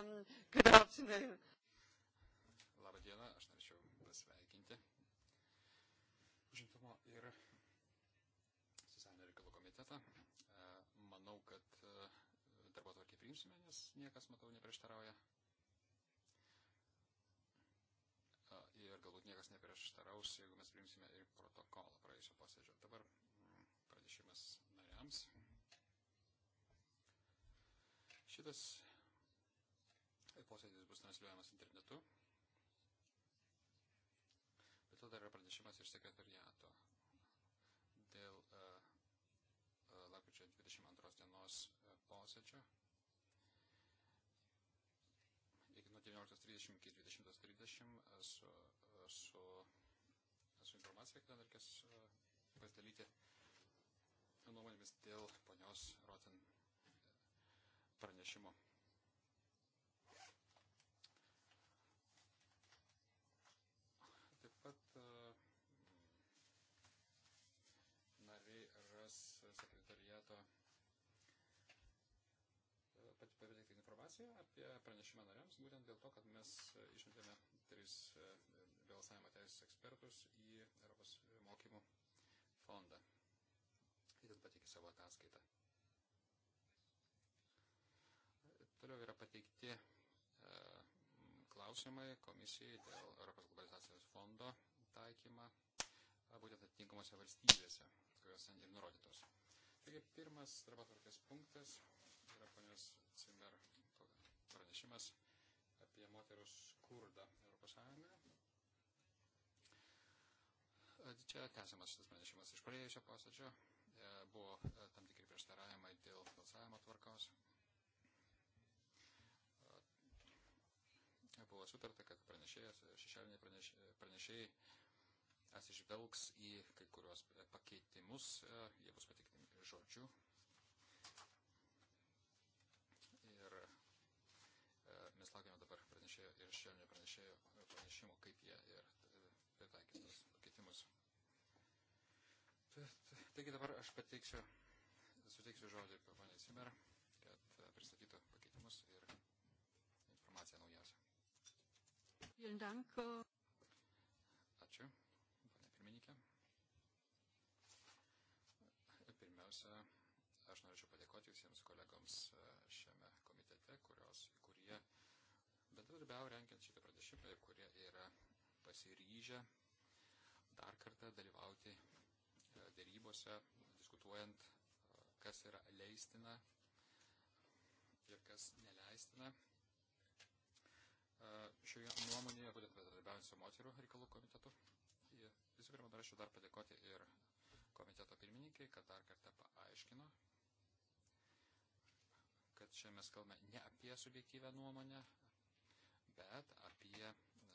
Um, good afternoon. Labą dieną, aš norėčiau pasveikinti užimtumo ir socialinio reikalų komitetą. E, manau, kad e, darbo tvarkį priimsime, nes niekas, matau, neprieštarauja. E, ir galbūt niekas neprieštaraus, jeigu mes priimsime ir protokolą praėjusio posėdžio. Dabar mm, pranešimas nariams. Šitas posėdis bus transliuojamas internetu. Bet to dar yra pranešimas iš sekretariato dėl uh, lapkričio 22 dienos e, posėdžio. Iki nuo 19.30 iki 20.30 su, su, su informacija, kad reikės pasidalyti nuomonėmis dėl ponios Rotin pranešimo. pateikti informaciją apie pranešimą nariams, būtent dėl to, kad mes išsiuntėme tris balsavimo e, teisės ekspertus į Europos mokymų fondą. Jis pateikė savo ataskaitą. Toliau yra pateikti e, klausimai komisijai dėl Europos globalizacijos fondo taikymą būtent atitinkamose valstybėse, kurios ten ir nurodytos. Taigi pirmas darbotvarkės punktas ponios Cimer pranešimas apie moterų skurdą ES. E, čia tęsiamas šitas pranešimas iš praėjusio posėdžio. E, buvo e, tam tikri prieštaravimai dėl balsavimo tvarkos. Buvo sutarta, kad pranešėjas, šešėliniai pranešėjai, pranešėjai atsižvelgs į kai kuriuos pakeitimus, jie bus patikti žodžiu šešėlinio pranešimo, kaip jie ir e, pritaikys tos pakeitimus. Taigi dabar aš pateiksiu, suteiksiu žodį ponė Simer, kad e, pristatytų pakeitimus ir informaciją naujausią. Ačiū, ponė pirmininkė. Pirmiausia, aš norėčiau padėkoti visiems kolegoms e, šiame komitete, kurios, kurie bendradarbiavo renkiant šitą pranešimą ir kurie yra pasiryžę dar kartą dalyvauti e, dėrybose, diskutuojant, e, kas yra leistina ir kas neleistina. E, šioje nuomonėje, būtent bendradarbiaujant su moterų reikalų komitetu, visų pirma, norėčiau dar padėkoti ir komiteto pirmininkai, kad dar kartą paaiškino, kad čia mes kalbame ne apie subjektyvę nuomonę, bet apie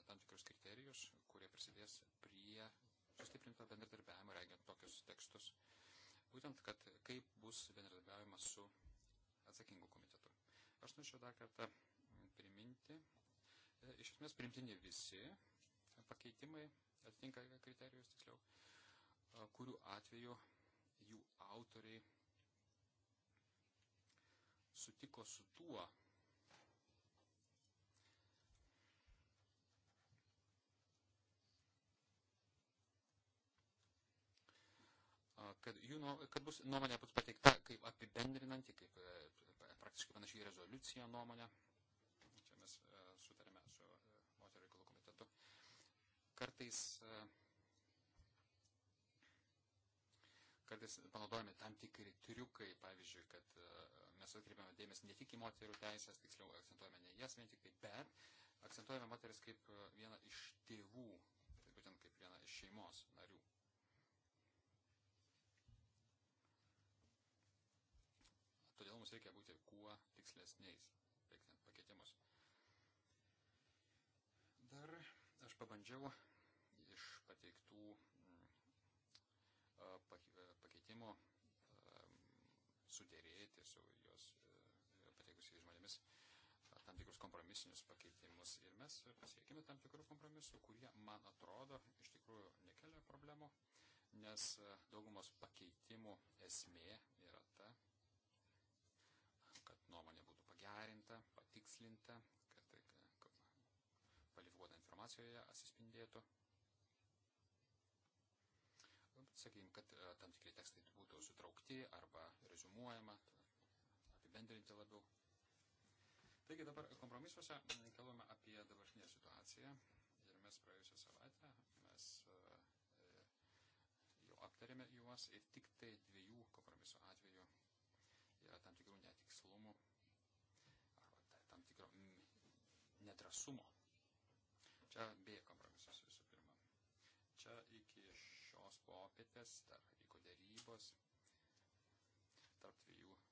tam tikrus kriterijus, kurie prisidės prie sustiprinto bendradarbiavimo, rengiant tokius tekstus. Būtent, kad kaip bus bendradarbiavimas su atsakingu komitetu. Aš norėčiau dar kartą priminti, e, iš esmės primtini visi pakeitimai, atitinka kriterijus tiksliau, e, kurių atveju jų autoriai sutiko su tuo, kad, jų, kad bus nuomonė bus pateikta kaip apibendrinanti, kaip e, praktiškai panašiai rezoliucija nuomonė. Čia mes e, sutarėme su e, moterų reikalų komitetu. Kartais, kartais panaudojami tam tikri triukai, pavyzdžiui, kad mes atkreipiame dėmesį ne tik į moterų teisės, tiksliau akcentuojame ne jas vien tik tai, bet akcentuojame moteris kaip vieną iš tėvų, tai būtent kaip vieną iš šeimos narių. mums reikia būti kuo tikslesniais, veikiant pakeitimus. Dar aš pabandžiau iš pateiktų mm, pakeitimų sudėrėti su jos pateikusiais žmonėmis tam tikrus kompromisinius pakeitimus. Ir mes pasiekime tam tikrų kompromisų, kurie, man atrodo, iš tikrųjų nekelia problemų, nes daugumos pakeitimų esmė yra ta, patikslinta, kad e, kvalifikuota informacijoje atsispindėtų. Sakykime, kad e, tam tikri tekstai būtų sutraukti arba rezumuojama, apibendrinti labiau. Taigi dabar kompromisuose kalbame apie dabartinę situaciją ir mes praėjusią savaitę mes e, jau aptarėme juos ir tik tai dviejų kompromisų atveju yra tam tikrų netikslumų nedrasumo. Čia B kompromisas visų pirma. Čia iki šios popietės dar vyko dėrybos tarp dviejų e,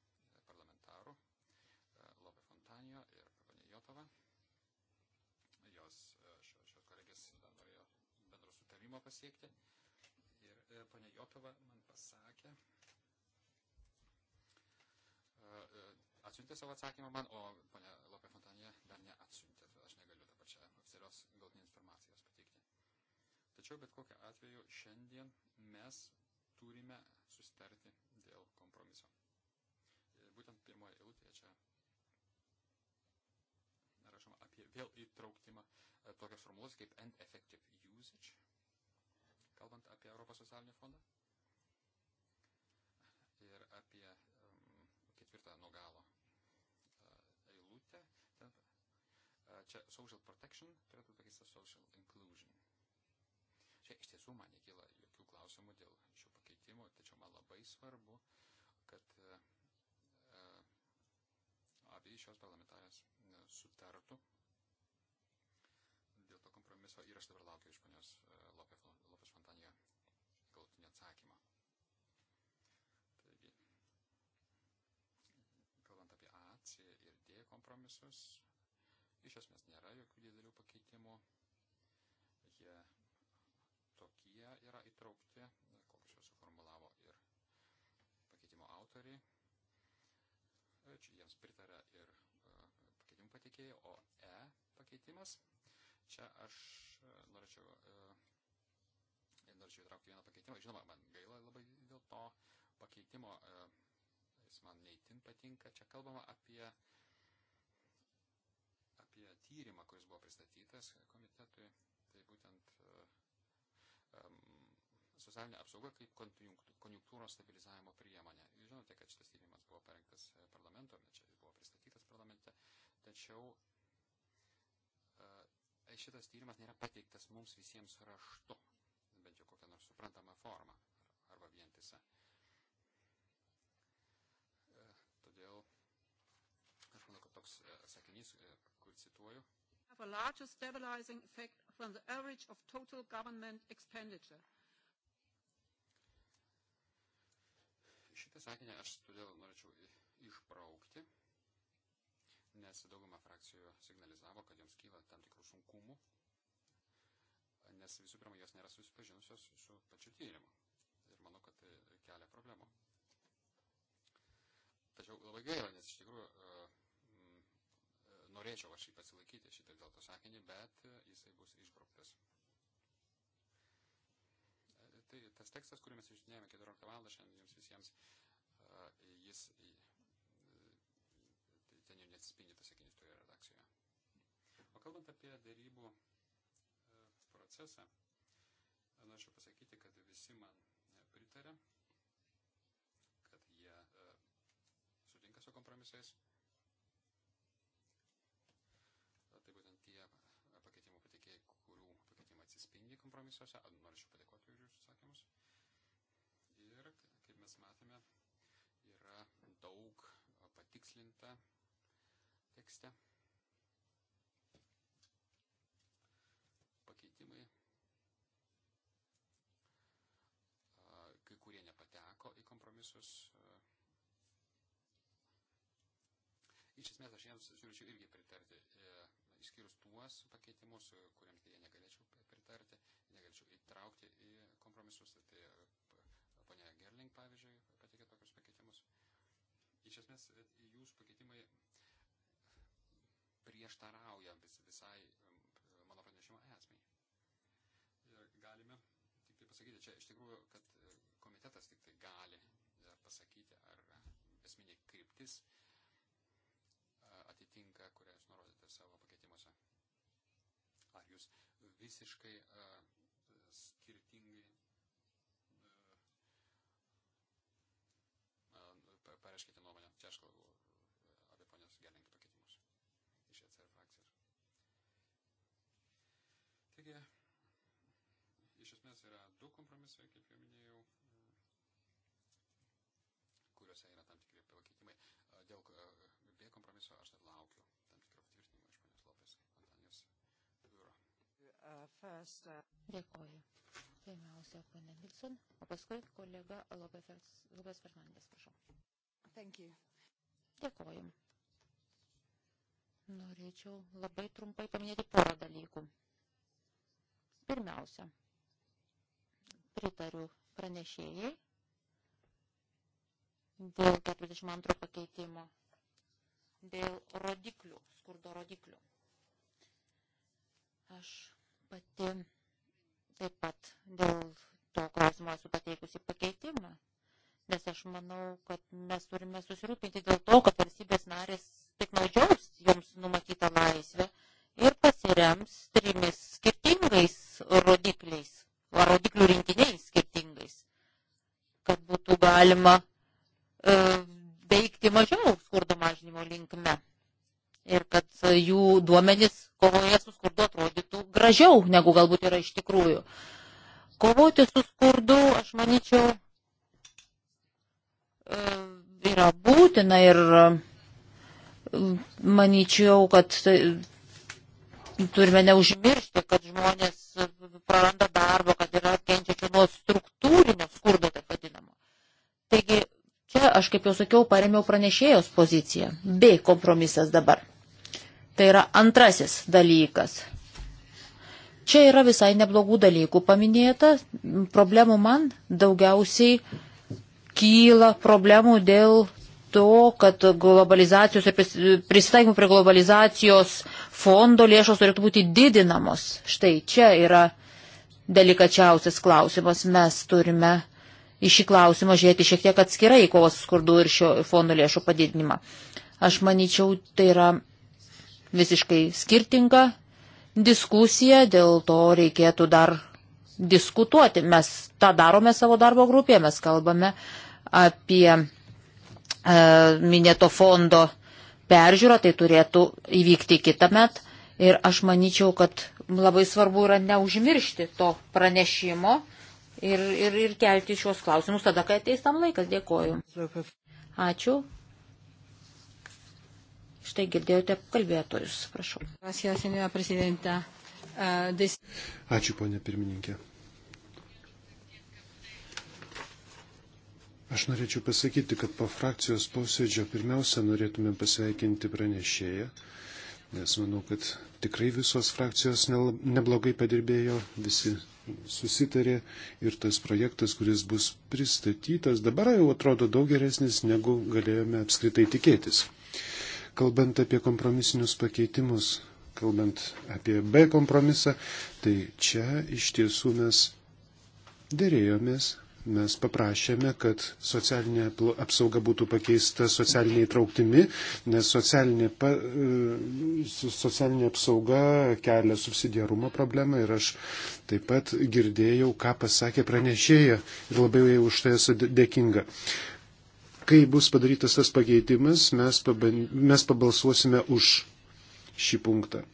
parlamentarų, e, Lope Fontanio ir ponė Jotova. Jos e, šios kolegės norėjo bendro sutarimo pasiekti. Ir ponė Jotova man pasakė, atsiuntė savo atsakymą man, o ponė Lopė tos galtinės informacijos pateikti. Tačiau bet kokiu atveju šiandien mes turime sustarti dėl kompromiso. Būtent pirmoje eilutėje čia rašoma apie vėl įtrauktimą e, tokios formulos kaip end effective usage, kalbant apie Europos socialinį fondą ir apie um, ketvirtą nuo galo čia social protection turėtų tai pakeisti social inclusion. Čia iš tiesų man nekyla jokių klausimų dėl šio pakeitimo, tačiau man labai svarbu, kad e, e abi šios parlamentarės e, sutartų dėl to kompromiso ir aš dabar laukiu iš ponios e, Lopes Fontanijo galutinį atsakymą. Taigi, kalbant apie A, C ir D kompromisus, Iš esmės nėra jokių didelių pakeitimų. Jie tokie yra įtraukti, kokius juos suformulavo ir pakeitimo autoriai. Čia jiems pritarė ir e, pakeitimų patikėjai, o E pakeitimas. Čia aš e, norėčiau, e, norėčiau įtraukti vieną pakeitimą. Žinoma, man gaila labai dėl to pakeitimo. Jis man neįtin patinka. Čia kalbama apie uh, tyrimą, kuris buvo pristatytas komitetui, tai būtent e, socialinė apsauga kaip konjunktūros stabilizavimo priemonė. Jūs žinote, kad šitas tyrimas buvo parengtas e, parlamento, čia jis buvo pristatytas parlamente, tačiau e, šitas tyrimas nėra pateiktas mums visiems raštu, bent jau kokią nors suprantamą formą arba vientisą. toks e, sakinys, e, kur cituoju. Have a larger stabilizing effect from the average of total government expenditure. Šitą sakinį aš todėl norėčiau išbraukti, nes dauguma frakcijų signalizavo, kad joms kyla tam tikrų sunkumų, nes visų pirma, jos nėra susipažinusios su pačiu tyrimu. Ir manau, kad tai kelia problemų. Tačiau labai gaila, nes iš tikrųjų e, norėčiau aš jį pasilaikyti šitą dėl to sakinį, bet e, jisai bus išbrauktas. E, tai tas tekstas, kurį mes išdinėjame 14 val. šiandien jums visiems, e, jis tai ten jau neatsispindi tas sakinys toje redakcijoje. O kalbant apie dėrybų procesą, norėčiau pasakyti, kad visi man pritarė, kad jie sutinka su kompromisais kompromisuose. Norėčiau padėkoti už jūsų atsakymus. Ir, kaip mes matėme, yra daug patikslinta tekste. Pakeitimai, kai kurie nepateko į kompromisus. Iš esmės aš jiems siūlyčiau irgi pritarti. Ir išskyrus tuos pakeitimus, kuriems jie negalėčiau pritarti, negalėčiau įtraukti į kompromisus. Tai e, ponia Gerling, pavyzdžiui, pateikė tokius pakeitimus. Iš esmės, e, jūsų pakeitimai prieštarauja vis, visai e, mano pranešimo esmei. Ir galime tik tai pasakyti, čia iš tikrųjų, kad komitetas tik tai gali pasakyti, ar esminė kryptis atitinka, kurią jūs nurodėte savo pakeitimuose? Ar jūs visiškai uh, skirtingai uh, e, e, pareiškite nuomonę? Čia aš kalbu apie ponios Gelink pakeitimus iš ECR frakcijos. Taigi, iš esmės yra du kompromisai, kaip jau minėjau, kuriuose yra tam tikri pakeitimai dėl prie kompromiso aš dar laukiu tam tikro patvirtinimo iš ponios Lopės Antanijos biuro. Uh, uh, Dėkoju. Pirmiausia, ponė Nilsson, o paskui kolega Lopės Fernandės, prašau. Thank you. Dėkoju. Norėčiau labai trumpai paminėti porą dalykų. Pirmiausia, pritariu pranešėjai dėl 42 pakeitimo dėl rodiklių, skurdo rodiklių. Aš pati taip pat dėl to klausimo esu pateikusi pakeitimą, nes aš manau, kad mes turime susirūpinti dėl to, kad valstybės narės piknaudžiaus joms numatytą laisvę ir pasirems trimis skirtingais rodikliais, ar rodiklių rinkiniais skirtingais, kad būtų galima e, veikti mažiau skurdo mažinimo linkme. Ir kad jų duomenys kovoje su skurdu atrodytų gražiau, negu galbūt yra iš tikrųjų. Kovoti su skurdu, aš manyčiau, e, yra būtina ir e, manyčiau, kad tai turime neužmiršti, kad žmonės praranda darbą, kad yra kenčiančių nuo kaip jau sakiau, paremiau pranešėjos poziciją. B kompromisas dabar. Tai yra antrasis dalykas. Čia yra visai neblogų dalykų paminėta. Problemų man daugiausiai kyla problemų dėl to, kad globalizacijos ir prisitaikymų prie globalizacijos fondo lėšos turėtų būti didinamos. Štai čia yra delikačiausias klausimas. Mes turime į šį klausimą žiūrėti šiek tiek atskirai kovos skurdų ir šio fondo lėšų padidinimą. Aš manyčiau, tai yra visiškai skirtinga diskusija, dėl to reikėtų dar diskutuoti. Mes tą darome savo darbo grupėje, mes kalbame apie e, minėto fondo peržiūrą, tai turėtų įvykti kitą metą. Ir aš manyčiau, kad labai svarbu yra neužmiršti to pranešimo ir, ir, ir kelti šios klausimus tada, kai ateis tam laikas. Dėkoju. Ačiū. Štai girdėjote kalbėtojus, prašau. Ah, Ačiū, ponė pirmininkė. Aš norėčiau pasakyti, kad po frakcijos posėdžio pirmiausia norėtume pasveikinti pranešėją nes manau, kad tikrai visos frakcijos neblogai padirbėjo, visi susitarė ir tas projektas, kuris bus pristatytas, dabar jau atrodo daug geresnis, negu galėjome apskritai tikėtis. Kalbant apie kompromisinius pakeitimus, kalbant apie B kompromisą, tai čia iš tiesų mes dėrėjomės Mes paprašėme, kad socialinė apsauga būtų pakeista socialinė įtrauktimi, nes socialinė, pa, e, socialinė apsauga kelia subsidiarumo problemą ir aš taip pat girdėjau, ką pasakė pranešėja ir labai jau už tai esu dėkinga. Kai bus padarytas tas pakeitimas, mes, paban, mes pabalsuosime už šį punktą.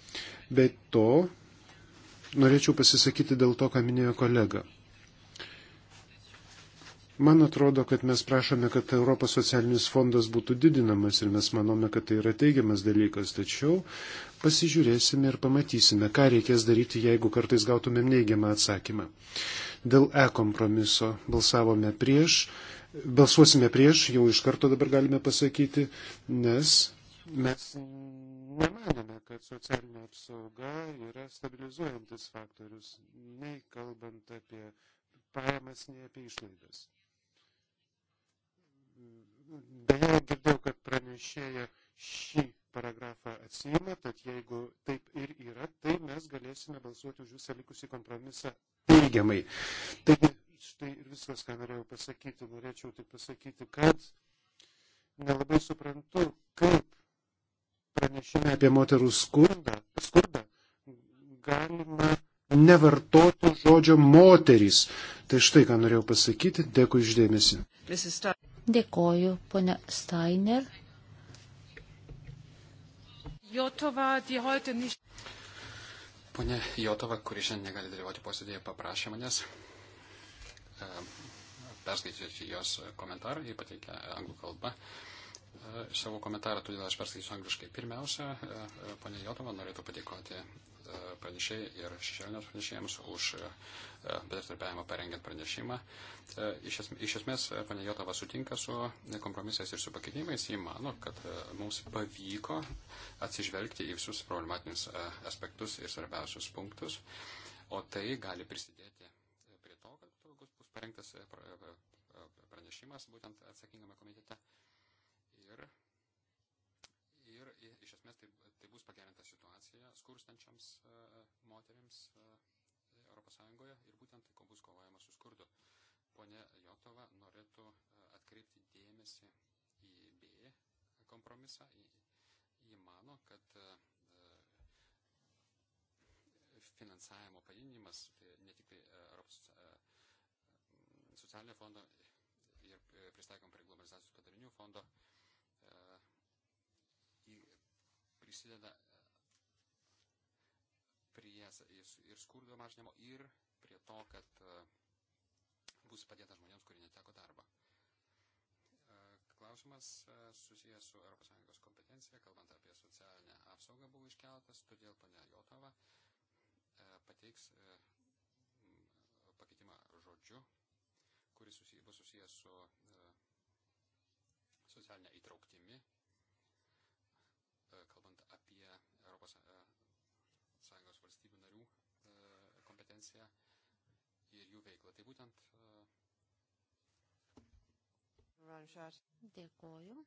Bet to norėčiau pasisakyti dėl to, ką minėjo kolega. Man atrodo, kad mes prašome, kad Europos socialinis fondas būtų didinamas ir mes manome, kad tai yra teigiamas dalykas, tačiau pasižiūrėsime ir pamatysime, ką reikės daryti, jeigu kartais gautumėm neigiamą atsakymą. Dėl E kompromiso balsavome prieš, balsuosime prieš, jau iš karto dabar galime pasakyti, nes mes nemanome, kad socialinė apsauga yra stabilizuojantis faktorius, nei kalbant apie pajamas, nei apie išlaidas. Deja, girdėjau, kad pranešėja šį paragrafą atsijima, tad jeigu taip ir yra, tai mes galėsime balsuoti už visą likusį kompromisą teigiamai. Taigi, štai ir viskas, ką norėjau pasakyti. Norėčiau tik pasakyti, kad nelabai suprantu, kaip pranešime apie moterų skurdą, skurdą galima nevartoti žodžio moterys. Tai štai ką norėjau pasakyti. Dėkui išdėmesi. Dėkoju, ponia Steiner. Jotova, die heute nicht. Pone Jotova, kuri šiandien negali dalyvauti posėdėje, paprašė manęs e, perskaityti jos komentarą, jį pateikė anglų kalba e, savo komentarą, todėl aš perskaitysiu angliškai. Pirmiausia, e, ponė Jotova norėtų padėkoti pranešėjai ir šešėlinės pranešėjams už e, bendradarbiavimą parengiant pranešimą. E, iš esmės, iš esmės panė Jotava sutinka su kompromisais ir su pakeitimais. Ji mano, kad e, mums pavyko atsižvelgti į visus problematinius aspektus ir svarbiausius punktus, o tai gali prisidėti prie to, kad bus parengtas pranešimas būtent atsakingame komitete. Ir, ir iš esmės tai pagerinta situacija skurstančiams e, moteriams ES ir būtent tai bus kovojama su skurdu. Pone Jotova norėtų e, atkreipti dėmesį į B kompromisą. Ji mano, kad e, finansavimo padidinimas tai ne tik tai Europos socialinio fondo ir pristaikom prie globalizacijos padarinių fondo prisideda e, prie ir skurdo mažinimo, ir prie to, kad e, bus padėta žmonėms, kurie neteko darbą. E, klausimas susijęs su ES kompetencija, kalbant apie socialinę apsaugą, buvo iškeltas, todėl ponia Jotova pateiks pakeitimą žodžiu, kuris susijęs, bus susijęs su socialinė įtrauktimi kompetenciją ir jų veiklą. Tai būtent. Dėkoju.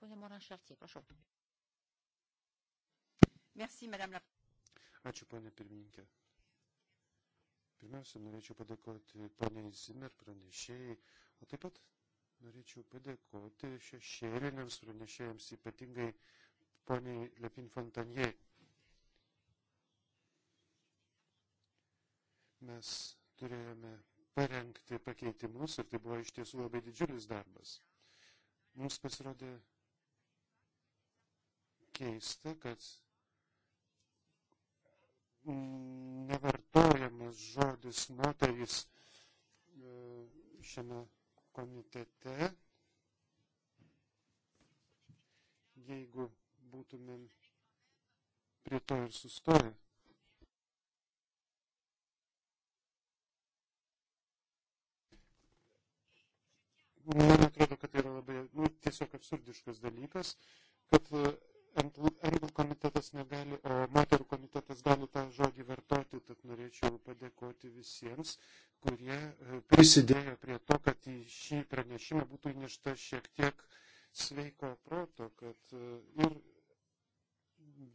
Pone Moranšartie, prašau. Merci, madame la. Ačiū, ponė pirmininkė. Pirmiausia, norėčiau padėkoti poniai Zimmer pranešėjai, o taip pat norėčiau padėkoti šešėliniams pranešėjams, ypatingai poniai Lepin Fontanier. Mes turėjome parengti pakeitimus ir tai buvo iš tiesų labai didžiulis darbas. Mums pasirodė keista, kad nevartojamas žodis moteris e, šiame komitete, jeigu būtumėm prie to ir sustoję. man atrodo, kad tai yra labai nu, tiesiog absurdiškas dalykas, kad e, Angl komitetas negali, o e, moterų komitetas gali tą žodį vartoti, tad norėčiau padėkoti visiems, kurie e, prisidėjo prie to, kad į šį pranešimą būtų įnešta šiek tiek sveiko proto, kad ir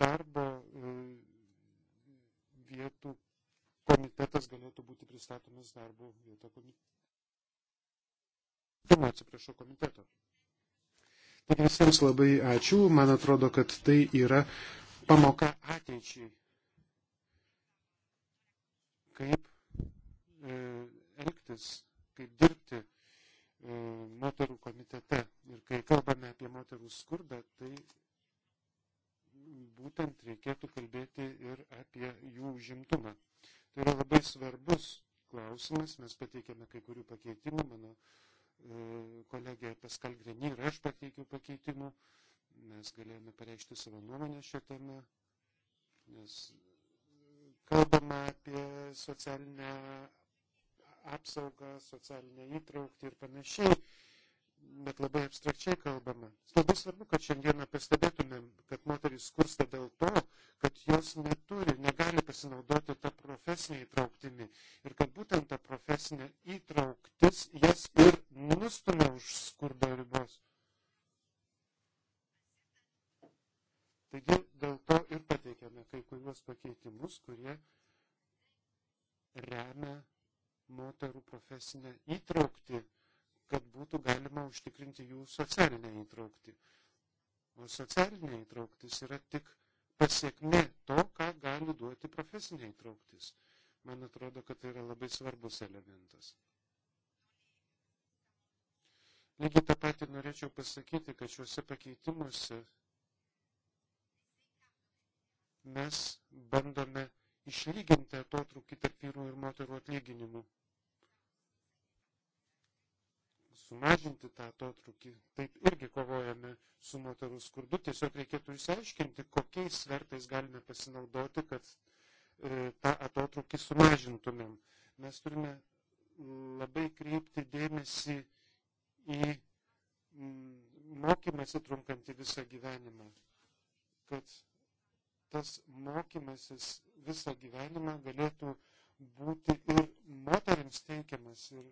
darbo vietų komitetas galėtų būti pristatomas darbo vieto komitetu. Pirmo, atsiprašau, komiteto. Taigi visiems labai ačiū, man atrodo, kad tai yra pamoka ateičiai. Kaip e, elgtis, kaip dirbti e, moterų komitete. Ir kai kalbame apie moterų skurdą, tai būtent reikėtų kalbėti ir apie jų užimtumą. Tai yra labai svarbus klausimas, mes pateikėme kai kurių pakeitimų, mano e, E, kolegė Paskal Greni ir aš pateikiau pakeitimą. Mes galėjome pareikšti savo nuomonę šią temą, nes kalbama apie socialinę apsaugą, socialinę įtraukti ir panašiai bet labai abstrakčiai kalbama. Labai svarbu, kad šiandieną pastebėtumėm, kad moteris skursta dėl to, kad jos neturi, negali pasinaudoti tą profesinę įtrauktimi. Ir kad būtent ta profesinė įtrauktis jas ir nustumia už skurdo ribos. Taigi dėl to ir pateikėme kai kuriuos pakeitimus, kurie remia moterų profesinę įtraukti kad būtų galima užtikrinti jų socialinę įtraukti. O socialinė įtrauktis yra tik pasiekme to, ką gali duoti profesinė įtrauktis. Man atrodo, kad tai yra labai svarbus elementas. Lygiai tą patį norėčiau pasakyti, kad šiuose pakeitimuose mes bandome išlyginti atotrukį tarp vyrų ir moterų atlyginimų sumažinti tą atotrukį. Taip irgi kovojame su moterų skurdu. Tiesiog reikėtų išsiaiškinti, kokiais svertais galime pasinaudoti, kad e, tą atotrukį sumažintumėm. Mes turime labai kreipti dėmesį į mokymasi trunkantį visą gyvenimą. Kad tas mokymasis visą gyvenimą galėtų būti ir moteriams teikiamas. Ir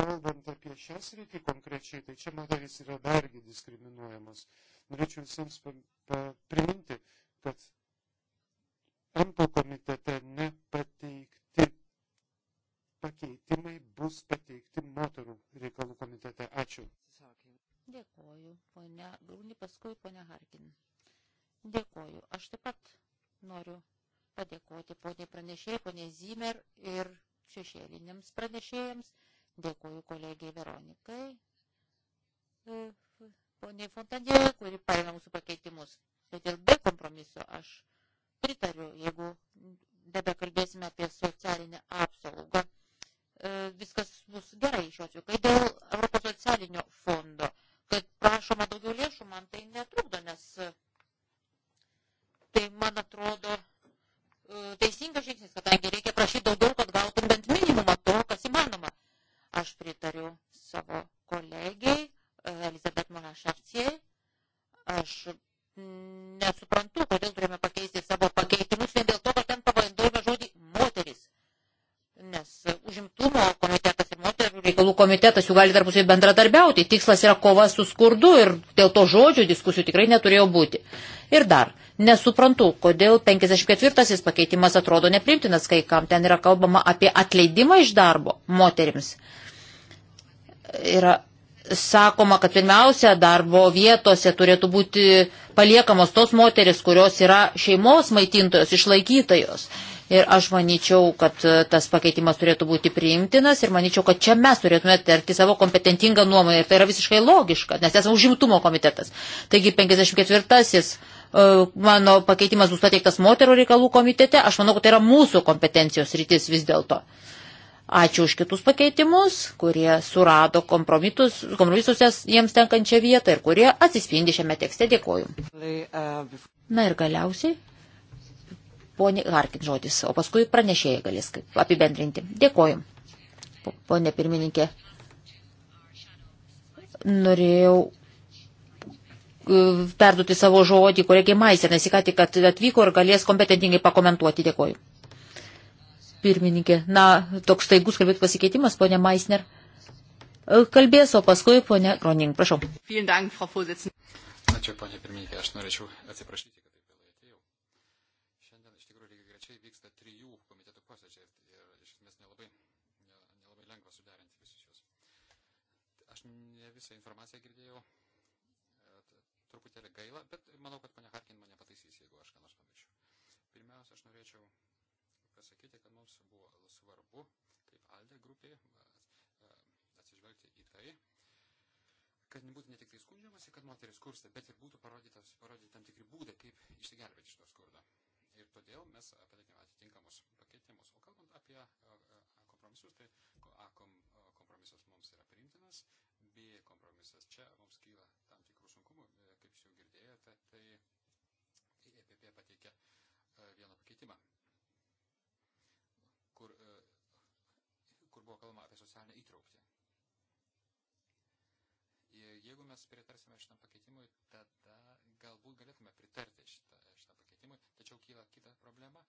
kalbant apie šią sritį konkrečiai, tai čia moteris yra dargi diskriminuojamos. Norėčiau visiems priminti, kad MPO komitete nepateikti pakeitimai bus pateikti moterų reikalų komitete. Ačiū. Dėkoju, ponia Grūni, paskui ponia Harkin. Dėkoju. Aš taip pat noriu padėkoti poniai pranešėjai, poniai Zimer ir šešėliniams pranešėjams Dėkuoju kolegijai Veronikai, e, poniai Fontanė, kuri paėmė mūsų pakeitimus. Bet ir be kompromiso aš pritariu, jeigu nebekalbėsime apie socialinę apsaugą. E, viskas bus gerai šiuo atveju. Kai dėl Europos socialinio fondo, kad prašoma daugiau lėšų, man tai netrukdo, nes tai man atrodo e, teisingas žingsnis, kadangi reikia prašyti daugiau, kad gautum bent minimumą to, kas įmanoma. Aš pritariu savo kolegiai e, Elizabet Mona Šarcie. Aš nesuprantu, kodėl turime pakeisti savo pakeitimus vien dėl to, kad ten pavaizduojame žodį moteris. Nes užimtumo komitetas ir moterų reikalų komitetas jų gali tarpusiai bendradarbiauti. Tikslas yra kova su skurdu ir dėl to žodžio diskusijų tikrai neturėjo būti. Ir dar, nesuprantu, kodėl 54 pakeitimas atrodo neprimtinas, kai kam ten yra kalbama apie atleidimą iš darbo moterims yra sakoma, kad pirmiausia darbo vietose turėtų būti paliekamos tos moteris, kurios yra šeimos maitintojos, išlaikytojos. Ir aš manyčiau, kad e, tas pakeitimas turėtų būti priimtinas ir manyčiau, kad čia mes turėtume tarti savo kompetentingą nuomonę. Ir tai yra visiškai logiška, nes esame užimtumo komitetas. Taigi 54-asis e, mano pakeitimas bus pateiktas moterų reikalų komitete. Aš manau, kad tai yra mūsų kompetencijos rytis vis dėlto. Uh, Ačiū už kitus pakeitimus, kurie surado kompromisuose jiems tenkančią vietą ir kurie atsispindi šiame tekste. Dėkoju. Na ir galiausiai, ponė Harkin žodis, o paskui pranešėjai galės apibendrinti. Dėkoju, ponė pirmininkė. Norėjau e, perduoti savo žodį, kolegė Maisė, nes ką tik atvyko ir galės kompetentingai pakomentuoti. Dėkoju pirmininkė. Na, toks taigus kalbėt pasikeitimas, ponė Maisner. E, kalbės, o paskui ponė Kroning, prašau. Ačiū, ponė pirmininkė, aš norėčiau atsiprašyti, kad taip vėlai atėjau. Šiandien iš tikrųjų lygiai grečiai vyksta trijų komitetų posėdžiai ir iš esmės nelabai, nelabai lengva suderinti visus juos. Aš ne visą informaciją girdėjau, e, truputėlį gaila, bet manau, kad ponia Harkin mane pataisys, jeigu aš ką nors pamiršiu. Pirmiausia, aš norėčiau pasakyti, kad mums buvo svarbu, kaip Aldė grupiai, e, atsižvelgti į tai, kad nebūtų ne tik tai skundžiamasi, kad moteris skursta, bet ir būtų parodytas, parodyti tam tikri būdai, kaip išsigelbėti iš to skurdo. Ir todėl mes pateikėme atitinkamus pakeitimus. O kalbant apie e, e, kompromisus, tai A kompromisas mums yra priimtinas, B kompromisas čia mums kyla tam tikrų sunkumų, kaip jūs jau girdėjote, tai EPP pateikė vieną pakeitimą buvo kalbama apie socialinę įtraukti. Ir jeigu mes pritarsime šitam pakeitimui, tada galbūt galėtume pritarti šitą, šitam pakeitimui, tačiau kyla kita problema,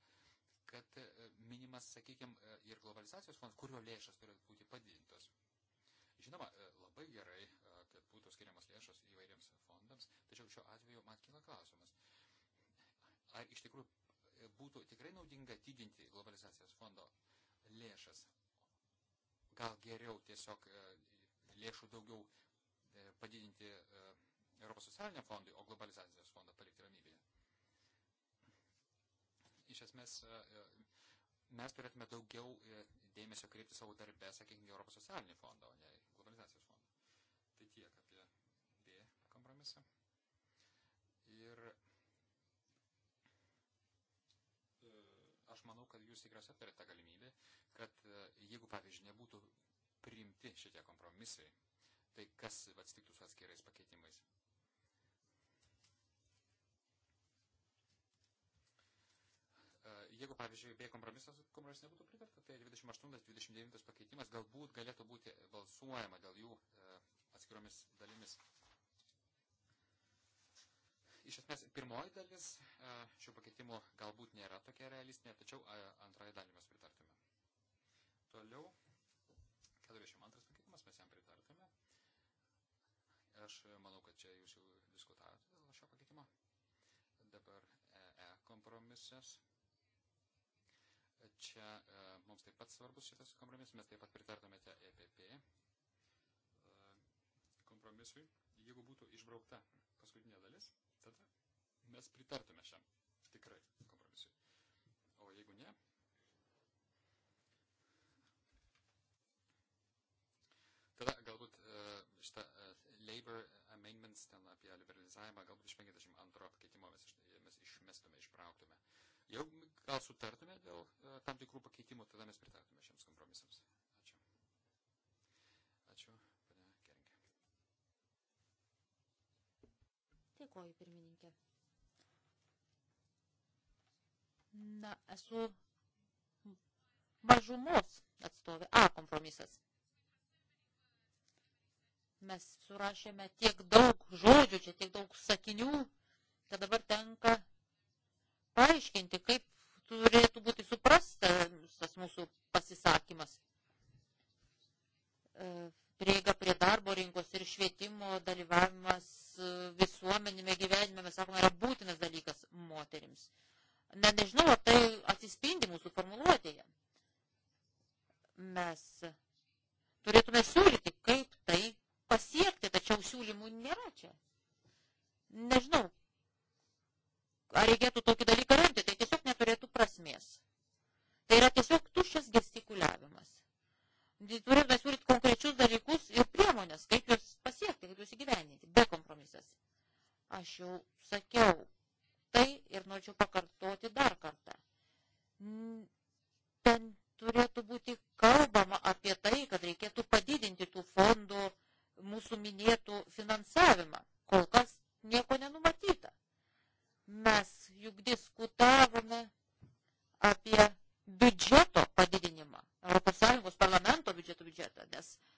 kad e, minimas, sakykime, ir globalizacijos fondas, kurio lėšas turėtų būti padidintos. Žinoma, e, labai gerai, e, kad būtų skiriamas lėšos įvairiems fondams, tačiau šiuo atveju man kyla klausimas, ar iš tikrųjų būtų tikrai naudinga didinti globalizacijos fondo lėšas, gal geriau tiesiog e, lėšų daugiau e, padidinti e, Europos socialiniam fondui, o globalizacijos fondą palikti ramybėje. Iš esmės, mes turėtume daugiau dėmesio kreipti savo darbę, sakykime, Europos socialinį fondą, o ne globalizacijos fondą. Tai tiek apie B kompromisą. aš manau, kad jūs tikriausiai aptarėte galimybę, kad e, jeigu, pavyzdžiui, nebūtų priimti šitie kompromisai, tai kas atsitiktų su atskirais pakeitimais? E, jeigu, pavyzdžiui, be kompromisas, kompromisas nebūtų pritarta, tai 28-29 pakeitimas galbūt galėtų būti balsuojama dėl jų e, atskiromis dalimis iš esmės pirmoji dalis e, šių pakeitimų galbūt nėra tokia realistinė, tačiau e, antrąją dalį mes pritartume. Toliau, 42 pakeitimas mes jam pritartume. Aš manau, kad čia jūs jau diskutavote dėl šio pakeitimo. Dabar EE e kompromisas. Čia e, mums taip pat svarbus šitas kompromisas, mes taip pat pritartumėte EPP e, kompromisui jeigu būtų išbraukta paskutinė dalis, tada mes pritartume šiam tikrai kompromisui. O jeigu ne, tada galbūt e, šitą e, labor amendments ten apie liberalizavimą galbūt iš 52 pakeitimo mes, iš, mes išmestume, išbrauktume. Jau gal sutartume dėl e, tam tikrų pakeitimų, tada mes pritartume šiems kompromisams. Dėkoju, pirmininkė. Na, esu mažumos atstovė. A, kompromisas. Mes surašėme tiek daug žodžių, čia tiek daug sakinių, kad dabar tenka paaiškinti, kaip turėtų būti suprastas tas mūsų pasisakymas. E, prieiga prie darbo rinkos ir švietimo dalyvavimas visuomenėme gyvenime, mes sakome, yra būtinas dalykas moterims. Na, nežinau, ar tai atsispindi mūsų formuluotėje. Mes turėtume siūlyti, kaip tai pasiekti, tačiau siūlymų nėra čia. Nežinau, ar reikėtų tokį dalyką remti, tai tiesiog neturėtų prasmės. Tai yra tiesiog tuščias gestikuliavimas. Turime siūlyti konkrečius dalykus ir priemonės, kaip juos juos įgyveninti, be kompromisas. Aš jau sakiau tai ir norėčiau pakartoti dar kartą. Ten turėtų būti kalbama apie tai, kad reikėtų padidinti tų fondų mūsų minėtų finansavimą. Kol kas nieko nenumatyta. Mes juk diskutavome apie biudžeto padidinimą, ES parlamento biudžeto biudžetą, nes uh,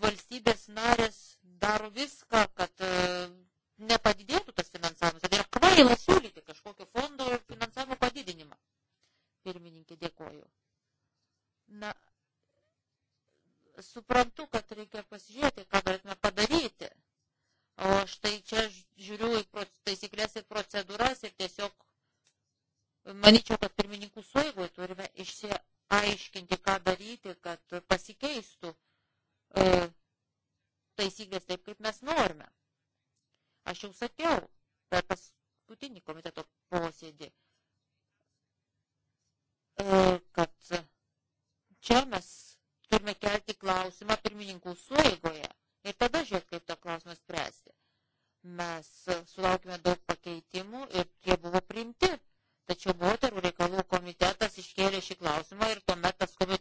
valstybės narės daro viską, kad e, nepadidėtų tas finansavimas. Tai yra kvaila siūlyti kažkokio fondo finansavimo padidinimą. Pirmininkė, dėkoju. Na, suprantu, kad reikia pasižiūrėti, ką galėtume padaryti. O štai čia žiūriu į taisyklės ir procedūras ir tiesiog manyčiau, kad pirmininkų suėgoje turime išsiaiškinti, ką daryti, kad pasikeistų E, taisyklės taip, kaip mes norime. Aš jau sakiau per paskutinį komiteto posėdį, e, kad čia mes turime kelti klausimą pirmininkų sueigoje ir tada žiūrėti, kaip tą klausimą spręsti. Mes sulaukime daug pakeitimų ir jie buvo priimti. Tačiau moterų reikalų komitetas iškėlė šį klausimą ir tuomet tas komitetas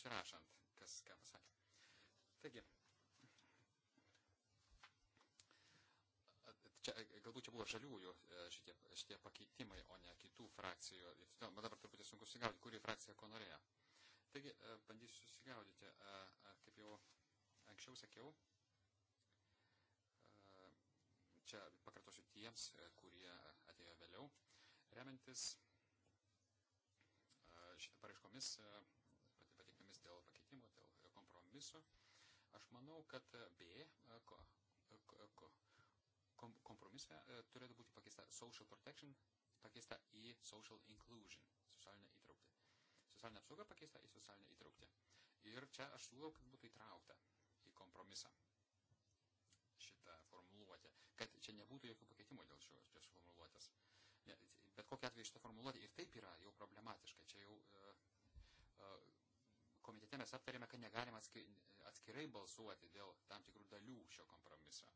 užsirašant, kas ką pasakė. Taigi, čia, galbūt čia buvo žaliųjų e, šitie, šitie pakeitimai, o ne kitų frakcijų. No, man dabar truputį sunku susigaudyti, kuri frakcija ko norėjo. Taigi, e, bandysiu susigaudyti, e, kaip jau anksčiau sakiau, čia pakartosiu tiems, kurie atėjo vėliau, remiantis šitą paraiškomis diskusijomis dėl pakeitimų, dėl kompromiso. Aš manau, kad B e, e, e, kompromise turėtų būti pakeista social protection, pakeista į social inclusion, socialinę įtraukti. Socialinė apsauga pakeista į socialinę įtraukti. Ir čia aš siūlau, kad būtų įtraukta į kompromisą šitą formuluotę, kad čia nebūtų jokių pakeitimų dėl šios, šios formuluotės. Bet kokia atveju šitą formuluotę ir taip yra jau problematiška. Čia jau uh, uh, komitete mes aptarėme, kad negalima atskirai balsuoti dėl tam tikrų dalių šio kompromiso.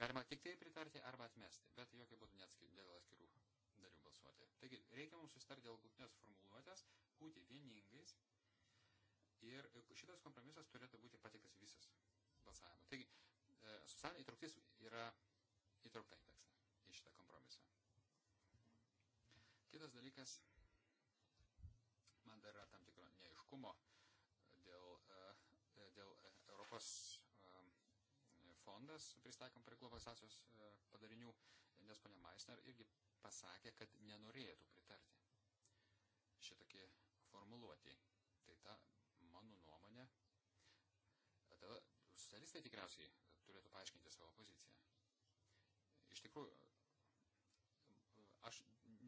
Galima tik tai pritarti arba atmesti, bet jokių būdų neatskirti dėl atskirų dalių balsuoti. Taigi, reikia mums susitarti dėl galutinės formuluotės, būti vieningais ir šitas kompromisas turėtų būti patiktas visas balsavimu. Taigi, e, socialinė įtrauktis yra įtraukta į tekstą, į šitą kompromisą. Kitas dalykas aiškumo dėl, e, dėl Europos e, fondas pristaikom prie globalizacijos e, padarinių, nes ponia Maisner irgi pasakė, kad nenorėtų pritarti šitokį formuluotį. Tai ta mano nuomonė. Tada socialistai tikriausiai turėtų paaiškinti savo poziciją. Iš tikrųjų, aš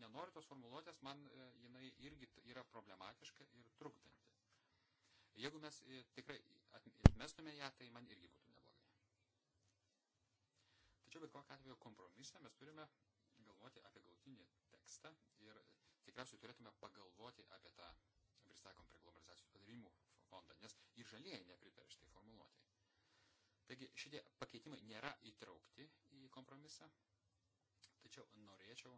nenoriu tos formuluotės, man jinai irgi yra problematiška ir trukdanti. Jeigu mes e, tikrai e, atmestume ją, tai man irgi būtų neblogai. Tačiau bet kokią atveju kompromisą mes turime galvoti apie galutinį tekstą ir tikriausiai turėtume pagalvoti apie tą pristaikom prie globalizacijos padarimų fondą, nes ir žalieji nepritarė šitai formuluotėjai. Taigi šitie pakeitimai nėra įtraukti į kompromisą, tačiau norėčiau,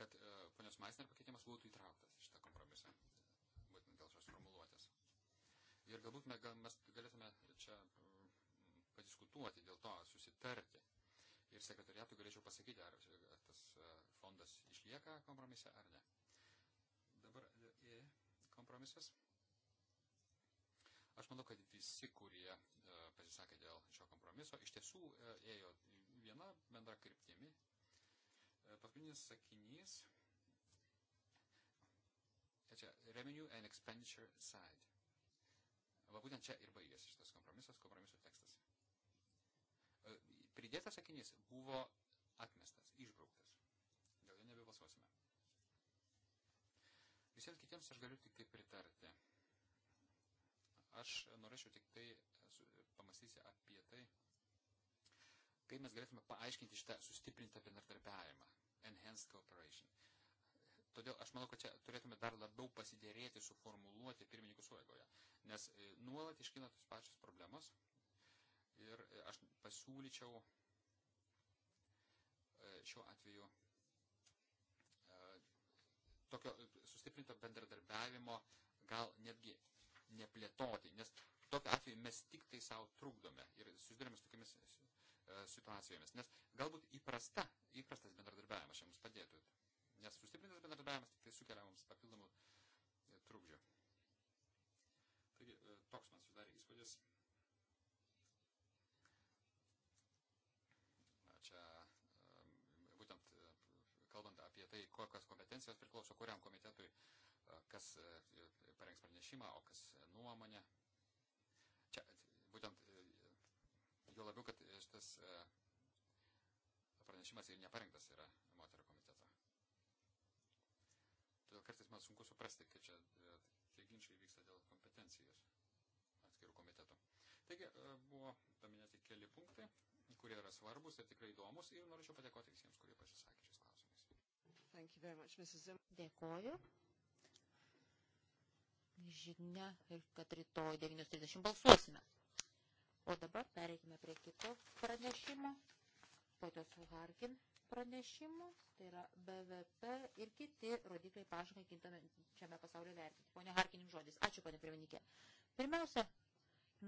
kad e, ponios Maisner pakeitimas būtų įtrauktas į šitą kompromisą. Ir galbūt mes galėtume čia mm, padiskutuoti dėl to, susitarti. Ir sekretariatui galėčiau pasakyti, ar e, tas e, fondas išlieka kompromise ar ne. Dabar e, kompromisas. Aš manau, kad visi, kurie pasisakė dėl šio kompromiso, iš tiesų ėjo viena bendra kryptimi. Paskutinis sakinys. Čia, revenue and expenditure side. Va būtent čia ir baigėsi šitas kompromisas, kompromiso tekstas. E, pridėtas sakinys buvo atmestas, išbrauktas. Dėl jo nebebalsuosime. Visiems kitiems aš galiu tik tai pritarti. Aš norėčiau tik tai pamastyti apie tai, kaip mes galėtume paaiškinti šitą sustiprintą bendradarbiavimą. Enhanced cooperation. Uh, Todėl aš manau, kad čia turėtume dar labiau pasidėrėti, suformuluoti pirmininkų suėgoje, nes e, nuolat iškyla tos pačios problemos ir e, aš pasiūlyčiau e, šiuo atveju tokio sustiprinto bendradarbiavimo gal netgi neplėtoti, nes tokiu atveju mes tik tai savo trukdome ir susidurėme su tokiamis situacijomis, nes galbūt įprasta, įprastas bendradarbiavimas čia mums padėtų. Nes sustiprintas bendradarbiavimas tik tai sukelia mums papildomų e, trukdžių. Taigi, e, toks man sudarė įspūdis. Čia e, būtent kalbant apie tai, kokios kompetencijos priklauso kuriam komitetui, kas parengs pranešimą, o kas nuomonę. Čia būtent jo labiau, kad šitas pranešimas ir neparengtas yra moterų komitetui todėl kartais man sunku suprasti, kad čia e, tie ginčiai vyksta dėl kompetencijos atskirų komitetų. Taigi e, buvo paminėti keli punktai, kurie yra svarbus ir tikrai įdomus ir norėčiau padėkoti visiems, kurie pasisakė šiais klausimais. Dėkoju. Žinia, kad rytoj 9.30 balsuosime. O dabar pereikime prie kito pranešimo. Ponios Harkin pranešimų, tai yra BVP ir kiti rodikliai pažangai kintančiame pasaulio vertinti. Pone Harkinim žodis. Ačiū, pane pirmininkė. Pirmiausia,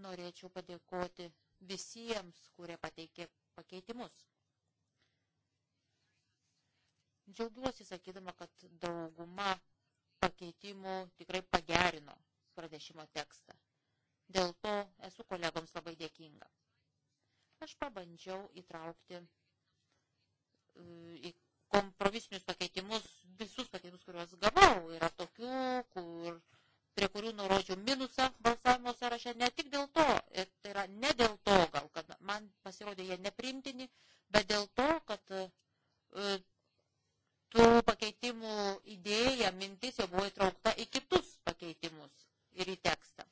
norėčiau padėkoti visiems, kurie pateikė pakeitimus. Džiaugiuosi sakydama, kad dauguma pakeitimų tikrai pagerino pranešimo tekstą. Dėl to esu kolegoms labai dėkinga. Aš pabandžiau įtraukti į kompromisinius pakeitimus, visus pakeitimus, kuriuos gavau. Yra tokių, kur, prie kurių nurodžiau minusą balsavimo sąraše, ne tik dėl to, ir tai yra ne dėl to, gal, kad man pasirodė jie neprimtini, bet dėl to, kad e, tų pakeitimų idėja, mintis jau buvo įtraukta į kitus pakeitimus ir į tekstą.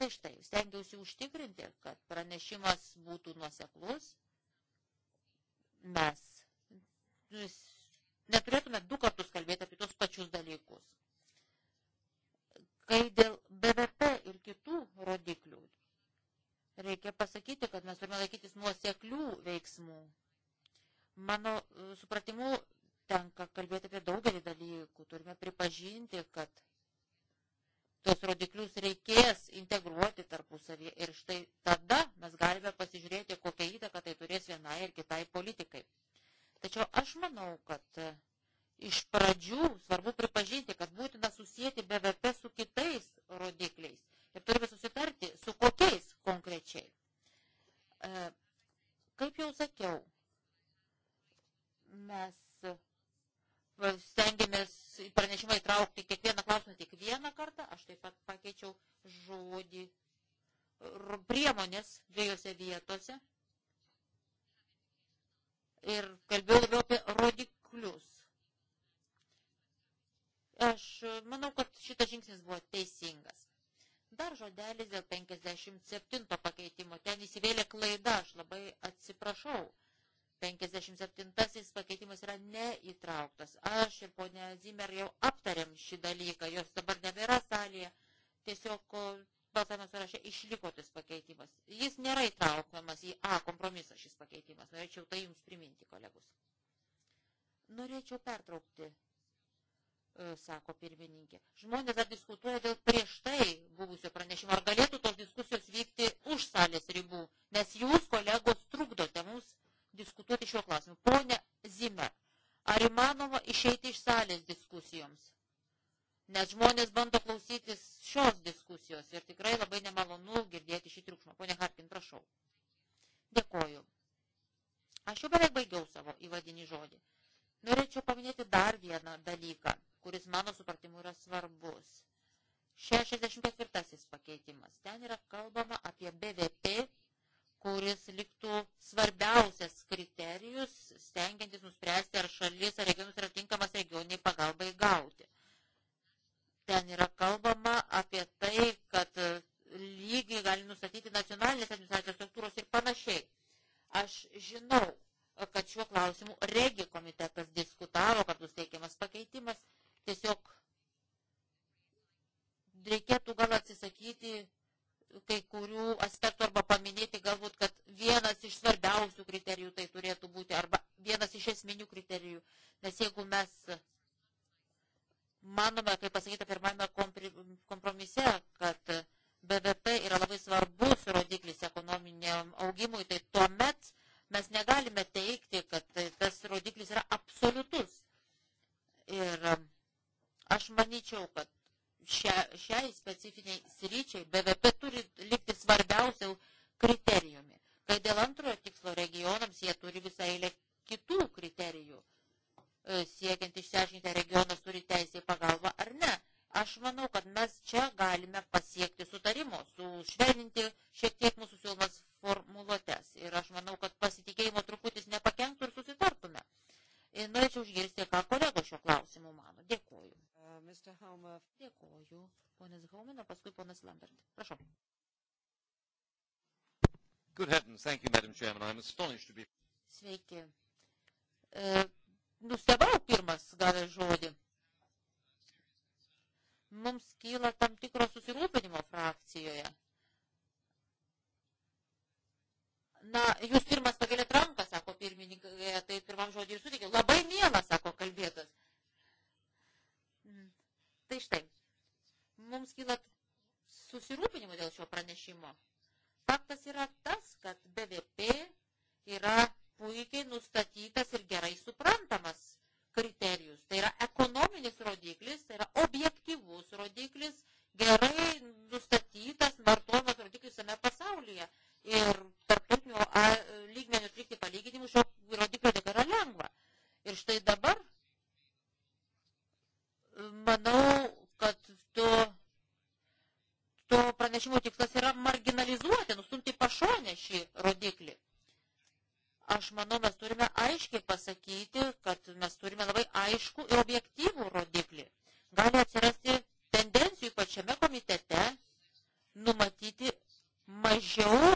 Tai štai, stengiausi užtikrinti, kad pranešimas būtų nuoseklus. Mes neturėtume du kartus kalbėti apie tos pačius dalykus. Kai dėl BVP ir kitų rodiklių, reikia pasakyti, kad mes turime laikytis nuoseklių veiksmų. Mano e, supratimu, tenka kalbėti apie daugelį dalykų. Turime pripažinti, kad tos rodiklius reikės integruoti tarpusavį ir štai tada mes galime pasižiūrėti, kokią įtaką tai turės vienai ir kitai politikai. Tačiau aš manau, kad e, iš pradžių svarbu pripažinti, kad būtina susijęti BVP su kitais rodikliais ir turime susitarti, su kokiais konkrečiai. E, kaip jau sakiau, mes stengiamės į pranešimą įtraukti kiekvieną klausimą tik vieną kartą, aš taip pat pakeičiau žodį priemonės dviejose vietose ir kalbėjau labiau apie rodiklius. Aš manau, kad šitas žingsnis buvo teisingas. Dar žodelis dėl 57 pakeitimo. Ten įsivėlė klaida, aš labai atsiprašau. 57 pakeitimas yra neįtrauktas. Aš ir ponia Zimmer jau aptarėm šį dalyką, jos dabar nebėra salėje. Tiesiog balsavimo sąraše išliko tas pakeitimas. Jis nėra įtraukiamas į A kompromisą šis pakeitimas. Norėčiau tai jums priminti, kolegus. Norėčiau pertraukti, e, sako pirmininkė. Žmonės dar diskutuoja dėl prieš tai buvusio pranešimo. Ar galėtų tos diskusijos vykti už salės ribų? Nes jūs, kolegos, trukdote mums diskutuoti šiuo klausimu. Pone Zime, ar įmanoma išeiti iš salės diskusijoms? nes žmonės bando klausytis šios diskusijos ir tikrai labai nemalonu girdėti šį triukšmą. Pone Harkin, prašau. Dėkoju. Aš jau beveik baigiau savo įvadinį žodį. Norėčiau paminėti dar vieną dalyką, kuris mano supratimu yra svarbus. 64 pakeitimas. Ten yra kalbama apie BVP, kuris liktų svarbiausias kriterijus, stengiantis nuspręsti, ar šalis ar regionus yra tinkamas regioniai pagalbai gauti. Ten yra kalbama apie tai, kad e, lygį gali nustatyti nacionalinės administracijos struktūros ir panašiai. Aš žinau, e, kad šiuo klausimu regi komitetas diskutavo, kad bus teikiamas pakeitimas. Tiesiog reikėtų gal atsisakyti kai kurių aspektų arba paminėti galbūt, kad vienas iš svarbiausių kriterijų tai turėtų būti arba vienas iš esminių kriterijų. Nes jeigu mes Manome, kaip pasakyta pirmame kompromise, kad BVP yra labai svarbus rodiklis ekonominiam augimui, tai tuomet mes negalime teikti, kad tai tas rodiklis yra absoliutus. Ir um, aš manyčiau, kad šia, šiai specifiniai sryčiai BVP turi likti svarbiausiau kriterijumi. Kai dėl antrojo tikslo regionams jie turi visą eilę kitų kriterijų siekiant išsiaiškinti, ar regionas turi teisę į pagalbą ar ne. Aš manau, kad mes čia galime pasiekti sutarimo, sušvelninti šiek tiek mūsų siūlomas formuluotės. Ir aš manau, kad pasitikėjimo truputis nepakenktų ir susitartume. Ir norėčiau išgirsti, ką kolego šio klausimu mano. Dėkuoju. Uh, Dėkuoju. Ponas Haumina, paskui ponas Lambert. Prašau. Good heavens, thank you, Madam Chairman. I'm astonished to be. Sveiki. Uh, э, nustebau pirmas gavęs žodį. Mums kyla tam tikro susirūpinimo frakcijoje. Na, jūs pirmas pakelėt ranką, sako pirmininkai, tai pirmam žodį ir sutikė. Labai mielas, sako kalbėtas. Mm. Tai štai, mums kyla susirūpinimo dėl šio pranešimo. Faktas yra tas, kad BVP yra puikiai nustatytas ir gerai suprantamas kriterijus. Tai yra ekonominis rodiklis, tai yra objektivus rodiklis, gerai nustatytas vartojimas rodiklis visame pasaulyje. Ir tarptautinio lygmenio atlikti palyginimų šio rodiklio dėka yra lengva. Ir štai dabar manau, kad to, to pranešimo tikslas yra marginalizuoti, nustumti pašonę šį rodiklį. Aš manau, mes turime aiškiai pasakyti, kad mes turime labai aišku ir objektyvų rodiklį. Gali atsirasti tendencijų pačiame komitete numatyti mažiau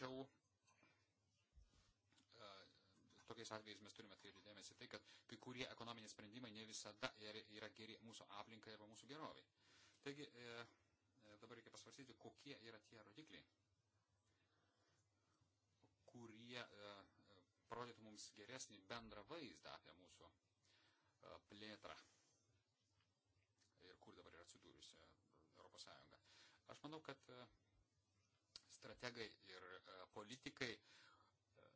Tačiau e, tokiais atvejais mes turime atkreipti dėmesį tai, kad kai kurie ekonominiai sprendimai ne visada yra geri mūsų aplinkai arba mūsų geroviai. Taigi e, e, dabar reikia pasvarsyti, kokie yra tie rodikliai, kurie parodytų mums geresnį bendrą vaizdą apie mūsų plėtrą ir kur dabar yra atsidūrusi ES. Aš manau, kad strategai politikai, e,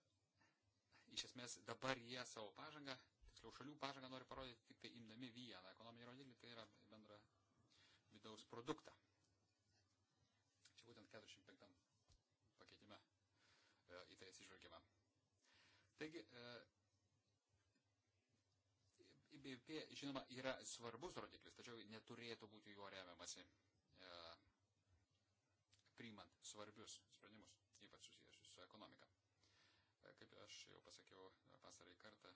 iš esmės dabar jie savo pažangą, tiksliau šalių pažangą nori parodyti tik tai imdami vieną ekonominį rodiklį, tai yra bendrą vidaus produktą. Čia būtent 45 pakeitime e, į tai atsižvelgiama. Taigi, e, BVP, žinoma, yra svarbus rodiklis, tačiau neturėtų būti juo remiamasi priimant svarbius sprendimus masto ekonomiką. Kaip aš jau pasakiau pasarąjį kartą,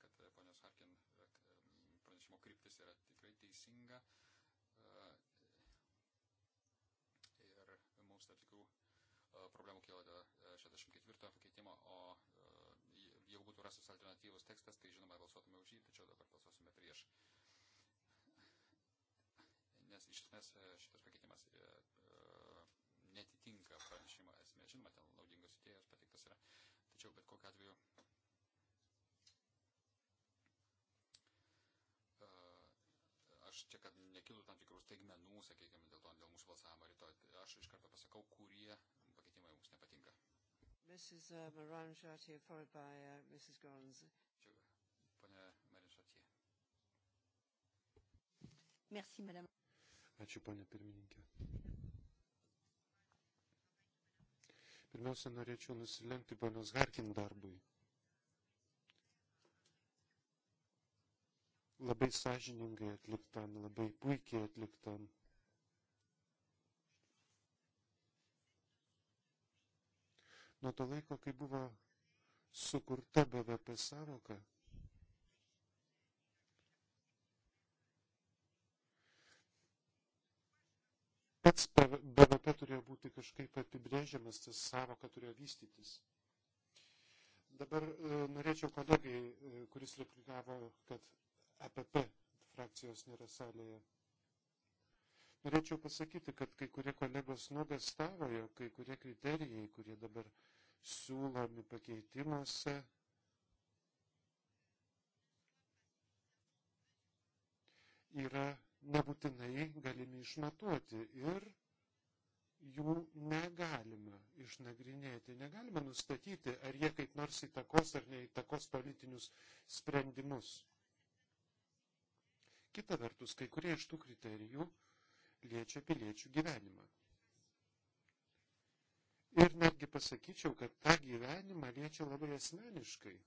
kad ponios Harkin eh, pranešimo kryptis yra tikrai teisinga eh, ir mums tam tikrų eh, problemų kilo dėl 64 pakeitimo, o jeigu būtų rastas alternatyvus tekstas, tai žinoma balsuotume už jį, tačiau dabar balsuosime prieš. Nes iš esmės šitas pakeitimas netitinka pranešimo esmė. Žinoma, ten naudingos idėjos pateiktas yra. Tačiau bet kokiu atveju e, aš čia, kad nekiltų tam tikrų staigmenų, sakykime, dėl to, dėl mūsų balsavimo rytoj, tai aš iš karto pasakau, kurie pakeitimai mums nepatinka. Mrs. Uh, Maran Chartier, followed by uh, Mrs. Gorans. Pone Marin Chartier. Merci, madame. Ačiū, ponė pirmininkė. Pirmiausia, norėčiau nusilenkti ponios Harkin darbui. Labai sąžiningai atliktam, labai puikiai atliktam. Nuo to laiko, kai buvo sukurta BVP savoka, pats BVP turėjo būti kažkaip apibrėžiamas, tas savoka turėjo vystytis. Dabar e, norėčiau kolegai, e, kuris replikavo, kad EPP frakcijos nėra salėje. Norėčiau pasakyti, kad kai kurie kolegos nuogastavojo, kai kurie kriterijai, kurie dabar siūlomi pakeitimuose, yra nebūtinai galimi išmatuoti ir jų negalime išnagrinėti, negalime nustatyti, ar jie kaip nors įtakos ar neįtakos politinius sprendimus. Kita vertus, kai kurie iš tų kriterijų liečia piliečių gyvenimą. Ir netgi pasakyčiau, kad tą gyvenimą liečia labai asmeniškai.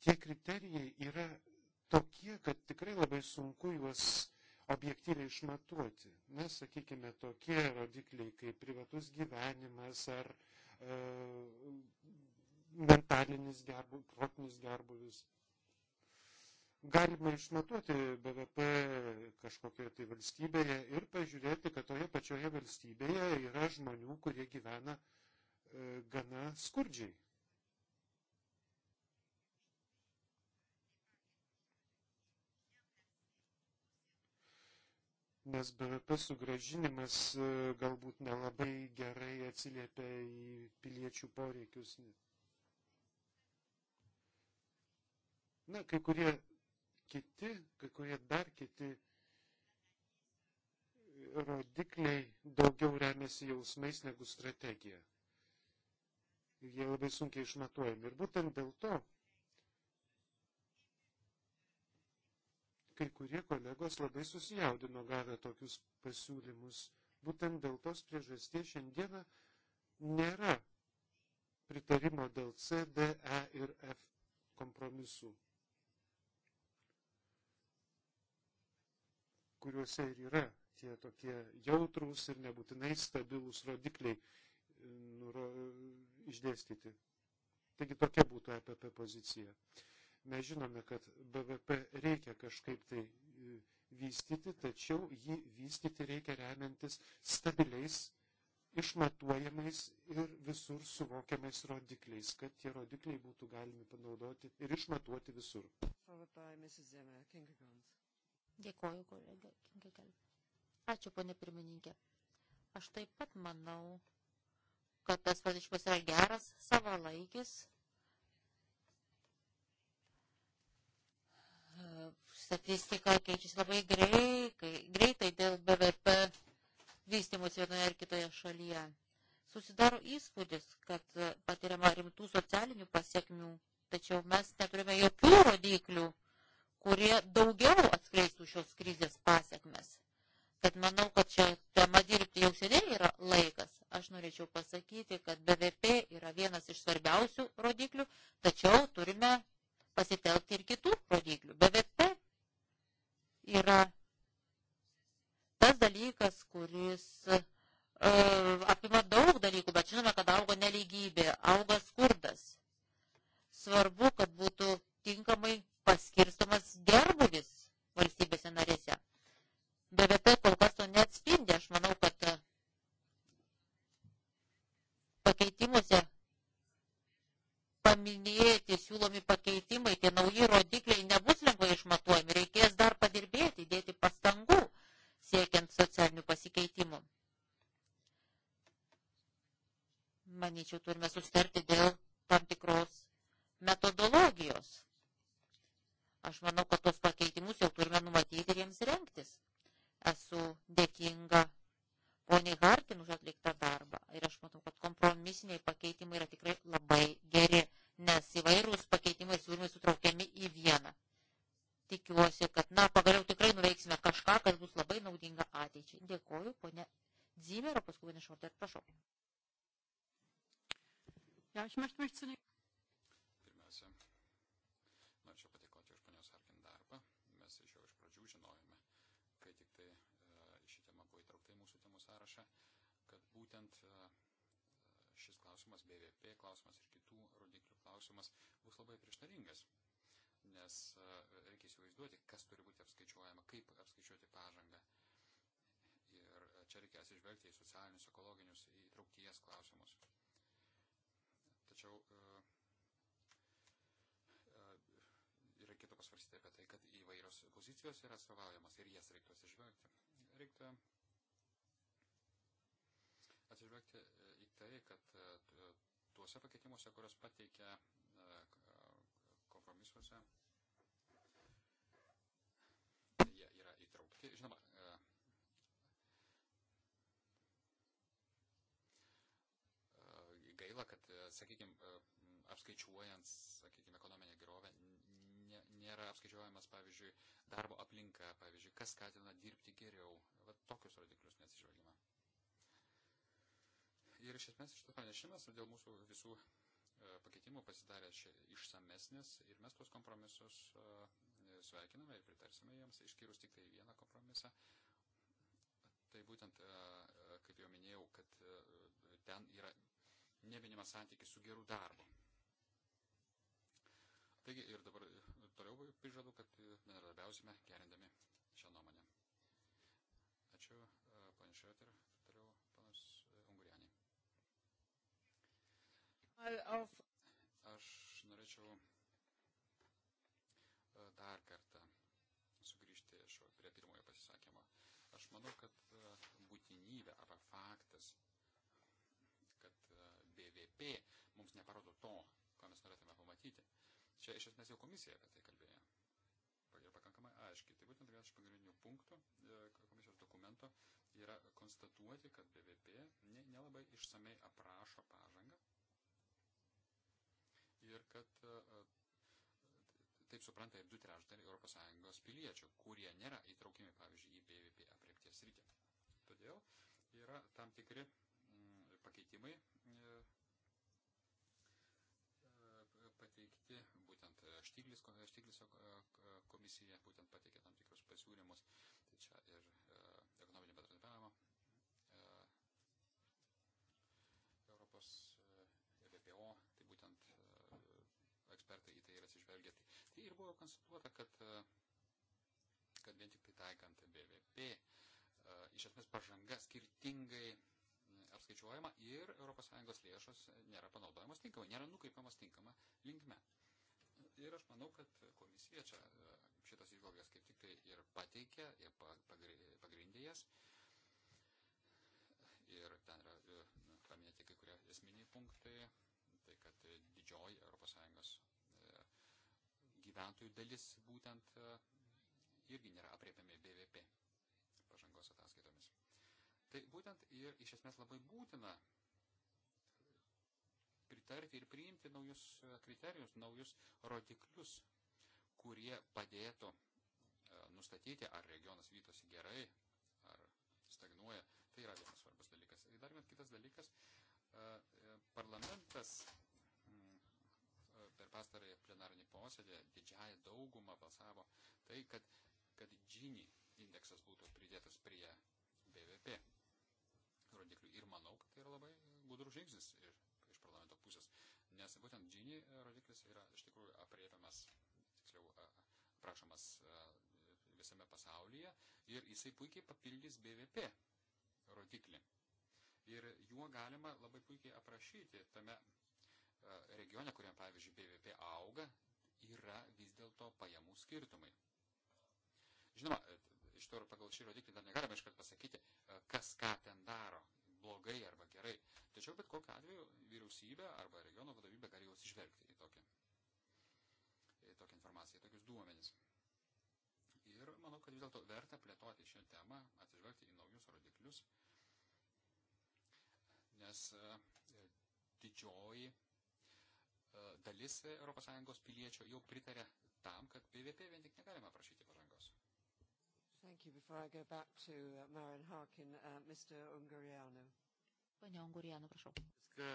tie kriterijai yra tokie, kad tikrai labai sunku juos objektyviai išmatuoti. Na, sakykime, tokie rodikliai kaip privatus gyvenimas ar e, mentalinis gerbuvis, protinis gerbuvis. Galima išmatuoti BVP kažkokioje tai valstybėje ir pažiūrėti, kad toje pačioje valstybėje yra žmonių, kurie gyvena e, gana skurdžiai. nes BVP sugražinimas e, galbūt nelabai gerai atsiliepia į piliečių poreikius. Na, kai kurie kiti, kai kurie dar kiti rodikliai daugiau remiasi jausmais negu strategija. Jie labai sunkiai išmatuojami. Ir būtent dėl to kai kurie kolegos labai susijaudino gavę tokius pasiūlymus. Būtent dėl tos priežasties šiandieną nėra pritarimo dėl C, D, E ir F kompromisų, kuriuose ir yra tie tokie jautrūs ir nebūtinai stabilūs rodikliai e, nuro, išdėstyti. Taigi tokia būtų EPP pozicija. Mes žinome, kad BVP reikia kažkaip tai e, vystyti, tačiau jį vystyti reikia remiantis stabiliais, išmatuojamais ir visur suvokiamais rodikliais, kad tie rodikliai būtų galimi panaudoti ir išmatuoti visur. Dėkoju, kolega Kingigal. Ačiū, ponė pirmininkė. Aš taip pat manau, kad tas važiuojimas yra geras, savalaikis, Statistika keičiasi labai greitai, greitai dėl BVP vystimus vienoje ar kitoje šalyje. Susidaro įspūdis, kad e, patiriama rimtų socialinių pasiekmių, tačiau mes neturime jokių rodiklių, kurie daugiau atskleistų šios krizės pasiekmes. Tad manau, kad čia tema dirbti jau seniai yra laikas. Aš norėčiau pasakyti, kad BVP yra vienas iš svarbiausių rodiklių, tačiau turime pasitelkti ir kitų rodiklių. BVP yra tas dalykas, kuris uh, apima daug dalykų, bet žinome, kad auga neligybė, auga skurdas. Svarbu, kad būtų tinkamai paskirstomas gerbuvis valstybėse narėse. BVP kol kas to neatspindi. Aš manau, kad e, pakeitimuose paminėti siūlomi pakeitimai matuojant, sakykime, ekonominę gerovę, nėra apskaičiuojamas, pavyzdžiui, darbo aplinka, pavyzdžiui, kas skatina dirbti geriau. Va, tokius rodiklius neatsižvelgime. Ir iš esmės šitas pranešimas dėl mūsų visų e, pakeitimų pasidarė išsamesnis ir mes tuos kompromisus e, sveikiname ir pritarsime jiems, išskyrus tik tai vieną kompromisą. Tai būtent, e, kaip jau minėjau, kad ten yra neminimas santykis su geru darbu. Taigi ir dabar e, toliau prižadu, kad e, bendradarbiausime gerindami šią nuomonę. Ačiū, e, panė Šiotir, toliau panas Ungurianį. Aš norėčiau dar kartą sugrįžti prie pirmojo pasisakymo. Aš manau, kad būtinybė arba faktas, kad BVP mums neparodo to, ką mes norėtume pamatyti, Čia iš esmės jau komisija apie tai kalbėjo. Ir pakankamai aiškiai. Tai būtent vienas iš pagrindinių punktų e, komisijos dokumento yra konstatuoti, kad BVP nelabai išsamei aprašo pažangą ir kad e, e, taip supranta ir du trešdaliai ES piliečių, kurie nėra įtraukiami, pavyzdžiui, į BVP apriepties rytį. Todėl yra tam tikri mm, pakeitimai Štiglis, Štigliso e, e, komisija būtent pateikė tam tikrus pasiūlymus, tai čia ir e, ekonominio bendradarbiavimo Europos BPO, tai būtent ekspertai į tai yra atsižvelgę. Tai, tai ir buvo konstatuota, kad, kad vien tik tai taikant BVP, iš esmės pažanga skirtingai apskaičiuojama ir ES lėšos nėra panaudojamos tinkamai, nėra nukreipiamas tinkama linkme. Ir aš manau, kad komisija čia e, šitas išvalgas kaip tik tai ir pateikė, ir pagrindė jas. Ir ten yra e, paminėti kai kurie esminiai punktai, tai kad e, didžioji ES gyventojų dalis būtent irgi nėra apriepiami BVP pažangos ataskaitomis. Tai būtent ir iš esmės labai būtina pritarti ir priimti naujus e, kriterijus, naujus rodiklius, kurie padėtų e, nustatyti, ar regionas vytosi gerai, ar stagnuoja. Tai yra vienas svarbus dalykas. Ir dar vienas kitas dalykas. E, parlamentas mm, per pastarąjį plenarinį posėdį didžiąją daugumą balsavo tai, kad, kad Gini indeksas būtų pridėtas prie BVP rodiklių. Ir manau, kad tai yra labai gudrus žingsnis ir pusės, nes būtent Gini rodiklis yra iš tikrųjų apriepiamas, tiksliau, prašomas visame pasaulyje ir jisai puikiai papildys BVP rodiklį. Ir juo galima labai puikiai aprašyti tame regione, kuriam, pavyzdžiui, BVP auga, yra vis dėlto pajamų skirtumai. Žinoma, iš to pagal šį rodiklį dar negalime iškart pasakyti, kas ką ten daro blogai arba gerai. Tačiau bet kokiu atveju vyriausybė arba regiono vadovybė gali jau atsižvelgti į tokią, į tokią informaciją, į tokius duomenis. Ir manau, kad vis dėlto verta plėtoti šią temą, atsižvelgti į naujus rodiklius, nes e, didžioji e, dalis ES piliečio jau pritarė tam, kad BVP vien tik negalima prašyti pažangos. Thank you. Before I go back to uh, Marian Harkin, uh, Mr. Ungurianu. Pane Ungurianu, prašau. E,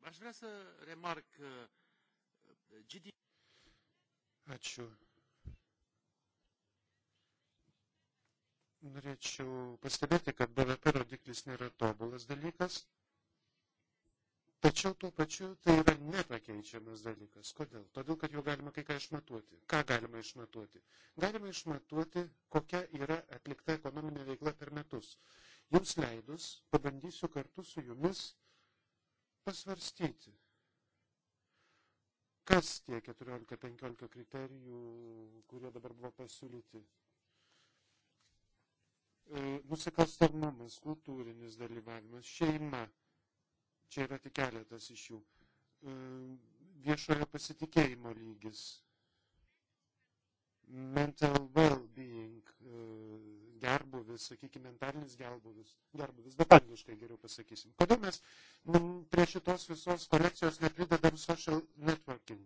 că aș vrea să remarc că e, e, GDP... Ačiū. Norėčiau pastebėti, kad BVP rodiklis nėra tobulas dalykas, Tačiau tuo pačiu tai yra nepakeičiamas dalykas. Kodėl? Todėl, kad jau galima kai ką išmatuoti. Ką galima išmatuoti? Galima išmatuoti, kokia yra atlikta ekonominė veikla per metus. Jums leidus, pabandysiu kartu su jumis pasvarstyti, kas tie 14-15 kriterijų, kurie dabar buvo pasiūlyti. E, nusikalstamumas, kultūrinis dalyvavimas, šeima. E, Čia yra tik keletas iš jų. E, viešojo pasitikėjimo lygis. Mental well-being, e, gerbuvis, sakykime, mentalinis gerbuvis, gerbuvis, bet angliškai geriau pasakysim. Kodėl mes nu, prie šitos visos kolekcijos nepridedam social networking?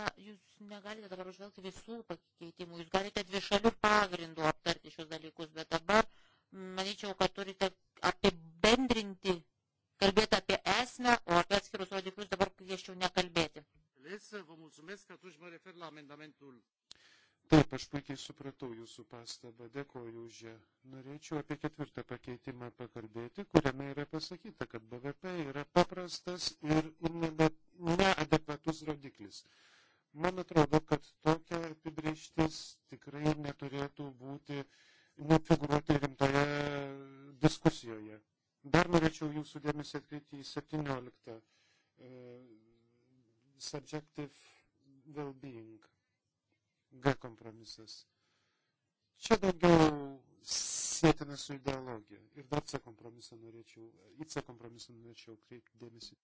Na, jūs negalite dabar užvelgti visų pakeitimų, jūs galite dvišalių pagrindų aptarti šios dalykus, bet dabar uh, manyčiau, kad turite apibendrinti, kalbėti apie esmę, o apie atskirus rodiklius dabar kvieščiau nekalbėti. Taip, aš puikiai supratau jūsų pastabą, dėkoju už ją. Norėčiau apie ketvirtą pakeitimą pakalbėti, kuriame yra pasakyta, kad BVP yra paprastas ir neadekvatus rodiklis. Man atrodo, kad tokia apibrieštis tikrai neturėtų būti uh, nefiguruoti rimtoje diskusijoje. Dar norėčiau jūsų dėmesį atkreipti į 17. Uh, e, subjective well-being. G kompromisas. Čia daugiau sėtina su ideologija. Ir dar C kompromisą norėčiau, į C kompromisą norėčiau kreipti dėmesį.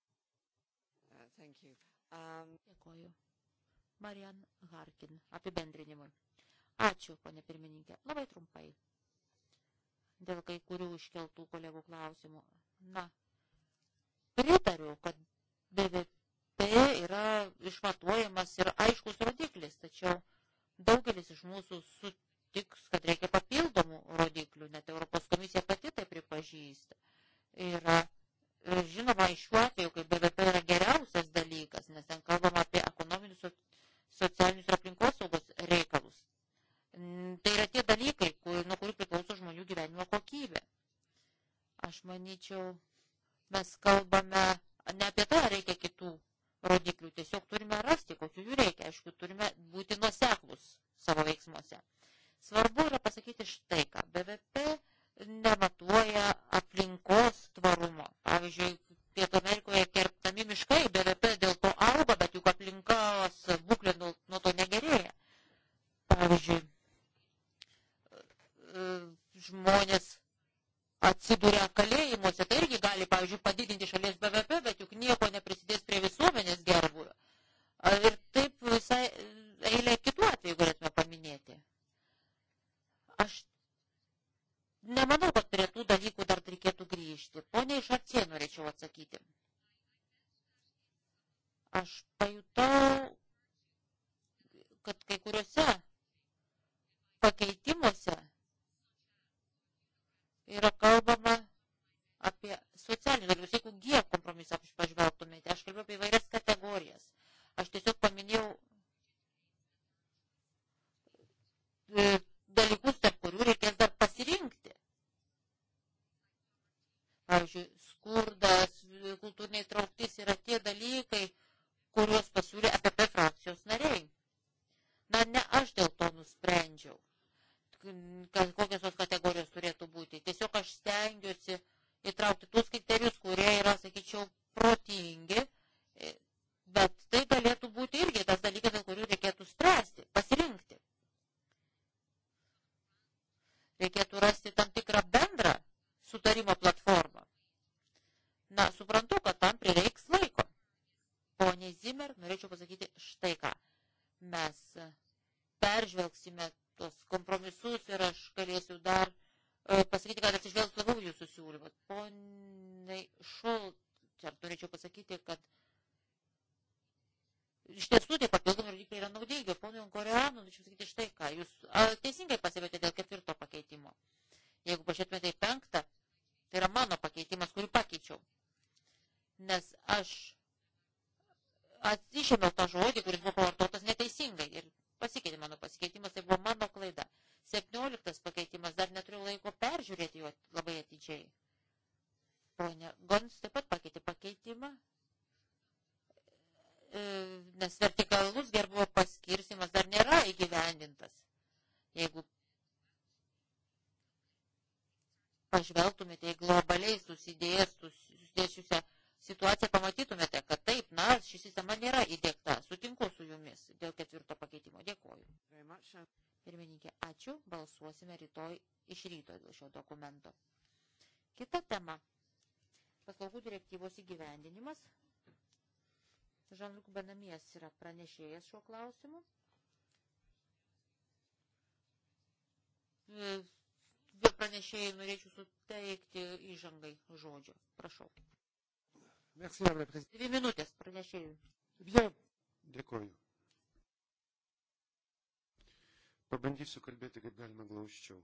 Uh, um... Dėkoju. Marian Harkin, apibendrinimui. Ačiū, ponė pirmininkė. Labai trumpai. Dėl kai kurių iškeltų kolegų klausimų. Na, pritariu, kad BVP yra išmatuojamas ir aiškus rodiklis, tačiau daugelis iš mūsų sutiks, kad reikia papildomų rodiklių, net Europos komisija pati tai pripažįsta. Ir e, žinoma, šiuo atveju, kai BVP yra geriausias dalykas, nes ten kalbama apie ekonominius, socialinius ir aplinkosaugos reikalus. Tai yra tie dalykai, kur, nuo kurių priklauso žmonių gyvenimo kokybė. Aš manyčiau, mes kalbame ne apie tai, ar reikia kitų rodiklių, tiesiog turime rasti, kokiu jų reikia. Aišku, turime būti nuoseklus savo veiksmuose. Svarbu yra pasakyti štai ką. BVP nematuoja aplinkos tvarumo. Pavyzdžiui, Pietų Amerikoje kertami miškai, BVP dėl to auga, bet juk aplinkos būklė nuo, nuo to negerėja. Pavyzdžiui, E, žmonės atsiduria kalėjimuose, tai irgi gali, pavyzdžiui, padidinti šalies BVP, bet juk nieko neprisidės prie visuomenės gerbūvio. Ir taip visai e, eilė kitų atvejų galėtume paminėti. Aš nemanau, kad prie tų dalykų dar reikėtų grįžti. Pone iš Arcie norėčiau atsakyti. Aš pajutau, kad kai kuriuose pakeitimuose yra kalbama apie socialinius dalykus. Jeigu G kompromisą pažvelgtumėte, aš kalbėjau apie įvairias kategorijas. Aš tiesiog paminėjau e, dalykus, tarp kurių reikės dar pasirinkti. Pavyzdžiui, skurdas, kultūriniai trauktis yra tie dalykai, kuriuos pasiūlė APP frakcijos nariai. Na, ne aš dėl to nusprendžiau kokios tos kategorijos turėtų būti. Tiesiog aš stengiuosi įtraukti tuos kriterijus, kurie yra, sakyčiau, protingi, e, bet tai galėtų būti irgi tas dalykas, dėl kurių reikėtų spręsti, pasirinkti. Reikėtų rasti tam tikrą bendrą sutarimo platformą. Na, suprantu, kad tam prireiks laiko. Pone Zimmer, norėčiau pasakyti štai ką. Mes e, peržvelgsime kompromisus ir aš galėsiu dar e, pasakyti, kad atsižvelgs labiau jūsų siūlymus. Ponai Šolt, čia norėčiau pasakyti, kad iš tiesų tie papildomi rodikliai yra naudingi. Ponui Unkoreanu, norėčiau sakyti štai ką, jūs a, teisingai pasivėte dėl ketvirto pakeitimo. Jeigu pažiūrėtumėte į penktą, tai yra mano pakeitimas, kurį pakeičiau. Nes aš atsišėmiau tą žodį, kuris buvo pavartotas neteisingai. Ir pasikeitė mano pasikeitimas, tai buvo mano klaida. 17 pakeitimas, dar neturiu laiko peržiūrėti jo labai atidžiai. Pone Gons taip pat pakeitė pakeitimą, e, nes vertikalus gerbuvo paskirsimas dar nėra įgyvendintas. Jeigu pažvelgtumėte į globaliai susidėjusią situaciją pamatytumėte, kad taip, na, ši sistema nėra įdėkta. Sutinku su jumis dėl ketvirto pakeitimo. Dėkoju. Pirmininkė, ačiū. Balsuosime rytoj iš ryto dėl šio dokumento. Kita tema. Paslaugų direktyvos įgyvendinimas. Žanluk Benamijas yra pranešėjas šiuo klausimu. Dėl pranešėjai norėčiau suteikti įžangai žodžio. Prašau. Merci, Madame la Présidente. Dvi minutės pranešėjų. Bien, dėkoju. Pabandysiu kalbėti kaip galima glaučiau.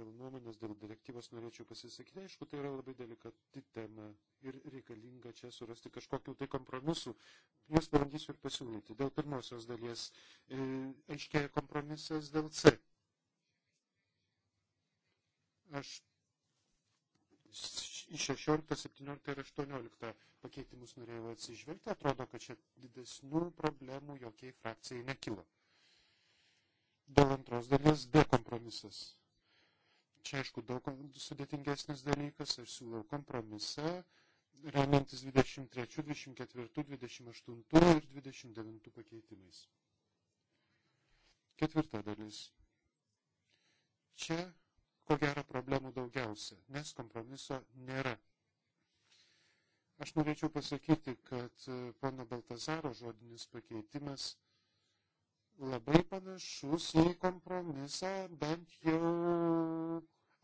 Dėl nuomonės, dėl direktyvos norėčiau pasisakyti. Aišku, tai yra labai delikati tema ir reikalinga čia surasti kažkokių tai kompromisų. Juos pabandysiu ir pasiūlyti. Dėl pirmosios dalies e, aiškėja kompromisas dėl C Aš 16, 17 ir 18 pakeitimus norėjau atsižvelgti. Atrodo, kad čia didesnių problemų jokiai frakcijai nekilo. Dėl antros dalies D kompromisas. Čia, aišku, daug sudėtingesnis dalykas. Aš siūlau kompromisą, remiantis 23, 24, 28 ir 29 pakeitimais. Ketvirta dalis. Čia ko gero problemų daugiausia, nes kompromiso nėra. Aš norėčiau pasakyti, kad e, pono Baltazaro žodinis pakeitimas labai panašus į kompromisą, bent jau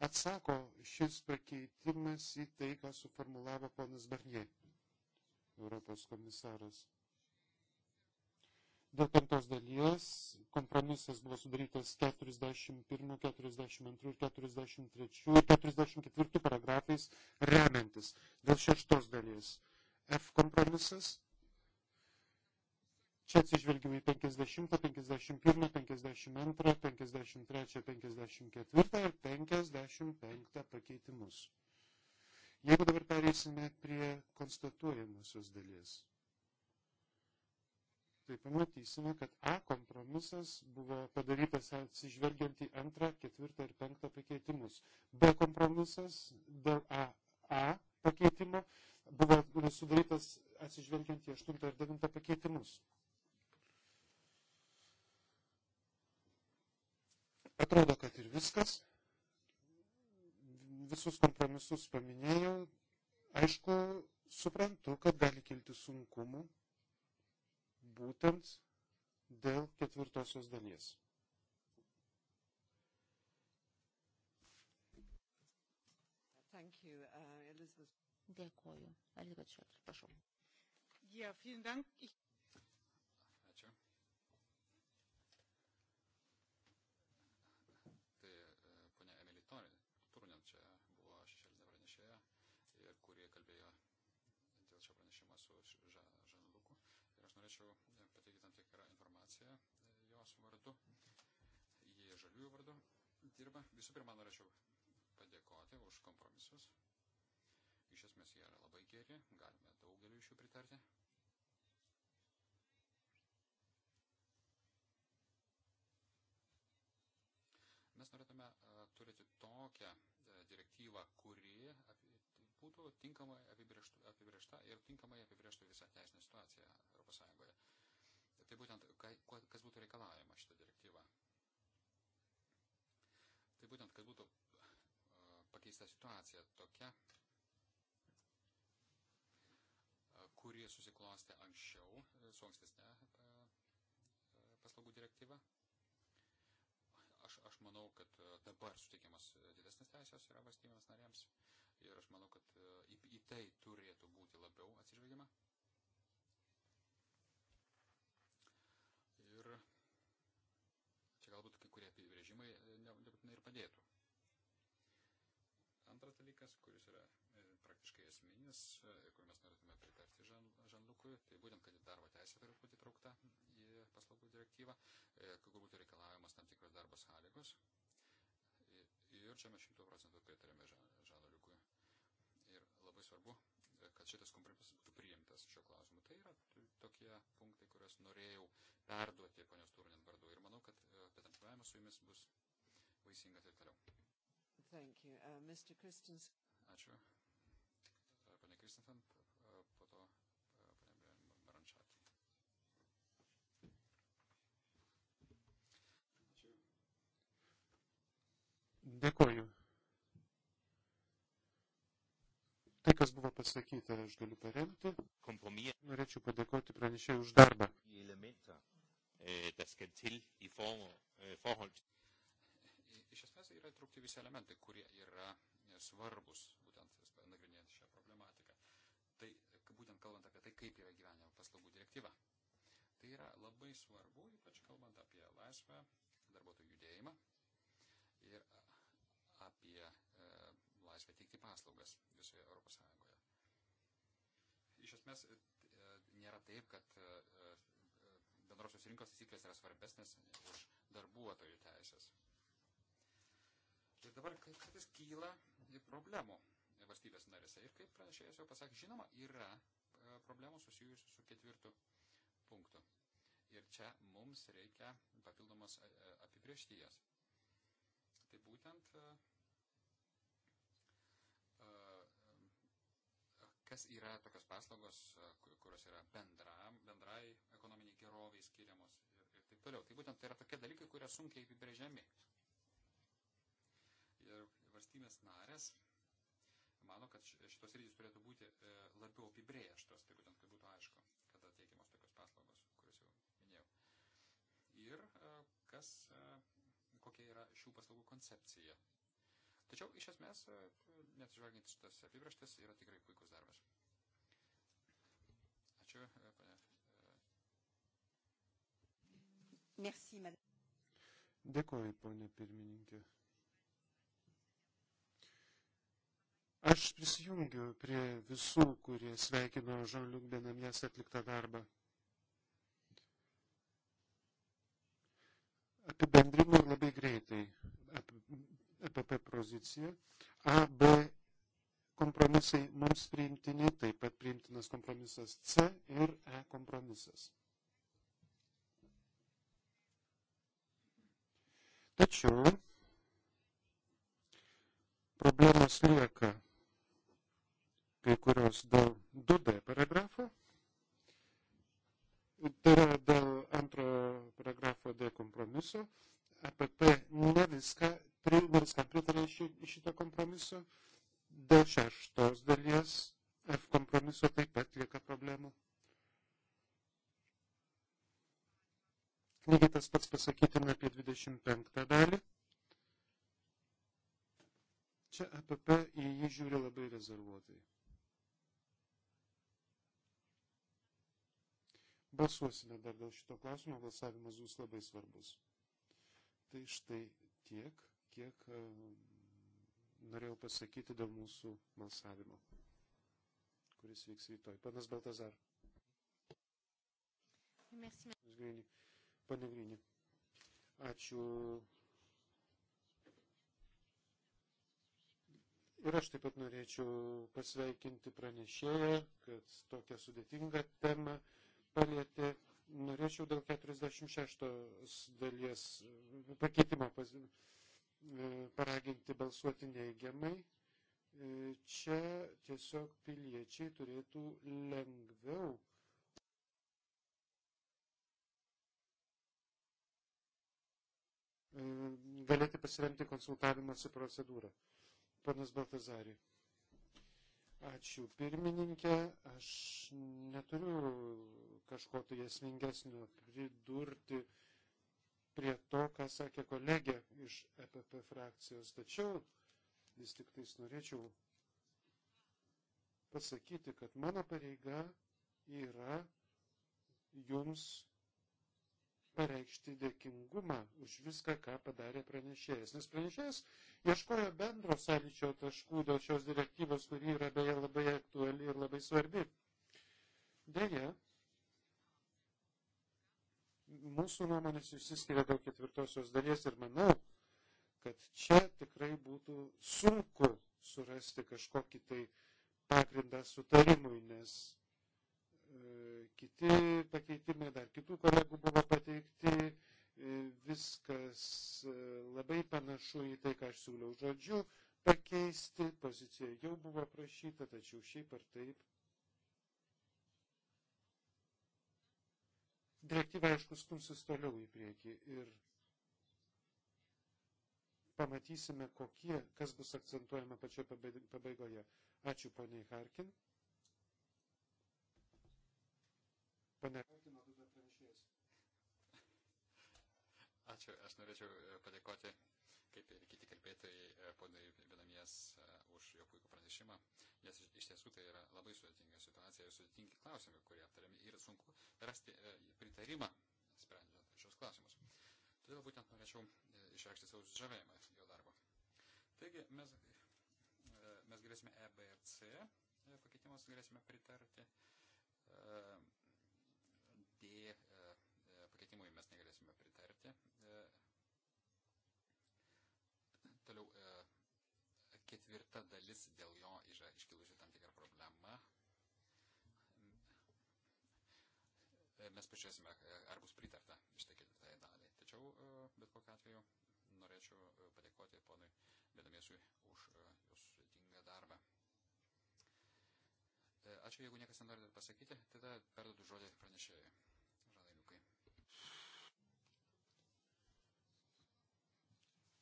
atsako šis pakeitimas į tai, ką suformulavo ponas Barnier, Europos komisaras. Dėl penktos dalies kompromisas buvo sudarytas 41, 42 ir 43 ir 44 paragrafais remiantis. Dėl šeštos dalies F kompromisas. Čia atsižvelgime į 50, 51, 52, 53, 54 ir 55 pakeitimus. Jeigu dabar pereisime prie konstatuojamosios dalies tai pamatysime, kad A kompromisas buvo padarytas atsižvelgiant į antrą, ketvirtą ir penktą pakeitimus. B kompromisas dėl A, A pakeitimo buvo sudarytas atsižvelgiant į aštuntą ir devintą pakeitimus. Atrodo, kad ir viskas. Visus kompromisus paminėjau. Aišku, suprantu, kad gali kilti sunkumų, būtent dėl ketvirtosios dalies. Uh, Dėkoju. Elizabeth Šelter, prašau. Ja, vielen Dank. Ich norėčiau e, pateikti tam tikrą informaciją e, jos vardu. Jie žaliųjų vardu dirba. Visų pirma, norėčiau padėkoti už kompromisus. Iš esmės jie yra labai geri, galime daugeliu iš jų pritarti. Mes norėtume e, turėti tokią direktyvą, kuri būtų tinkamai apibriešta ir tinkamai apibrieštų visą teisinę situaciją ES. Tai būtent, kas būtų reikalaujama šitą direktyvą. Tai būtent, kad būtų pakeista situacija tokia, kuri susiklostė anksčiau su ankstesnė paslaugų direktyva. Aš, aš manau, kad dabar sutikimas didesnės teisės yra valstybėms narėms ir aš manau, kad e, į, į tai turėtų būti labiau atsižvelgiama. Ir čia galbūt kai kurie apibrėžimai e, nebūtinai ir padėtų. Antras dalykas, kuris yra e, praktiškai esminis, kur mes norėtume pritarti Žanlukui, tai būtent, kad darbo teisė turi būti traukta į paslaugų direktyvą, kur būtų reikalavimas tam tikros darbo sąlygos. Ir čia mes šimtų procentų pritarėme Žanlukui labai svarbu, e, kad šitas kompromisas būtų priimtas šio klausimu. Tai yra tokie punktai, kuriuos norėjau perduoti ponios Turinin vardu ir manau, kad e, bendradarbiavimas su jumis bus vaisingas ir toliau. Thank you. Uh, Mr. Christens. Ačiū. E, pane Kristensen, po to pane Barančatį. Ačiū. Dėkuoju. tai, kas buvo pasakyta, aš galiu paremti. Kompromis. Norėčiau padėkoti pranešėjai už darbą. Eh, eh, Iš esmės yra įtraukti visi elementai, kurie yra eh, svarbus būtent nagrinėjant šią problematiką. Tai būtent kalbant apie tai, kaip yra gyvenimo paslaugų direktyva. Tai yra labai svarbu, ypač kalbant apie laisvę, darbuotojų judėjimą ir apie laisvę teikti paslaugas visoje Europos Sąjungoje. Iš esmės e, e, nėra taip, kad e, bendrosios rinkos taisyklės yra svarbesnės už darbuotojų teisės. Ir dabar kartais kyla problemų valstybės narėse. Ir kaip pranešėjas jau pasakė, žinoma, yra problemų susijusių su ketvirtu punktu. Ir čia mums reikia papildomos apibriešties. Tai būtent kas yra tokios paslaugos, e, kurios yra bendra, bendrai ekonominiai geroviai skiriamos ir, ir taip toliau. Tai būtent tai yra tokie dalykai, kurie sunkiai apibrėžiami. Ir valstybės narės mano, kad šitos rytis turėtų būti e, labiau apibrėžtos, tai būtent, kad būtų aišku, kada teikiamos tokios paslaugos, kurias jau minėjau. Ir e, kas, kokia yra šių paslaugų koncepcija Tačiau iš esmės, e, net žvelgiant šitas apibrieštas, yra tikrai puikus darbas. Ačiū, e, panė. E. Merci, madame. Dėkoju, ponė pirmininkė. Aš prisijungiu prie visų, kurie sveikino Žanliuk Benamės atliktą darbą. Apibendrinu labai greitai. EPP pozicija. A, B kompromisai mums priimtini, taip pat priimtinas kompromisas C ir E kompromisas. Tačiau problemos lieka kai kurios dėl 2D paragrafo, tai yra dėl antrojo paragrafo D kompromiso, EPP ne viską Trijų viskam pritarė šito kompromiso. Dėl šeštos dalies F kompromiso taip pat lieka problemų. Lygiai tas pats pasakytina apie 25 dalį. Čia APP e į jį žiūri labai rezervuotai. Balsuosime dar dėl šito klausimo, balsavimas bus labai svarbus. Tai štai tiek tiek e, norėjau pasakyti dėl mūsų balsavimo, kuris vyks rytoj. Panas Baltazar. Pane Grinį. Ačiū. Ir aš taip pat norėčiau pasveikinti pranešėją, kad tokią sudėtingą temą palėtė. Norėčiau dėl 46 dalies pakeitimo pasakyti E, paraginti balsuoti neigiamai. E, čia tiesiog piliečiai turėtų lengviau e, galėti pasiremti konsultavimąsi procedūrą. Panas Baltazarį. Ačiū pirmininkė. Aš neturiu kažko tai esmingesnio pridurti prie to, ką sakė kolegė iš EPP frakcijos. Tačiau vis tik tais norėčiau pasakyti, kad mano pareiga yra jums pareikšti dėkingumą už viską, ką padarė pranešėjas. Nes pranešėjas ieškojo bendro sąlyčio taškų dėl šios direktyvos, kuri yra beje labai aktuali ir labai svarbi. Deja, mūsų nuomonės išsiskiria dėl ketvirtosios dalies ir manau, kad čia tikrai būtų sunku surasti kažkokį tai pagrindą sutarimui, nes e, kiti pakeitimai dar kitų kolegų buvo pateikti, e, viskas e, labai panašu į tai, ką aš siūliau žodžiu pakeisti, pozicija jau buvo prašyta, tačiau šiaip ar taip direktyva, aišku, stumsis toliau į priekį ir pamatysime, kokie, kas bus akcentuojama pačioje pabaigoje. Ačiū poniai Harkin. Pane Harkin, du dar pranešėjas. Ačiū, aš norėčiau e, padėkoti kaip ir kiti kalbėtojai, e, ponai Benamies e, už jo puikų pranešimą, nes iš tiesų tai yra labai sudėtinga situacija ir sudėtingi klausimai, kurie aptariami ir sunku rasti e, pritarimą sprendžiant šios klausimus. Todėl būtent norėčiau išreikšti savo sužavėjimą jo darbo. Taigi mes, mes galėsime EBRC pakeitimus galėsime pritarti. D ketvirta dalis dėl jo yra iškilusi tam tikra problema. Mes pažiūrėsime, ar bus pritarta šitai ketvirtai daliai. Tačiau, e, bet kokiu atveju, norėčiau e, padėkoti ponui Bėdamiesui už e, jūsų sudėtingą darbą. Ačiū, jeigu niekas nenori dar pasakyti, tada perdodu žodį pranešėjui.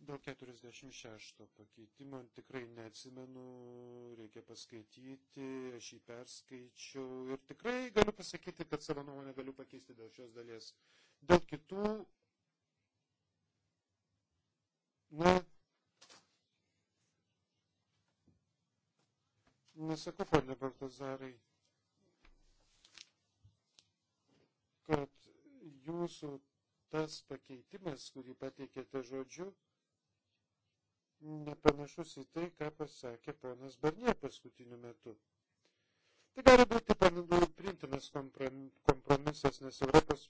Dėl 46 pakeitimo tikrai neatsimenu, reikia paskaityti, aš jį perskaičiau ir tikrai galiu pasakyti, kad savo nuomonę galiu pakeisti dėl šios dalies. Dėl kitų, na, nesakau, ponė Bartazarai, kad jūsų tas pakeitimas, kurį pateikėte žodžiu, nepanašus į tai, ką pasakė ponas Barnė paskutiniu metu. Tai gali būti priimtinas kompromisas, nes Europos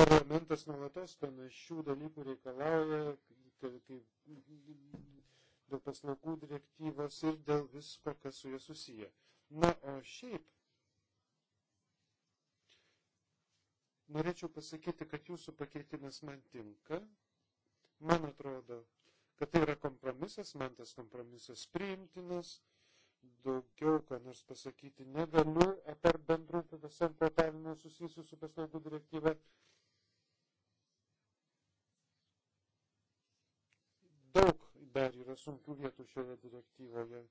parlamentas nuolatos panašių dalykų reikalauja, kaip tai, dėl paslaugų direktyvos ir dėl visko, kas su juo susiję. Na, o šiaip norėčiau pasakyti, kad jūsų pakeitimas man tinka. Man atrodo, kad tai yra kompromisas, man tas kompromisas priimtinas, daugiau, ką nors pasakyti negaliu apie bendrų PVSM portalinę susijusių su paslaugų direktyva. Daug dar yra sunkių vietų šioje direktyvoje.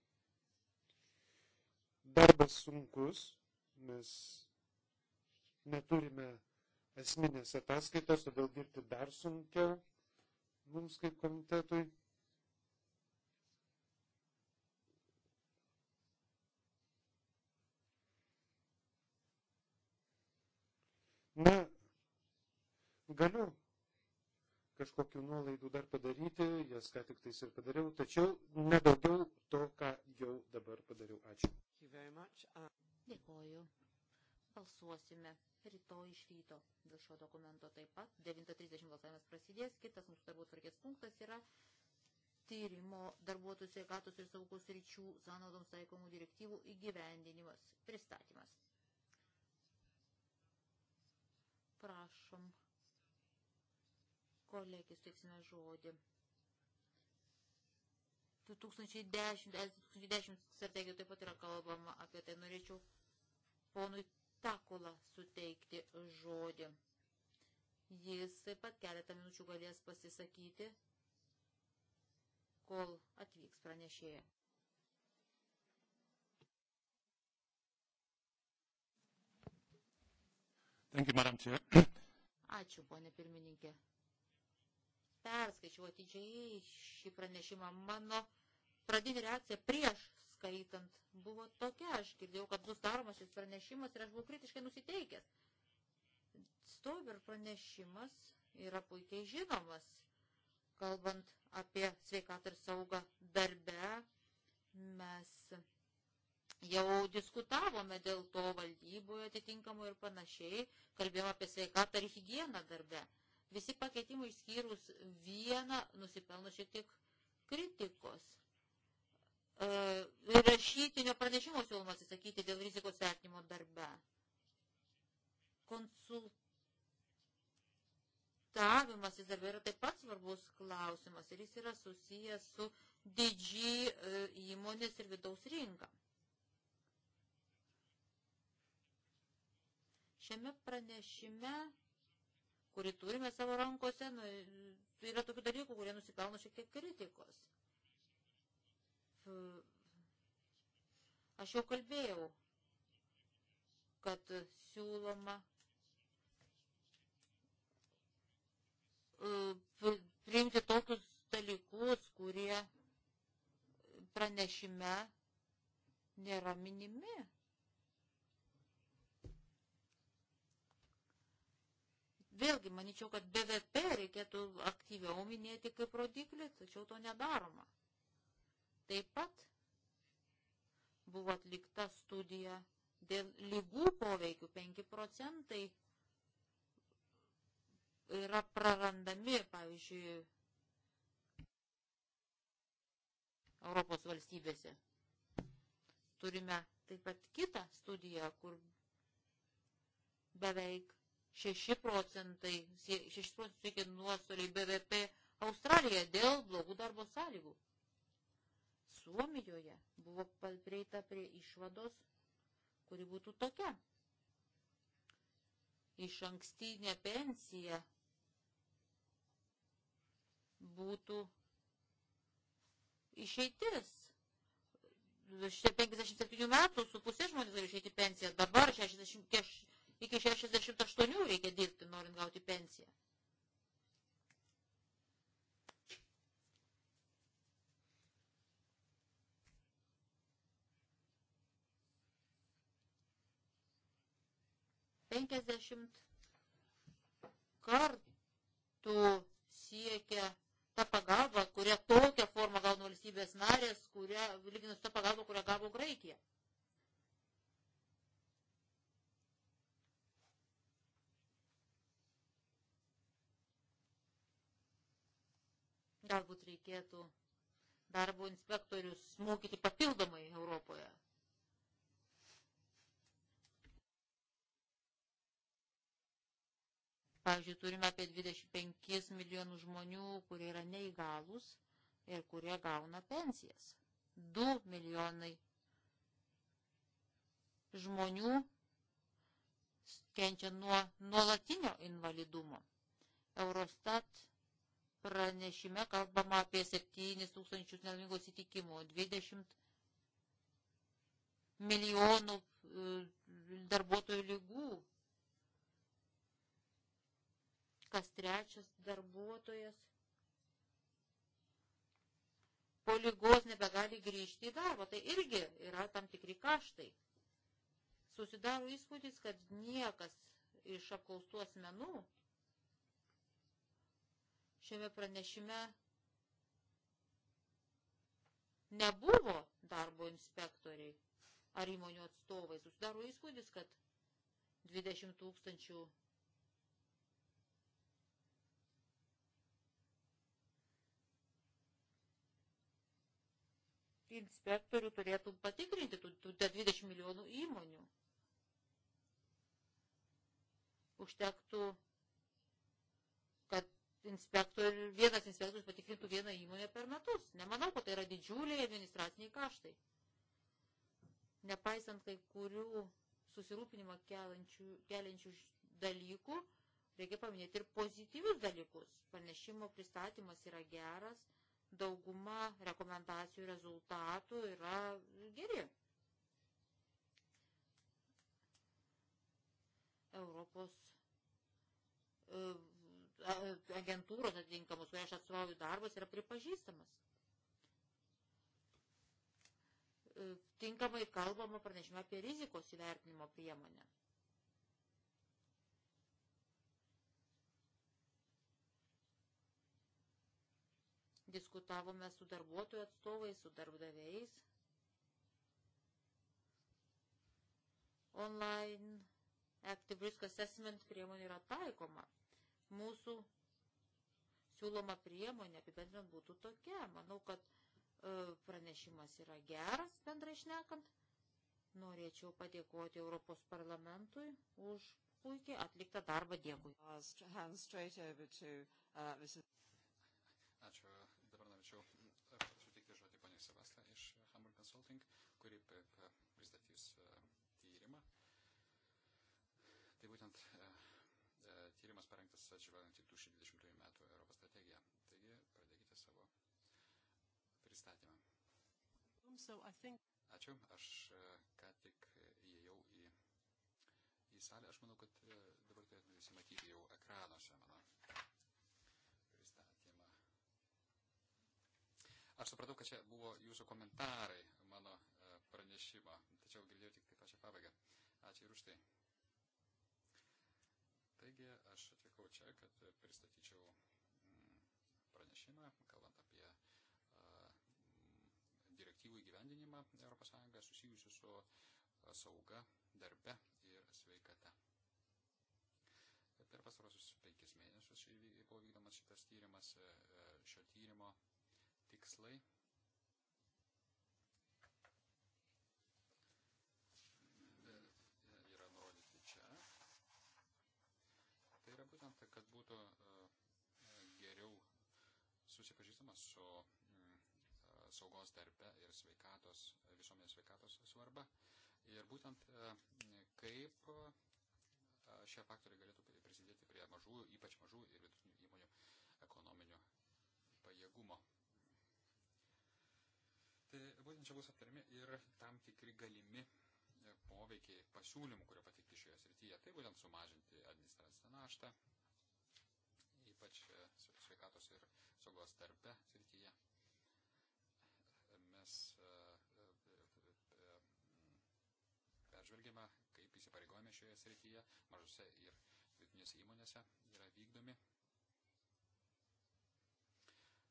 Darbas sunkus, mes neturime esminės ataskaitos, todėl dirbti dar sunkiau mums kaip komitetui. Na, galiu kažkokiu nuolaidų dar padaryti, jas ką tik tais ir padariau, tačiau nedaugiau to, ką jau dabar padariau. Ačiū. Uh, Dėkoju balsuosime rytoj iš ryto dėl šio dokumento taip pat. 9.30 balsavimas prasidės. Kitas mūsų darbo tvarkės punktas yra tyrimo darbuotojų sveikatos ir saugos ryčių sąnaudoms taikomų direktyvų įgyvendinimas pristatymas. Prašom, kolegis, teiksime žodį. 2010, 2010 strategijų taip pat yra kalbama apie tai. Norėčiau ponui Takula suteikti žodį. Jis taip pat keletą minučių galės pasisakyti, kol atvyks pranešėja. Thank you, Madam Chair. Ačiū, ponė pirmininkė. Perskaičiau atidžiai šį pranešimą. Mano pradinė reakcija prieš skaitant buvo tokia. Aš girdėjau, kad bus daromas šis pranešimas ir aš buvau kritiškai nusiteikęs. Stoiber pranešimas yra puikiai žinomas, kalbant apie sveikatą ir saugą darbe. Mes jau diskutavome dėl to valdyboje atitinkamų ir panašiai, kalbėjome apie sveikatą ir higieną darbe. Visi pakeitimai išskyrus vieną nusipelno šiek tiek kritikos. E, rašytinio pranešimo siūloma atsisakyti dėl rizikos vertinimo darbe. Konsultavimas į darbę yra taip pat svarbus klausimas ir jis yra susijęs su didžiai e, įmonės ir vidaus rinka. Šiame pranešime, kurį turime savo rankose, nu, yra tokių dalykų, kurie nusipelno šiek tiek kritikos aš jau kalbėjau, kad siūloma priimti tokius dalykus, kurie pranešime nėra minimi. Vėlgi, manyčiau, kad BVP reikėtų aktyviau minėti kaip rodiklį, tačiau to nedaroma. Taip pat buvo atlikta studija dėl lygų poveikių 5 procentai yra prarandami, pavyzdžiui, Europos valstybėse. Turime taip pat kitą studiją, kur beveik 6 procentai, 6 procentai nuostoliai BVP Australijoje dėl blogų darbo sąlygų. Suomijoje buvo prieita prie išvados, kuri būtų tokia. Iš ankstinė pensija būtų išeitis. 57 metų su pusė žmonės gali išeiti pensiją, dabar 60, iki 68 reikia dirbti, norint gauti pensiją. 50 kartų siekia tą pagalbą, kurią tokią formą gauna valstybės narės, kurią, lyginus tą pagalbą, kurią gavo Graikija. Galbūt reikėtų darbo inspektorius mokyti papildomai Europoje. Pavyzdžiui, turime apie 25 milijonų žmonių, kurie yra neįgalus ir kurie gauna pensijas. 2 milijonai žmonių kenčia nuo nuolatinio invalidumo. Eurostat pranešime kalbama apie 7 tūkstančius nelaimingų atsitikimų, 20 milijonų e, darbuotojų lygų kas trečias darbuotojas po lygos nebegali grįžti į darbą. Tai irgi yra tam tikri kaštai. Susidaro įspūdis, kad niekas iš apklaustų asmenų šiame pranešime nebuvo darbo inspektoriai ar įmonių atstovai. Susidaro įspūdis, kad 20 tūkstančių inspektorių turėtų patikrinti tų, tų 20 milijonų įmonių. Užtektų, kad inspektorių, vienas inspektorius patikrintų vieną įmonę per metus. Nemanau, kad tai yra didžiuliai administraciniai kaštai. Nepaisant kai kurių susirūpinimą keliančių, keliančių dalykų, reikia paminėti ir pozityvius dalykus. Panešimo pristatymas yra geras dauguma rekomendacijų rezultatų yra geri. Europos e, agentūros atitinkamus, kurie aš atstovauju darbas, yra pripažįstamas. E, tinkamai kalbama pranešime apie rizikos įvertinimo priemonę. Diskutavome su darbuotojų atstovais, su darbdaviais. Online Active Risk Assessment priemonė yra taikoma. Mūsų siūloma priemonė apibendrinant būtų tokia. Manau, kad e, pranešimas yra geras, bendrai šnekant. Norėčiau padėkoti Europos parlamentui už puikiai atliktą darbą. Dėkui. būtent e, e, tyrimas parengtas atsižvelgiant į 2020 metų Europos strategiją. Taigi, pradėkite savo pristatymą. So think... Ačiū, aš e, ką tik įėjau į, į salę. Aš manau, kad dabar turėtume visi matyti jau ekranuose mano pristatymą. Aš supratau, kad čia buvo jūsų komentarai mano pranešimo, tačiau girdėjau tik tai pačią pabaigą. Ačiū ir už tai. Taigi aš atvykau čia, kad pristatyčiau mm, pranešimą, kalbant apie mm, direktyvų įgyvendinimą ES susijusiu su sauga darbe ir sveikata. Per pastarosius penkis mėnesius buvo vykdomas šitas tyrimas, šio tyrimo tikslai su mm, e, saugos darbe ir sveikatos, visuomenės sveikatos svarba. Ir būtent e, kaip e, šie faktoriai galėtų prisidėti prie mažų, ypač mažų ir vidutinių įmonių ekonominio pajėgumo. Tai būtent čia bus aptarimi ir tam tikri galimi poveikiai pasiūlymų, kurie patikti šioje srityje. Tai būtent sumažinti administracinę naštą, ypač sveikatos ir saugos darbe srityje. Mes e, e, e, peržvelgėme, kaip įsipareigojame šioje srityje mažose ir vidutinėse įmonėse yra vykdomi.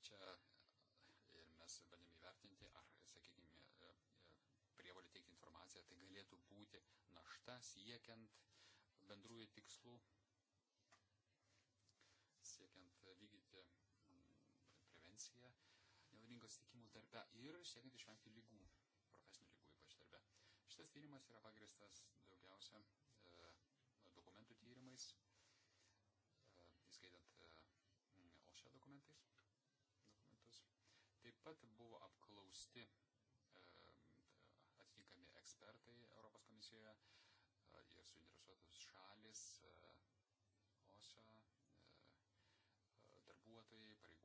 Čia ir mes bandėme įvertinti, ar, sakykime, prievalį teikti informaciją tai galėtų būti našta siekiant bendrųjų tikslų prevenciją nelaimingo atsitikimų darbe ir siekiant išvengti lygų, profesinių lygų ypač darbe. Šitas tyrimas yra pagristas daugiausia e, dokumentų tyrimais, e, įskaitant e, mm, OŠE dokumentais. Dokumentus. Taip pat buvo apklausti e, atitinkami ekspertai Europos komisijoje e, ir suinteresuotos šalis, e, OŠE e, darbuotojai, pareigūnai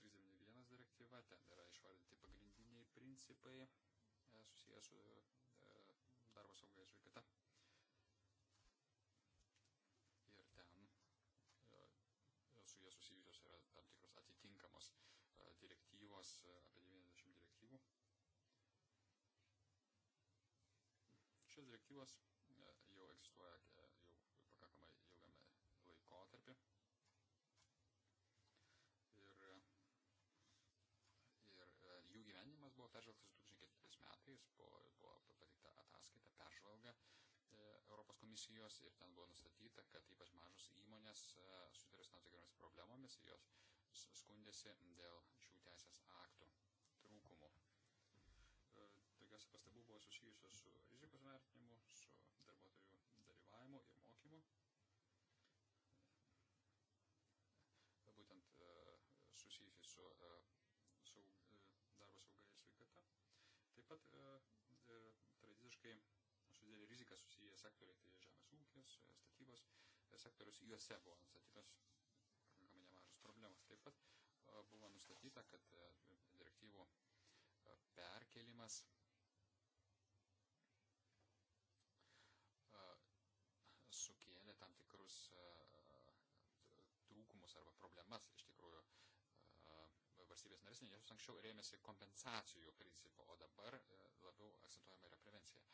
391 direktyva, ten yra išvardyti pagrindiniai principai e, susijęs su e, darbo saugai sveikata. Ir ten e, su jie susijusios yra tam tikros atitinkamos direktyvos, apie 90 direktyvų. Šios direktyvos jau egzistuoja planas buvo peržvelgtas 2004 metais, buvo, buvo pateikta ataskaita, peržvalga e, Europos komisijos ir ten buvo nustatyta, kad ypač mažos įmonės e, susiduria su tam tikromis problemomis, jos skundėsi dėl šių teisės aktų trūkumų. E, daugiausia pastabų buvo susijusios su rizikos vertinimu, su darbuotojų dalyvavimu ir mokymu. Būtent susijusi su Taip pat e, e, tradiciškai su didelė rizika susiję sektoriai, tai žemės ūkis, e, statybos sektorius, juose buvo nustatytos pakankamai nemažos problemos. Taip pat buvo nustatyta, kad direktyvų perkelimas sukėlė tam tikrus trūkumus arba problemas iš valstybės narės, nes jos anksčiau rėmėsi kompensacijų principu, o dabar e, labiau akcentuojama yra prevencija. E,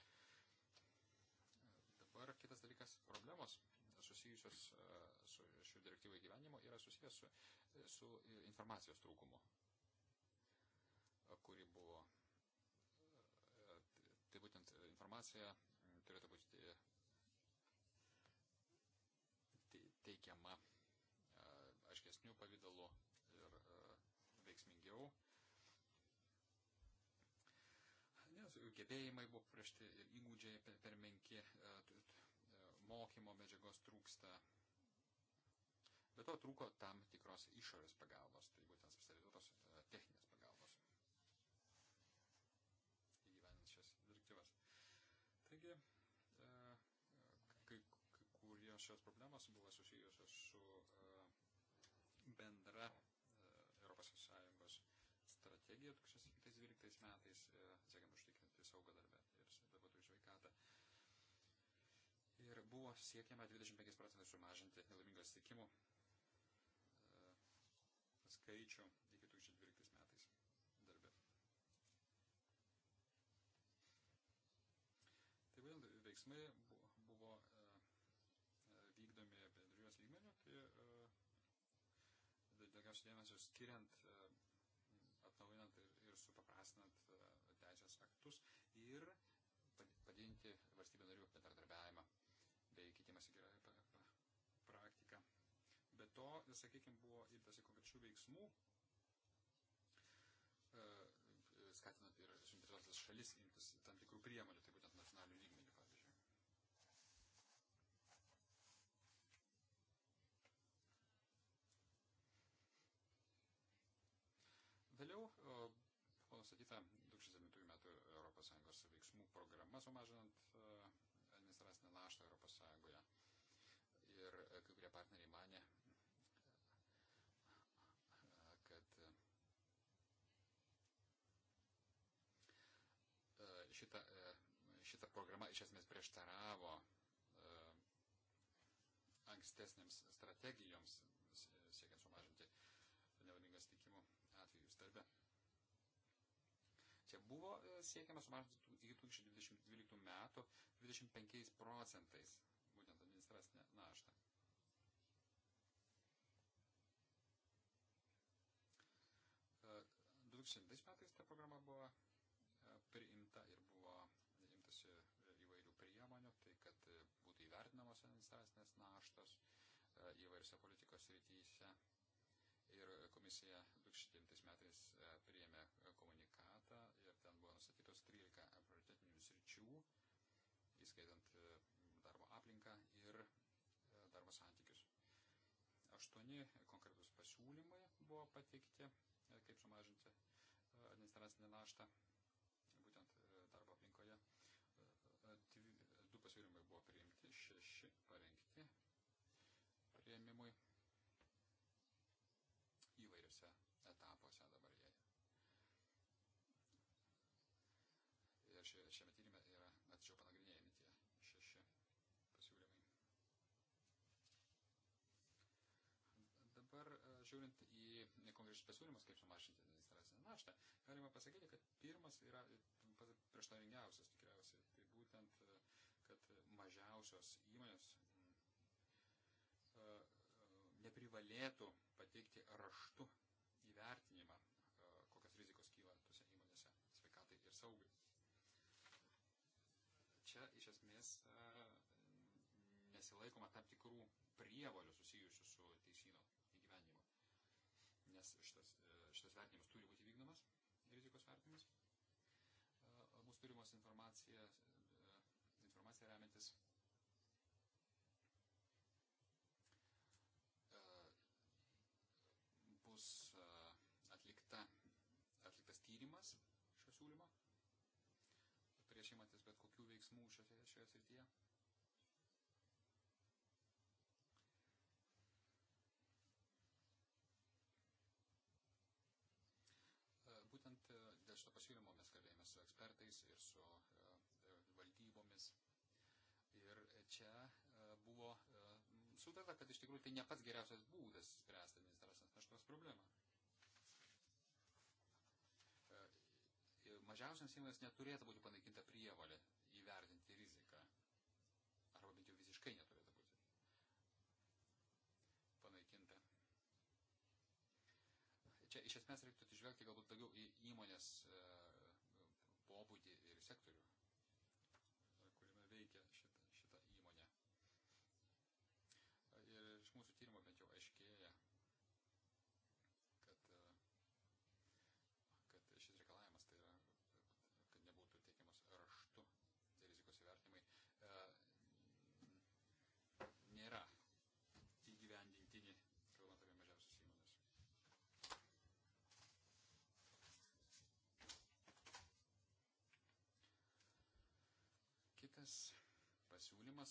dabar kitas dalykas - problemos susijusios e, su šių direktyvų įgyvenimu yra susijęs su, su informacijos trūkumu, kuri buvo. Tai būtent informacija turėtų būti teikiama gebėjimai buvo prašti, įgūdžiai per, per menki, e, e, mokymo medžiagos trūksta. Be to trūko tam tikros išorės pagalbos, tai būtent specializuotos e, techninės pagalbos. Įgyvenant šias direktyvas. Taigi, kai, kai kurie šios problemos buvo susijusios su bendra ES strategija 2012 metais, siekiant saugą darbę ir darbuotojų sveikatą. Ir buvo siekiama 25 procentai sumažinti nelaimingų atsitikimų e, skaičių iki 2012 metais darbė. Tai vėl veiksmai buvo e, e, vykdomi bendrijos lygmenių, tai daugiausiai dėmesio skiriant, atnaujinant ir, ir supaprastinant teisės aktus ir padidinti valstybių narių bendradarbiavimą bei kitimąsi gerąją praktiką. Be to, sakykime, buvo imtasi konkrečių veiksmų, e, skatinant ir suinteresuotas šalis imtis tam tikrų priemonių, tai būtent nacionalinių lygmenių. ES veiksmų programa sumažinant e, administracinę naštą ES. Ir e, kai kurie partneriai mane, kad e, šita, šita programa iš esmės prieštaravo ankstesnėms strategijoms siekiant sumažinti nelaimingas tikimų atvejus darbe. Čia buvo e, siekiama sumažinti iki 2012 metų 25 procentais būtent administracinę naštą. E, 2000 metais ta programa buvo e, priimta ir buvo imtasi e, įvairių priemonių, tai kad būtų įvertinamos administracinės naštos įvairiose politikos rytyse. Ir komisija 2009 metais priėmė komunikaciją nustatytos 13 prioritetinių sričių, įskaitant e, darbo aplinką ir e, darbo santykius. Aštuoni konkretus pasiūlymai buvo pateikti, e, kaip sumažinti administracinę naštą būtent darbo aplinkoje. Du pasiūlymai buvo priimti, šeši parengti prieimimui šioje, šiame tyrimė yra atidžiau panagrinėjami tie šeši pasiūlymai. Dabar e, žiūrint į konkrečius pasiūlymus, kaip sumažinti administracinę naštą, galima pasakyti, kad pirmas yra prieštaringiausias tikriausiai. Tai būtent, e, kad mažiausios įmonės mm, e, neprivalėtų pateikti raštu įvertinimą nes e, nesilaikoma tam tikrų prievalių susijusių su teisino įgyvenimu. Nes šitas, e, šitas vertinimas turi būti vykdomas, rizikos vertinimas. E, mūsų turimos informacija, informacija remiantis bus atlikta, atliktas tyrimas šio siūlymo prieš įmantis veiksmų šioje, šioje srityje. E, būtent e, dėl šito pasiūlymo mes kalbėjome su ekspertais ir su e, valdybomis. Ir čia buvo sutarta, kad iš tikrųjų tai ne pats geriausias būdas spręsti administracinės naštos problemą. Mažiausiams įmonėms neturėtų būti panaikinta prievalė iš esmės reiktų atsižvelgti galbūt daugiau į įmonės e, nu, pobūdį ir sektorių.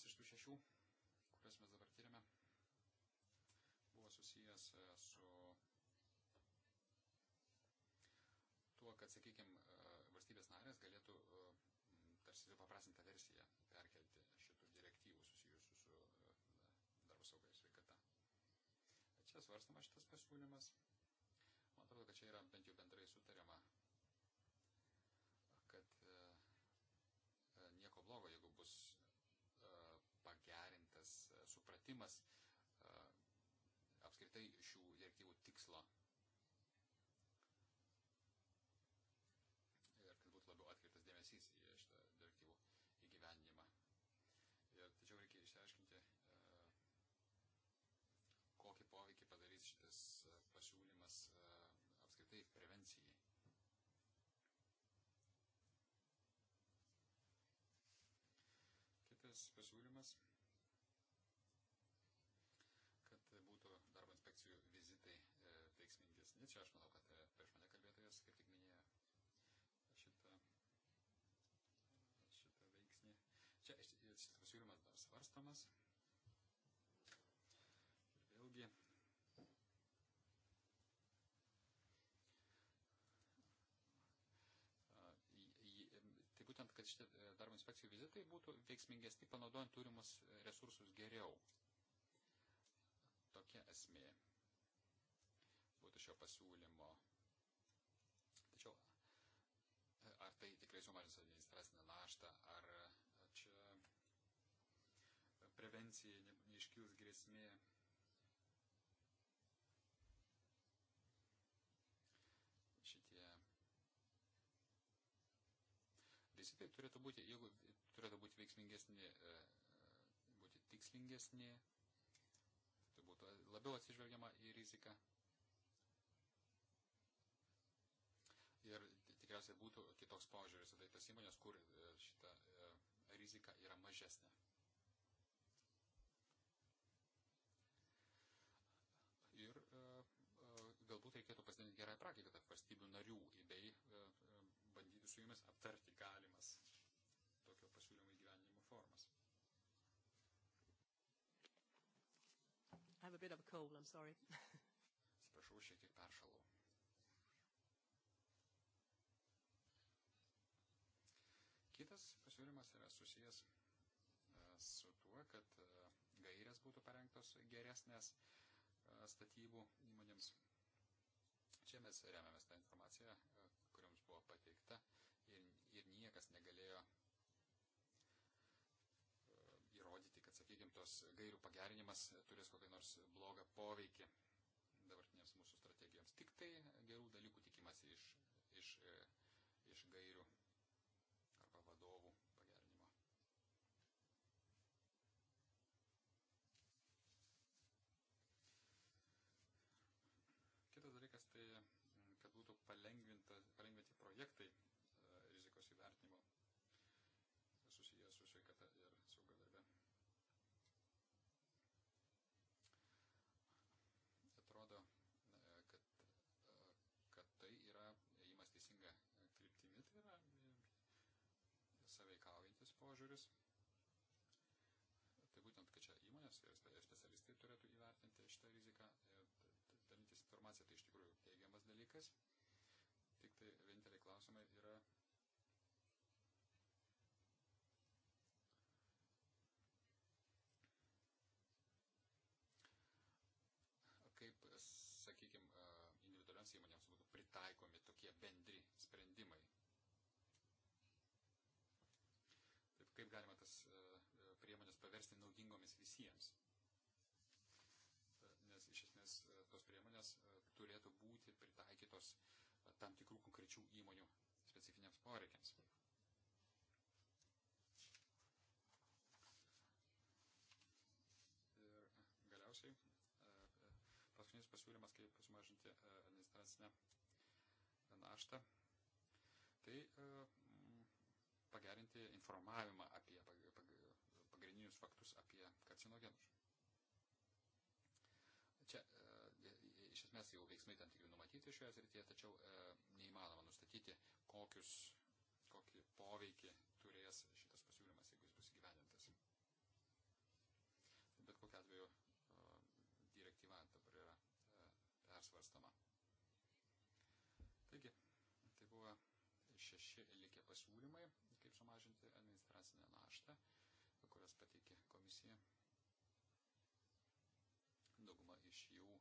Vienas iš tų šešių, kurias mes dabar tyriame, buvo susijęs e, su tuo, kad, sakykime, valstybės narės galėtų e, tarsi paprastintą versiją perkelti šitų direktyvų susijusių su e, darbo saugai sveikata. Čia svarstama šitas pasiūlymas. Man atrodo, kad čia yra bent jau bendrai sutariama, supratimas e, apskritai šių direktyvų tikslo. Ir kad būtų labiau atkreiptas dėmesys į šitą direktyvų įgyvendinimą. Ir tačiau reikia išsiaiškinti, e, kokį poveikį padarys šitas pasiūlymas e, apskritai prevencijai. Kitas pasiūlymas čia aš manau, kad e, prieš mane kalbėtojas kaip tik minėjo šitą, šitą veiksnį. Čia šitas pasiūlymas dar svarstamas. Ir vėlgi. Tai būtent, kad šitie e, darbo inspekcijų vizitai būtų veiksmingesni, panaudojant turimus resursus geriau. Tokia esmė šio pasiūlymo. Tačiau e, ar tai tikrai sumažins administracinę naštą, ar e, čia prevencija neiškils grėsmė. Šitie. Visi taip turėtų būti, jeigu turėtų būti veiksmingesni, e, būti tikslingesni, tai būtų labiau atsižvelgiama į riziką, tikriausiai būtų kitoks požiūris, tai tas įmonės, kur e, šita e, rizika yra mažesnė. Ir e, galbūt reikėtų pasidalinti gerąją praktiką tarp valstybių narių, bei bandyti su jumis aptarti galimas tokio pasiūlymo įgyvenimo formas. I have a bit of a cold, I'm sorry. Atsiprašau, šiek tiek peršalau. Šitas pasiūlymas yra susijęs e, su tuo, kad e, gairės būtų parengtos geresnės e, statybų įmonėms. Čia mes remiamės tą informaciją, kuriams buvo pateikta ir, ir niekas negalėjo įrodyti, kad, sakykime, tos gairių pagerinimas turės kokį nors blogą poveikį dabartinėms mūsų strategijoms. Tik tai gerų dalykų tikimasi iš, iš, iš gairių požiūris. Tai būtent, kad čia įmonės ir specialistai turėtų įvertinti šitą riziką, dalintis informaciją, tai iš tikrųjų teigiamas dalykas. Tik tai vieninteliai klausimai yra. Kaip, sakykime, individualiams įmonėms būtų pritaikomi tokie bendri sprendimai kaip galima tas e, e, priemonės paversti naudingomis visiems. E, nes iš esmės tos priemonės turėtų būti pritaikytos tam tikrų konkrečių įmonių specifiniams poreikiams. Ir galiausiai paskutinis pasiūlymas, kaip sumažinti administracinę naštą. Tai pagerinti informavimą apie pagrindinius faktus apie karcinogenus. Čia e, iš esmės jau veiksmai tam tikri numatyti šioje srityje, tačiau e, neįmanoma nustatyti, kokius, kokį poveikį turės šitas sumažinti administracinę naštą, kurias pateikė komisija. Dauguma iš jų, e,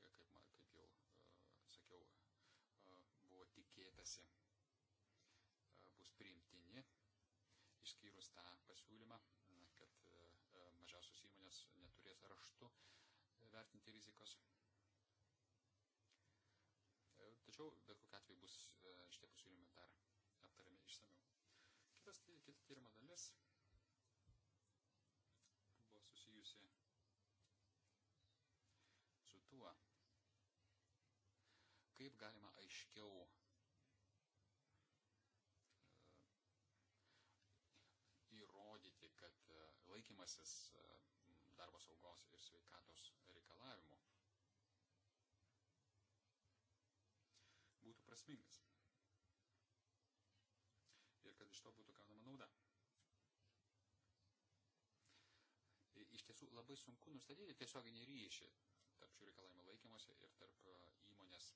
kaip, kaip jau e, sakiau, e, buvo tikėtasi, bus priimtini, išskyrus tą pasiūlymą, kad mažiausios įmonės neturės raštu vertinti rizikos Tačiau bet kokiu atveju bus šitie pasiūlymai dar aptarėme išsamiau. Kitas, kita tyrimo dalis buvo susijusi su tuo, kaip galima aiškiau e, įrodyti, kad e, laikymasis e, darbo saugos ir sveikatos reikalavimų būtų prasmingas kad iš to būtų gaunama nauda. Iš tiesų labai sunku nustatyti tiesioginį ryšį tarp šių reikalavimų laikymosi ir tarp e, įmonės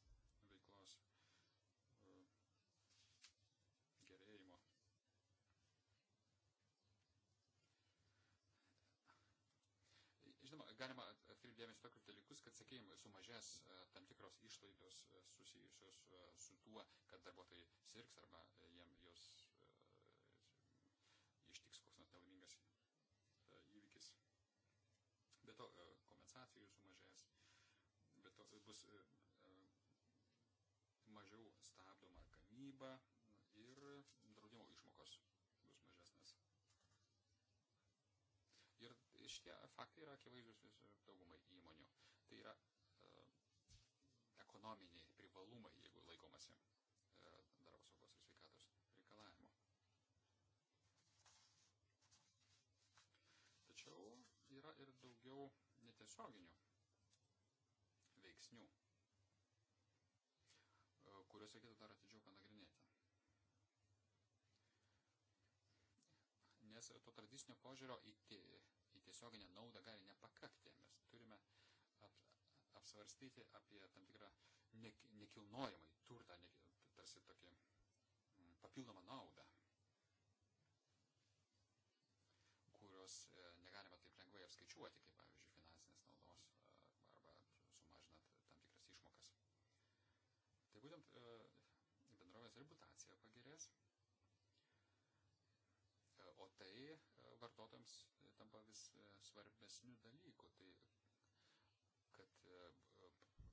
veiklos e, gerėjimo. Žinoma, galima atkreipdėmės tokius dalykus, kad, sakėjim, sumažės e, tam tikros išlaidos susijusios su tuo, kad darbuotojai sirgs arba jiem jos bus e, e, mažiau stabdoma gamyba ir draudimo išmokos bus mažesnės. Ir šitie faktai yra akivaizdus daugumai įmonių. Tai yra e, ekonominiai privalumai, jeigu laikomasi darbo saugos ir sveikatos reikalavimo. Tačiau yra ir daugiau netiesioginių veiksnių, e, kuriuos reikėtų dar atidžiau panagrinėti. Nes to tradicinio požiūrio į, į tiesioginę naudą gali nepakakti. Mes turime ap, apsvarstyti apie tam tikrą nek, nekilnojamai turtą, nek, tarsi tokį mm, papildomą naudą, kurios e, negalima taip lengvai apskaičiuoti, narės, e, o tai e, vartotojams tampa vis e, svarbesnių dalykų, tai kad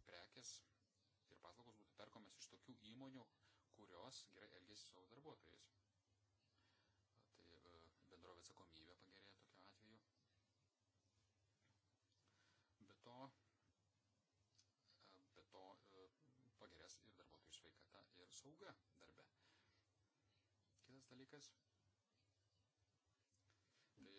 prekes ir paslaugos būtų perkomas iš tokių įmonių, kurios gerai elgesi savo darbuotojais. Tai bendrovė atsakomybė pagerėja tokiu atveju. Be to, be to pagerės ir darbuotojų sveikata ir sauga dalykas. Tai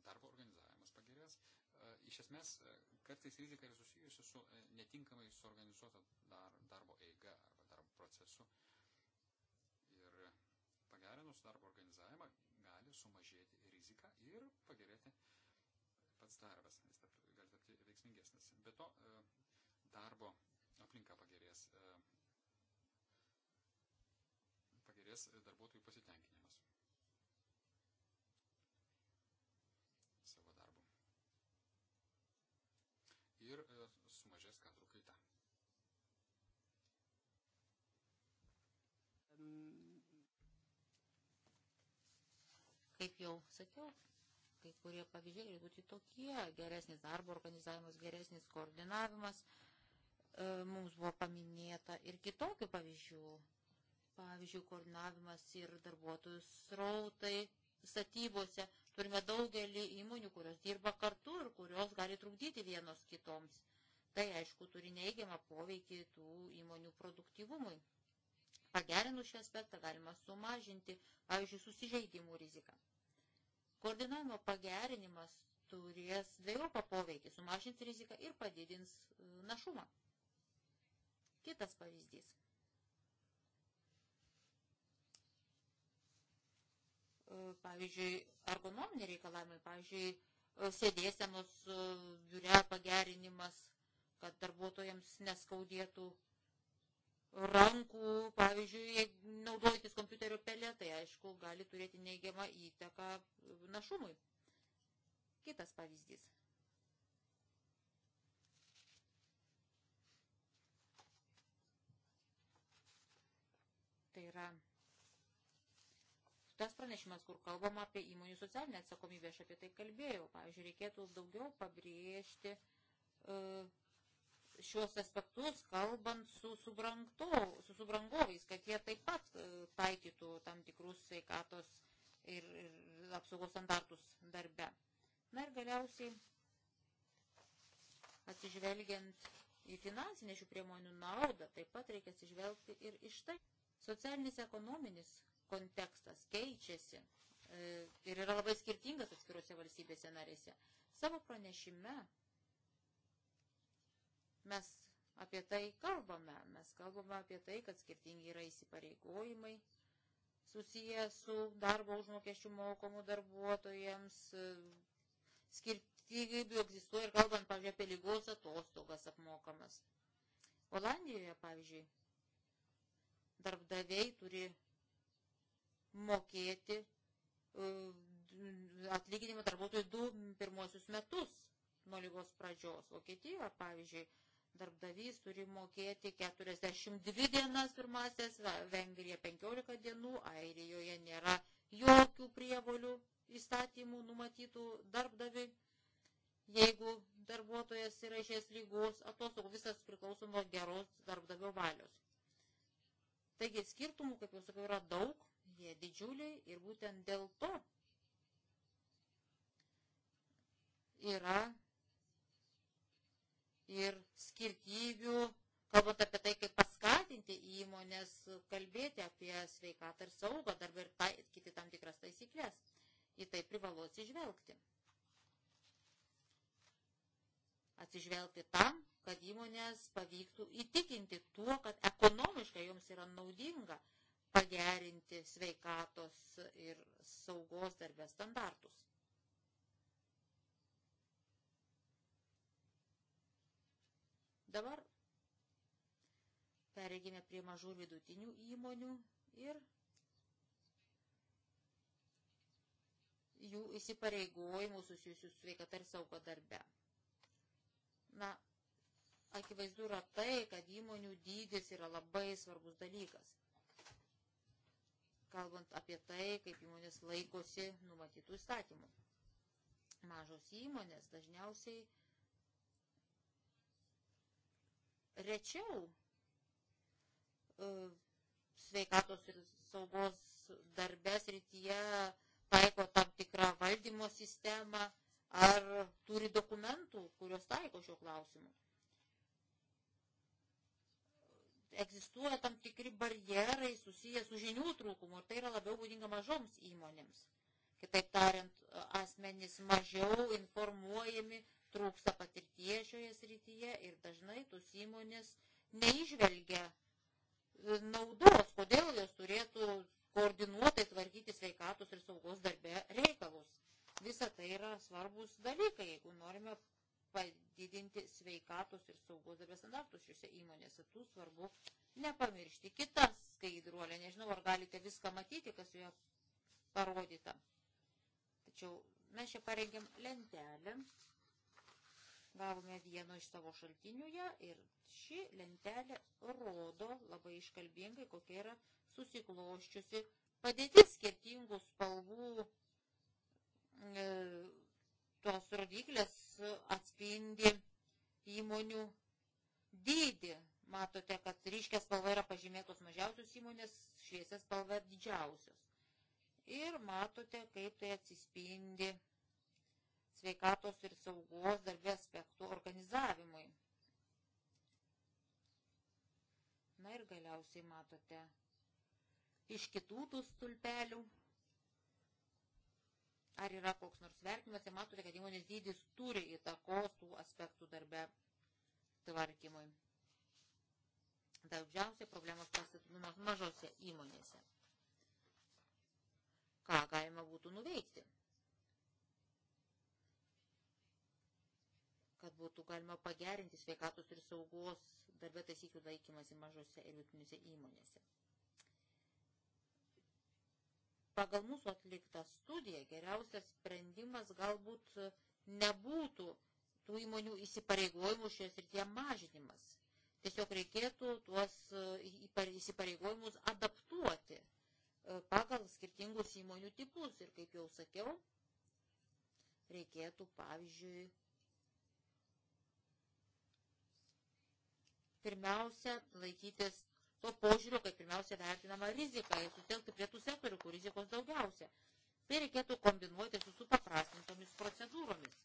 e, darbo organizavimas pagerės. E, iš esmės, e, kartais rizika yra susijusi su netinkamai suorganizuota dar, darbo eiga arba darbo procesu. Ir pagerinus darbo organizavimą gali sumažėti rizika ir pagerėti pats darbas, jis gali tapti veiksmingesnis. Be to, darbo aplinka pagerės, didės darbuotojų pasitenkinimas savo darbu. Ir e, sumažės kadrų kaita. Kaip jau sakiau, kai kurie pavyzdžiai gali būti tokie, geresnis darbo organizavimas, geresnis koordinavimas. E, mums buvo paminėta ir kitokių pavyzdžių, pavyzdžiui, koordinavimas ir darbuotojų srautai statybose. Turime daugelį įmonių, kurios dirba kartu ir kurios gali trukdyti vienos kitoms. Tai, aišku, turi neigiamą poveikį tų įmonių produktyvumui. Pagerinus šį aspektą galima sumažinti, pavyzdžiui, susižeidimų riziką. Koordinavimo pagerinimas turės dviejopą poveikį, sumažins riziką ir padidins e, našumą. Kitas pavyzdys. E, pavyzdžiui, ergonominiai reikalavimai, pavyzdžiui, e, sėdėsenos e, biure pagerinimas, kad darbuotojams neskaudėtų rankų, pavyzdžiui, naudojantis kompiuterio peletai, aišku, gali turėti neigiamą įtaką našumui. Kitas pavyzdys. Tai yra tas pranešimas, kur kalbama apie įmonių socialinę atsakomybę, aš apie tai kalbėjau. Pavyzdžiui, reikėtų daugiau pabrėžti e, šios aspektus, kalbant su, subrangto, su subrangovais, kad jie taip pat e, taikytų tam tikrus sveikatos ir, ir apsaugos standartus darbe. Na ir galiausiai, atsižvelgiant į finansinę šių priemonių naudą, taip pat reikia atsižvelgti ir iš tai. Socialinis ekonominis kontekstas keičiasi e, ir yra labai skirtingas atskiruose valstybėse narėse. Savo pranešime mes apie tai kalbame. Mes kalbame apie tai, kad skirtingi yra įsipareigojimai susiję su darbo užmokesčių mokomų darbuotojams, e, skirtingybių egzistuoja ir kalbant, pavyzdžiui, apie lygos atostogas apmokamas. Olandijoje, pavyzdžiui, darbdaviai turi mokėti e, atlyginimą darbuotojų du pirmosius metus nuo lygos pradžios. Vokietijoje, pavyzdžiui, darbdavys turi mokėti 42 dienas pirmasis, Vengrija 15 dienų, Airijoje nėra jokių prievolių įstatymų numatytų darbdaviui. Jeigu darbuotojas yra išės lygos atostogų, visas priklauso nuo geros darbdavio valios. Taigi skirtumų, kaip jau sakiau, yra daug, Jie didžiuliai ir būtent dėl to yra ir skirtybių, kalbant apie tai, kaip paskatinti įmonės kalbėti apie sveikatą ir saugą darbą ir taikyti tam tikras taisyklės. Į tai privalu atsižvelgti. Atsižvelgti tam, kad įmonės pavyktų įtikinti tuo, kad ekonomiškai joms yra naudinga pagerinti sveikatos ir saugos darbę standartus. Dabar pereigime prie mažų ir vidutinių įmonių ir jų įsipareigojimų susijusių su sveikata ir saugo darbe. Na, akivaizdu yra tai, kad įmonių dydis yra labai svarbus dalykas kalbant apie tai, kaip įmonės laikosi numatytų įstatymų. Mažos įmonės dažniausiai rečiau e, sveikatos ir saugos darbės rytyje taiko tam tikrą valdymo sistemą ar turi dokumentų, kurios taiko šio klausimu. egzistuoja tam tikri barjerai susiję su žinių trūkumu ir tai yra labiau būdinga mažoms įmonėms. Kitaip tariant, asmenys mažiau informuojami, trūksta patirties šioje srityje ir dažnai tos įmonės neižvelgia e, naudos, kodėl jos turėtų koordinuotai tvarkyti sveikatos ir saugos darbe reikalus. Visa tai yra svarbus dalykai, jeigu norime didinti sveikatos ir saugos darbės standartus šiuose įmonėse. Tų svarbu nepamiršti. Kita skaidruolė, nežinau, ar galite viską matyti, kas joje parodyta. Tačiau mes čia parengėm lentelę, gavome vieno iš savo šaltinių ją ir ši lentelė rodo labai iškalbingai, kokia yra susikloščiusi padėtis skirtingų spalvų e, tos rodiklės atspindi įmonių dydį. Matote, kad ryškia spalva yra pažymėtos mažiausios įmonės, šviesia spalva didžiausios. Ir matote, kaip tai atsispindi sveikatos ir saugos darbė aspektų organizavimui. Na ir galiausiai matote iš kitų tų stulpelių ar yra koks nors vertinimas ir matote, kad įmonės dydis turi įtakos tų aspektų darbe tvarkymui. Daugiausiai problemos pasitinimas mažose įmonėse. Ką galima būtų nuveikti? Kad būtų galima pagerinti sveikatos ir saugos darbė taisyklių laikymasi mažose ir vidutinėse įmonėse. Pagal mūsų atliktą studiją geriausias sprendimas galbūt nebūtų tų įmonių įsipareigojimų šioje srityje mažinimas. Tiesiog reikėtų tuos e, įsipareigojimus adaptuoti e, pagal skirtingus įmonių tipus. Ir kaip jau sakiau, reikėtų, pavyzdžiui, pirmiausia, laikytis to požiūrio, kai pirmiausia vertinama rizika ir sutelkti prie tų sektorių, kur rizikos daugiausia. Tai reikėtų kombinuoti su supaprastintomis procedūromis.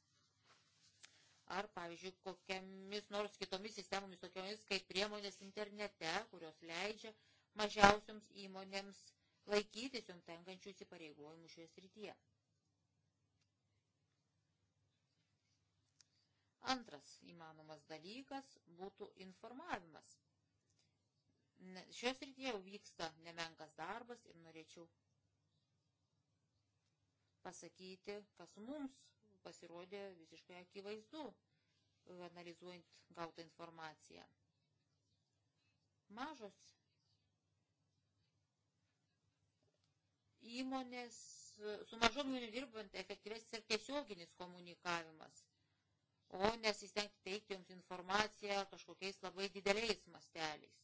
Ar, pavyzdžiui, kokiamis nors kitomis sistemomis, tokiomis kaip priemonės internete, kurios leidžia mažiausiams įmonėms laikytis jom tenkančių įsipareigojimų šioje srityje. Antras įmanomas dalykas būtų informavimas Šioje srityje jau vyksta nemenkas darbas ir norėčiau pasakyti, kas mums pasirodė visiškai akivaizdu, analizuojant gautą informaciją. Mažos įmonės, su mažom įmonėm dirbant efektyvesnis ir tiesioginis komunikavimas, o nesistengti teikti jums informaciją kažkokiais labai dideliais masteliais.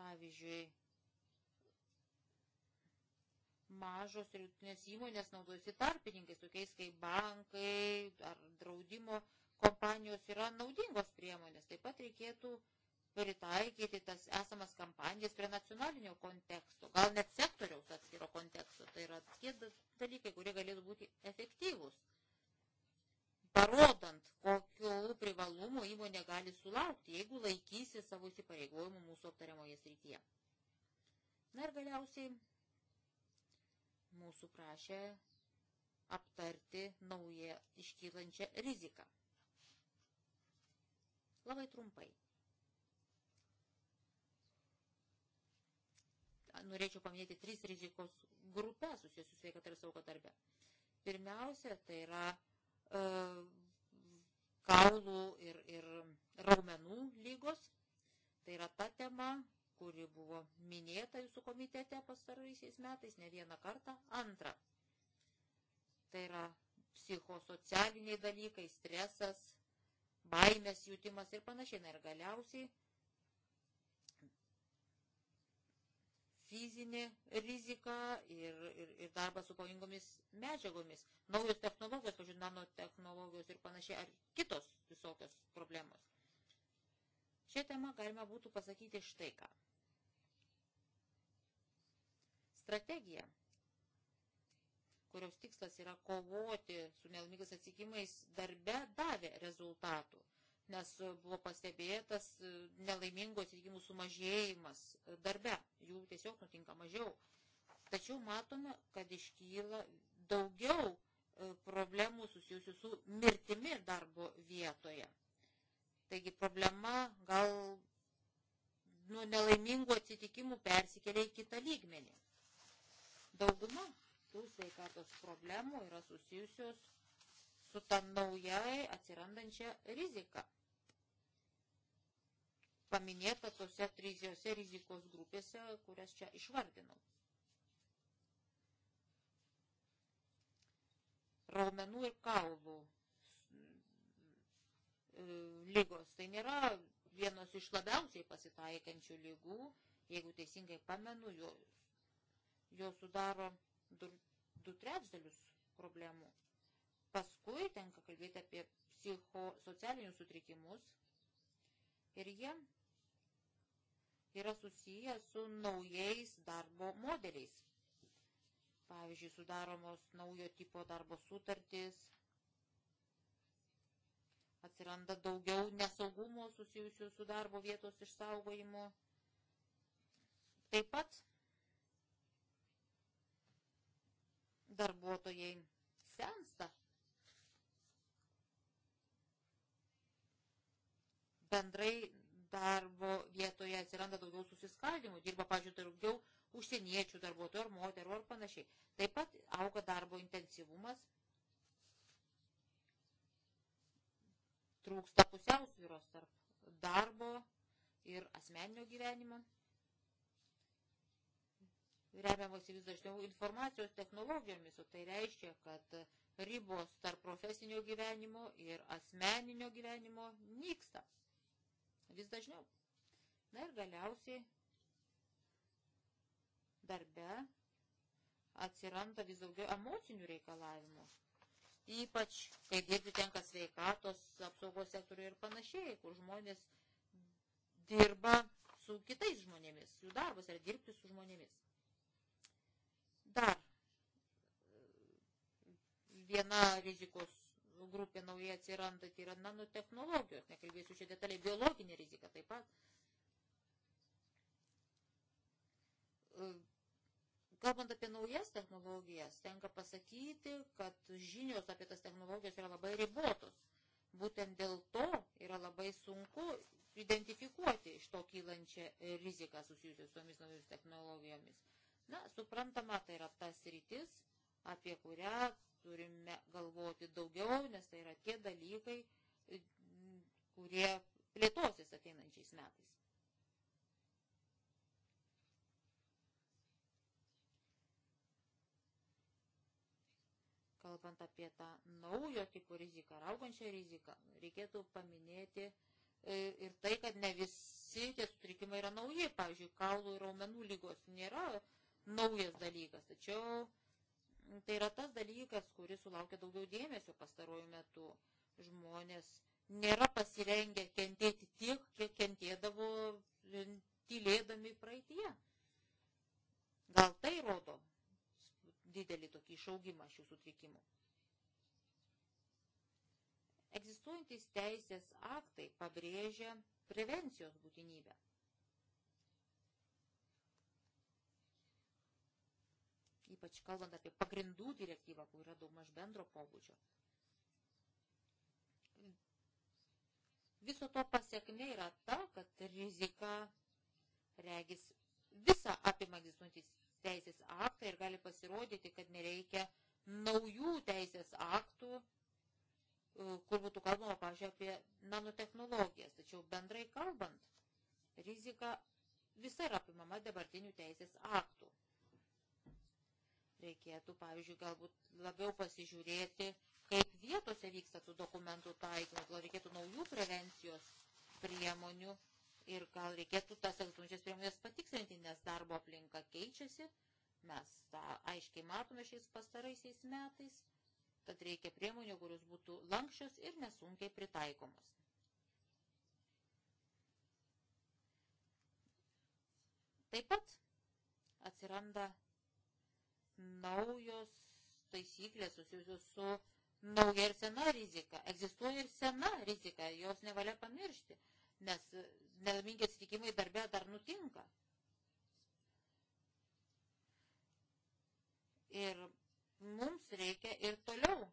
Pavyzdžiui, mažos ir vidutinės įmonės naudojasi tarpininkais, tokiais kaip bankai ar draudimo kompanijos yra naudingos priemonės. Taip pat reikėtų pritaikyti tas esamas kampanijas prie nacionalinio konteksto, gal net sektoriaus atskiro konteksto. Tai yra tie dalykai, kurie galėtų būti efektyvūs parodant, kokiu privalumu įmonė gali sulaukti, jeigu laikysi savo įsipareigojimų mūsų aptariamoje srityje. Na ir galiausiai mūsų prašė aptarti naują iškylančią riziką. Labai trumpai. Norėčiau paminėti tris rizikos grupės susijusius sveikatą ir saugą darbę. Pirmiausia, tai yra kaulų e, ir, ir raumenų lygos. Tai yra ta tema, kuri buvo minėta jūsų komitete pastaraisiais metais ne vieną kartą. Antra, tai yra psichosocialiniai dalykai, stresas, baimės jūtimas ir panašiai. Na ir galiausiai fizinė rizika ir, ir, ir darbas su pavojingomis medžiagomis, naujos technologijos, pažiūrėjau, nanotehnologijos ir panašiai, ar kitos visokios problemos. Šią temą galima būtų pasakyti štai ką. Strategija, kurios tikslas yra kovoti su nelmigais atsikimais, darbe davė rezultatų – nes e, buvo pastebėtas e, nelaimingų atsitikimų sumažėjimas e, darbe, jų tiesiog nutinka mažiau. Tačiau matome, kad iškyla daugiau problemų susijusių su mirtimi darbo vietoje. Taigi problema gal nuo nelaimingų atsitikimų persikelia į kitą lygmenį. Dauguma tų sveikatos problemų yra susijusios su tą naujai atsirandančią riziką paminėta tose trijose rizikos grupėse, kurias čia išvardinau. Raumenų ir kaulų e, lygos. Tai nėra vienos iš labiausiai pasitaikančių lygų, jeigu teisingai pamenu, jo, jo sudaro du, du trečdalius problemų. Paskui tenka kalbėti apie psichosocialinius sutrikimus ir jie yra susiję su naujais darbo modeliais. Pavyzdžiui, sudaromos naujo tipo darbo sutartys, atsiranda daugiau nesaugumo susijusių su darbo vietos išsaugojimu. Taip pat darbuotojai sensta. Bendrai darbo vietoje atsiranda daugiau susiskaldimų, dirba, pažiūrėjau, daugiau užsieniečių darbuotojų ar moterų ar panašiai. Taip pat auga darbo intensyvumas, trūksta pusiausvyros tarp darbo ir asmeninio gyvenimo. Remiamasi vis dažniau informacijos technologijomis, o tai reiškia, kad ribos tarp profesinio gyvenimo ir asmeninio gyvenimo nyksta vis dažniau. Na ir galiausiai darbe atsiranda vis daugiau emocinių reikalavimų. Ypač, kai dirbti tenka sveikatos, apsaugos sektoriui ir panašiai, kur žmonės dirba su kitais žmonėmis. Jų darbas yra dirbti su žmonėmis. Dar e, viena rizikos grupė naujai atsiranda, tai yra nanotehnologijos, nekalbėsiu čia detaliai, biologinė rizika taip pat. E, kalbant apie naujas technologijas, tenka pasakyti, kad žinios apie tas technologijas yra labai ribotos. Būtent dėl to yra labai sunku identifikuoti iš to kylančią riziką susijusią su tomis naujomis technologijomis. Na, suprantama, tai yra tas rytis, apie kurią turime galvoti daugiau, nes tai yra tie dalykai, kurie plėtosis ateinančiais metais. Kalbant apie tą naujo tipo riziką, augančią riziką, reikėtų paminėti e, ir tai, kad ne visi tie sutrikimai yra nauji. Pavyzdžiui, kaulų ir raumenų lygos nėra naujas dalykas, tačiau Tai yra tas dalykas, kuris sulaukia daugiau dėmesio pastaruoju metu. Žmonės nėra pasirengę kentėti tiek, kiek kentėdavo e, tylėdami praeitie. Gal tai rodo didelį tokį išaugimą šių sutrikimų. Egzistuojantis teisės aktai pabrėžia prevencijos būtinybę. ypač kalbant apie pagrindų direktyvą, kur yra daugmaž bendro pobūdžio. Viso to pasiekmė yra ta, kad rizika regis visą apima egzistuojantis teisės aktą ir gali pasirodyti, kad nereikia naujų teisės aktų, e, kur būtų kalbama, pažiūrėjau, apie nanotehnologijas. Tačiau bendrai kalbant, rizika visa yra apimama dabartinių teisės aktų. Reikėtų, pavyzdžiui, galbūt labiau pasižiūrėti, kaip vietose vyksta tų dokumentų taikymas, gal reikėtų naujų prevencijos priemonių ir gal reikėtų tas egzumčias priemonės patikslinti, nes darbo aplinka keičiasi, mes tą aiškiai matome šiais pastaraisiais metais, tad reikia priemonių, kurios būtų lankščios ir nesunkiai pritaikomos. Taip pat atsiranda naujos taisyklės susijusios su nauja ir sena rizika. Egzistuoja ir sena rizika, jos nevalia pamiršti, nes nelaimingi atsitikimai darbė dar nutinka. Ir mums reikia ir toliau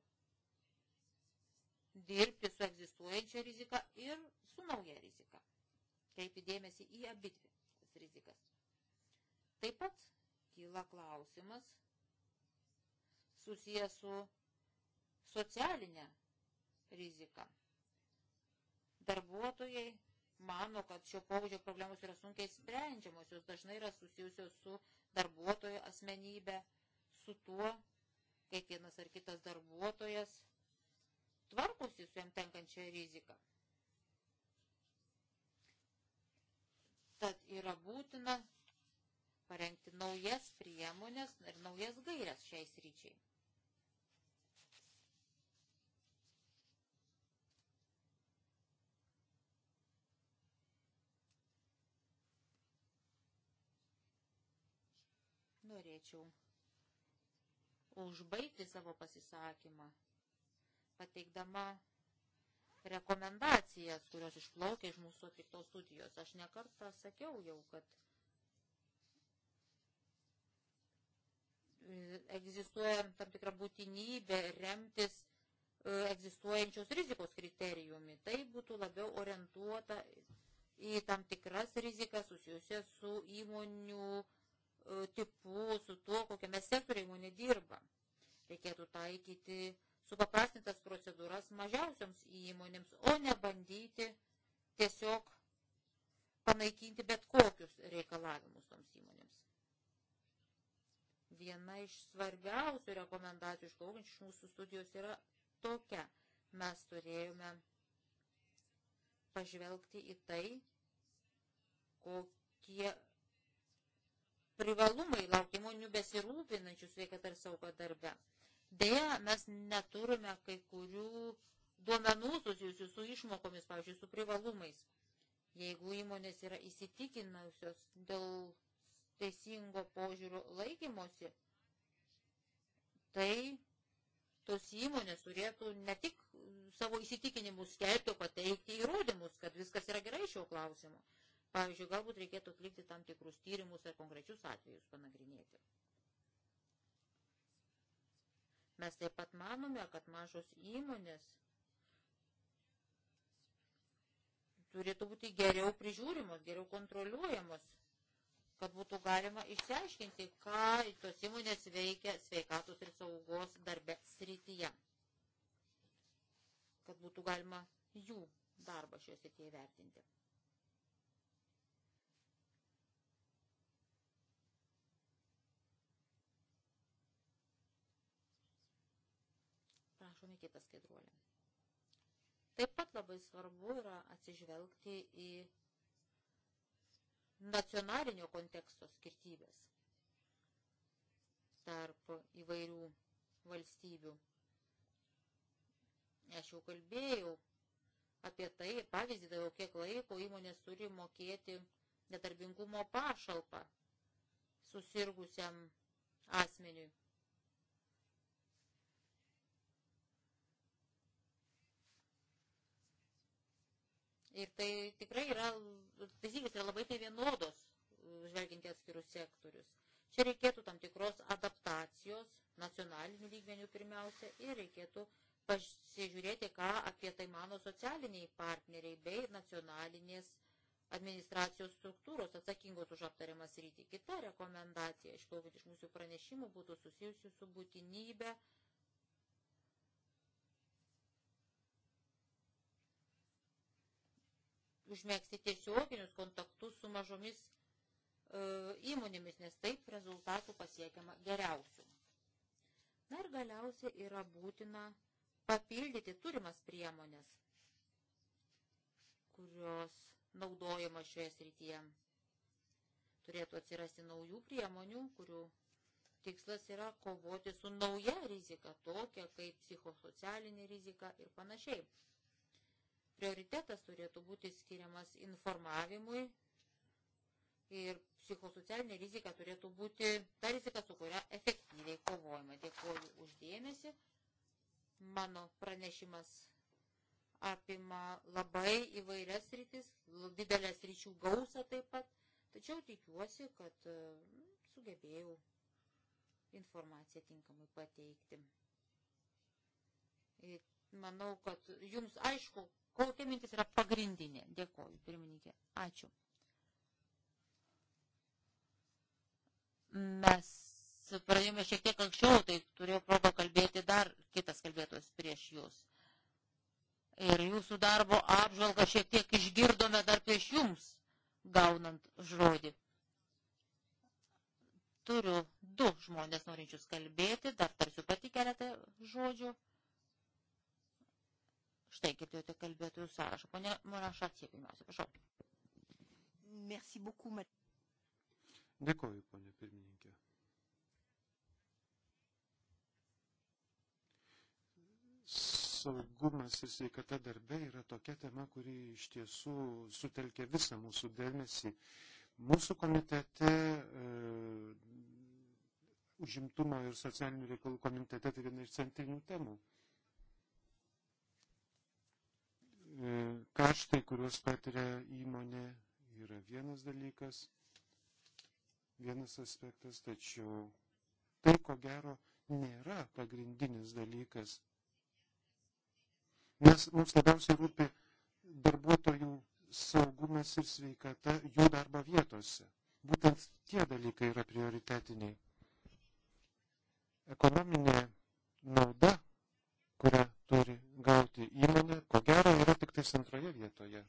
dirbti su egzistuojančia rizika ir su nauja rizika. Kreipti dėmesį į abitvi rizikas. Taip pat kyla klausimas, susijęs su socialinė rizika. Darbuotojai mano, kad šio pobūdžio problemos yra sunkiai sprendžiamos, jos dažnai yra susijusios su darbuotojo asmenybė, su tuo, kaip vienas ar kitas darbuotojas tvarkosi su jam tenkančia rizika. Tad yra būtina parengti naujas priemonės ir naujas gairias šiais ryčiai. norėčiau užbaigti savo pasisakymą, pateikdama rekomendacijas, kurios išplaukia iš mūsų atliktos studijos. Aš nekartą sakiau jau, kad e, egzistuoja tam tikra būtinybė remtis e, egzistuojančios rizikos kriterijumi. Tai būtų labiau orientuota į tam tikras rizikas susijusias su įmonių E, tipu, su tuo, kokiame sektoriai įmonė dirba. Reikėtų taikyti supaprastintas procedūras mažiausioms įmonėms, o ne bandyti tiesiog panaikinti bet kokius reikalavimus toms įmonėms. Viena iš svarbiausių rekomendacijų išplaukiančių iš mūsų studijos yra tokia. Mes turėjome pažvelgti į tai, kokie privalumai laukia įmonių besirūpinančių sveikatą ir saugą darbę. Deja, mes neturime kai kurių duomenų susijusių su išmokomis, pavyzdžiui, su privalumais. Jeigu įmonės yra įsitikinusios dėl teisingo požiūrio laikymosi, tai tos įmonės turėtų ne tik savo įsitikinimus skelbti, pateikti įrodymus, kad viskas yra gerai šio klausimu. Pavyzdžiui, galbūt reikėtų atlikti tam tikrus tyrimus ar konkrečius atvejus panagrinėti. Mes taip pat manome, kad mažos įmonės turėtų būti geriau prižiūrimos, geriau kontroliuojamos, kad būtų galima išsiaiškinti, ką tos įmonės veikia sveikatos ir saugos darbe srityje. Kad būtų galima jų darbą šios srityje vertinti. prašome kitą skaidruolį. Taip pat labai svarbu yra atsižvelgti į nacionalinio konteksto skirtybės tarp įvairių valstybių. Aš jau kalbėjau apie tai, pavyzdį daviau, kiek laiko įmonės turi mokėti nedarbingumo pašalpą susirgusiam asmeniui. Ir tai tikrai yra, taisyklės yra labai tai vienodos, žvelginti atskirus sektorius. Čia reikėtų tam tikros adaptacijos, nacionalinių lygmenių pirmiausia, ir reikėtų pasižiūrėti, ką apie tai mano socialiniai partneriai bei nacionalinės administracijos struktūros atsakingos už aptariamą sritį. Kita rekomendacija, išklausant iš mūsų pranešimų, būtų susijusi su būtinybė užmėgsti tiesioginius kontaktus su mažomis e, įmonėmis, nes taip rezultatų pasiekiama geriausių. Na ir galiausiai yra būtina papildyti turimas priemonės, kurios naudojama šioje srityje. Turėtų atsirasti naujų priemonių, kurių tikslas yra kovoti su nauja rizika, tokia kaip psichosocialinė rizika ir panašiai. Prioritetas turėtų būti skiriamas informavimui ir psichosocialinė rizika turėtų būti ta rizika, su kuria efektyviai kovojama. Dėkuoju uždėmesi. Mano pranešimas apima labai įvairias rytis, didelės ryčių gausą taip pat, tačiau tikiuosi, kad mm, sugebėjau informaciją tinkamai pateikti. Ir manau, kad jums aišku, Kokia mintis yra pagrindinė? Dėkoju, pirmininkė. Ačiū. Mes pradėjome šiek tiek anksčiau, tai turėjau progą kalbėti dar kitas kalbėtojas prieš jūs. Ir jūsų darbo apžvalgą šiek tiek išgirdome dar prieš jums, gaunant žodį. Turiu du žmonės norinčius kalbėti, dar tarsiu pati keletą žodžių. Štai girdėjote kalbėtojų sąrašą. Pone Morašatė, pirmiausia, prašau. Merci beaucoup, mat... Dėkoju, ponė pirmininkė. Saugumas ir sveikata darbe yra tokia tema, kuri iš tiesų sutelkia visą mūsų dėmesį. Mūsų komitete, e, užimtumo ir socialinių reikalų komitete tai viena iš centrinių temų. E, E, kaštai, kuriuos patiria įmonė, yra vienas dalykas, vienas aspektas, tačiau tai, ko gero, nėra pagrindinis dalykas. Nes mums labiausiai rūpi darbuotojų saugumas ir sveikata jų darbo vietose. Būtent tie dalykai yra prioritetiniai. Ekonominė nauda, kurią turi gauti įmonė, ko gero yra tik tais antroje vietoje.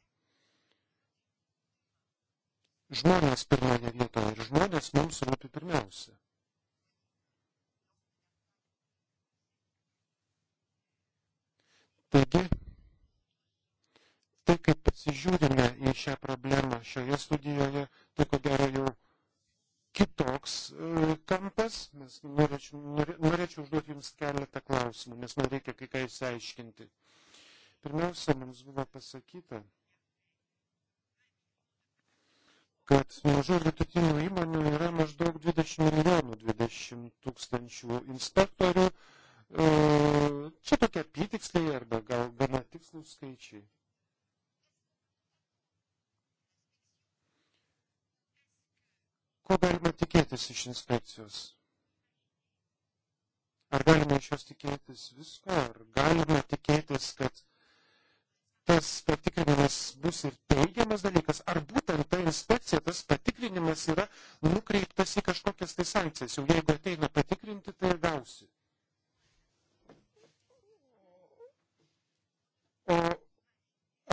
Žmonės pirmoje vietoje ir žmonės mums rūpi pirmiausia. Taigi, tai kaip pasižiūrime į šią problemą šioje studijoje, tai ko gero jau kitoks e, kampas, nes norėčiau, norėčiau užduoti Jums keletą klausimų, nes man reikia kai ką išsiaiškinti. Pirmiausia, mums buvo pasakyta, kad mažų vidutinių įmonių yra maždaug 20 milijonų, 20 tūkstančių inspektorių. E, čia tokia apytiksliai arba gal gana tikslus skaičiai. ko galima tikėtis iš inspekcijos? Ar galime iš jos tikėtis visko, ar galime tikėtis, kad tas patikrinimas bus ir teigiamas dalykas, ar būtent ta inspekcija, tas patikrinimas yra nukreiptas į kažkokias tai sankcijas, jau jeigu ateina patikrinti, tai ir gausi. O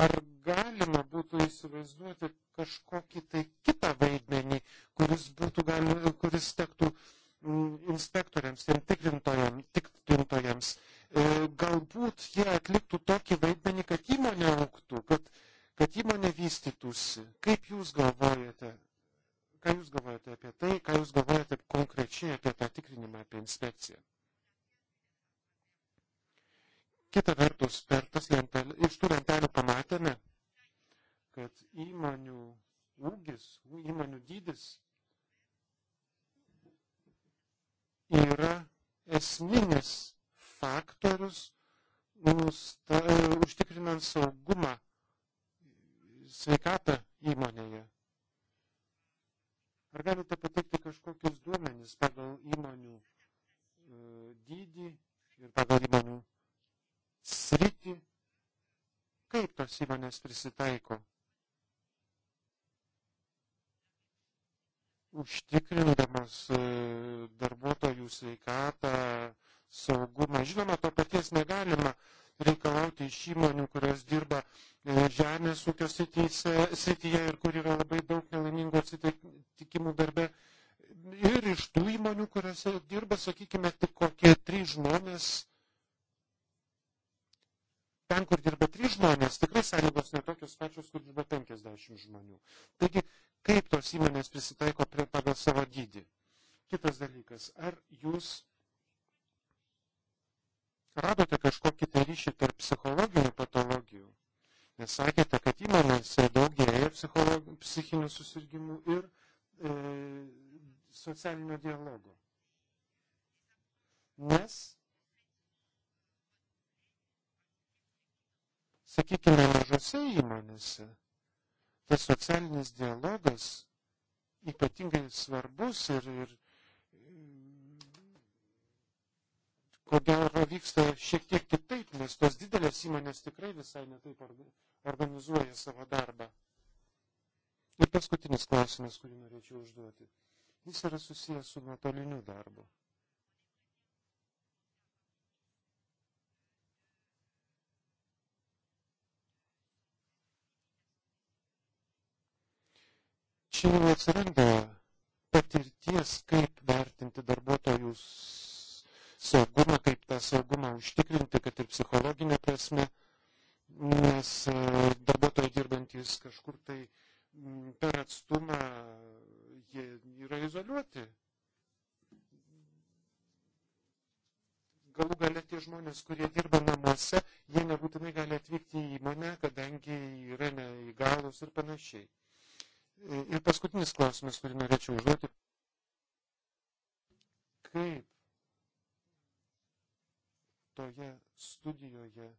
ar galima būtų įsivaizduoti kažkokį tai kitą vaidmenį, kuris, būtų galima, kuris tektų mm, inspektoriams, tiem tikrintojams, tikrintojams. E, galbūt jie atliktų tokį vaidmenį, kad įmonė auktų, kad, kad įmonė vystytųsi. Kaip jūs galvojate? Ką jūs galvojate apie tai, ką jūs galvojate konkrečiai apie tą tikrinimą, apie inspekciją? Kita vertus, per tas lentelę, iš tų lentelių pamatėme, kad įmonių ūgis, įmonių dydis yra esminis faktorius nusta, užtikrinant saugumą sveikatą įmonėje. Ar galite pateikti kažkokius duomenys pagal įmonių e, dydį ir pagal įmonių sritį, kaip tos įmonės prisitaiko užtikrindamas e, darbuotojų sveikatą, saugumą. Žinoma, to paties negalima reikalauti iš įmonių, kurios dirba e, žemės ūkio srityje ir kur yra labai daug nelaimingų atsitikimų darbe. Ir iš tų įmonių, kuriuose dirba, sakykime, tik kokie trys žmonės. Ten, kur dirba trys žmonės, tikrai sąlygos netokios pačios, kur dirba 50 žmonių. Taigi kaip tos įmonės prisitaiko prie pagal savo dydį. Kitas dalykas, ar jūs radote kažkokį tai ryšį tarp psichologinių patologijų? Nes sakėte, kad įmonėse daugėja psichinių susirgymų ir e, socialinio dialogo. Nes, sakykime, mažose įmonėse tas socialinis dialogas ypatingai svarbus ir, ir ko gero vyksta šiek tiek kitaip, nes tos didelės įmonės tikrai visai netaip organizuoja savo darbą. Ir paskutinis klausimas, kurį norėčiau užduoti. Jis yra susijęs su nuotoliniu darbu. čia neatsiranda patirties, kaip vertinti darbuotojus saugumą, kaip tą saugumą užtikrinti, kad ir psichologinė prasme, nes e, darbuotojai dirbantis kažkur tai per atstumą jie yra izoliuoti. Galų galia tie žmonės, kurie dirba namuose, jie nebūtinai gali atvykti į įmonę, kadangi yra neįgalus ir panašiai. Ir paskutinis klausimas, kurį norėčiau užduoti. Kaip toje studijoje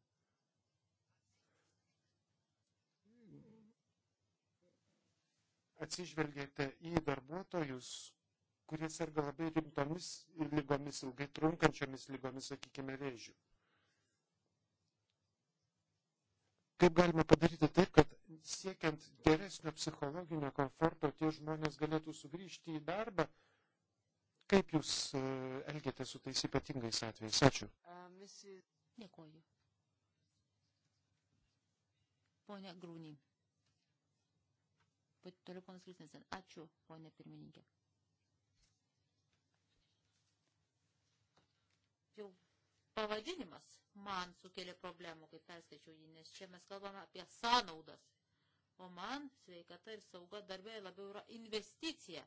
atsižvelgėte į darbuotojus, kurie serga labai rimtomis lygomis, ilgai trunkančiomis lygomis, sakykime, vėžių. Kaip galima padaryti taip, kad siekiant geresnio psichologinio komforto, tie žmonės galėtų sugrįžti į darbą. Kaip jūs e, elgėte su tais ypatingais atvejais? Ačiū. Dėkuoju. Pone Grūnį. Toliau ponas Kristinsen. Ačiū, ponė pirmininkė. Jau pavadinimas man sukėlė problemų, kai perskaičiau jį, nes čia mes kalbame apie sąnaudas. O man sveikata ir sauga darbė labiau yra investicija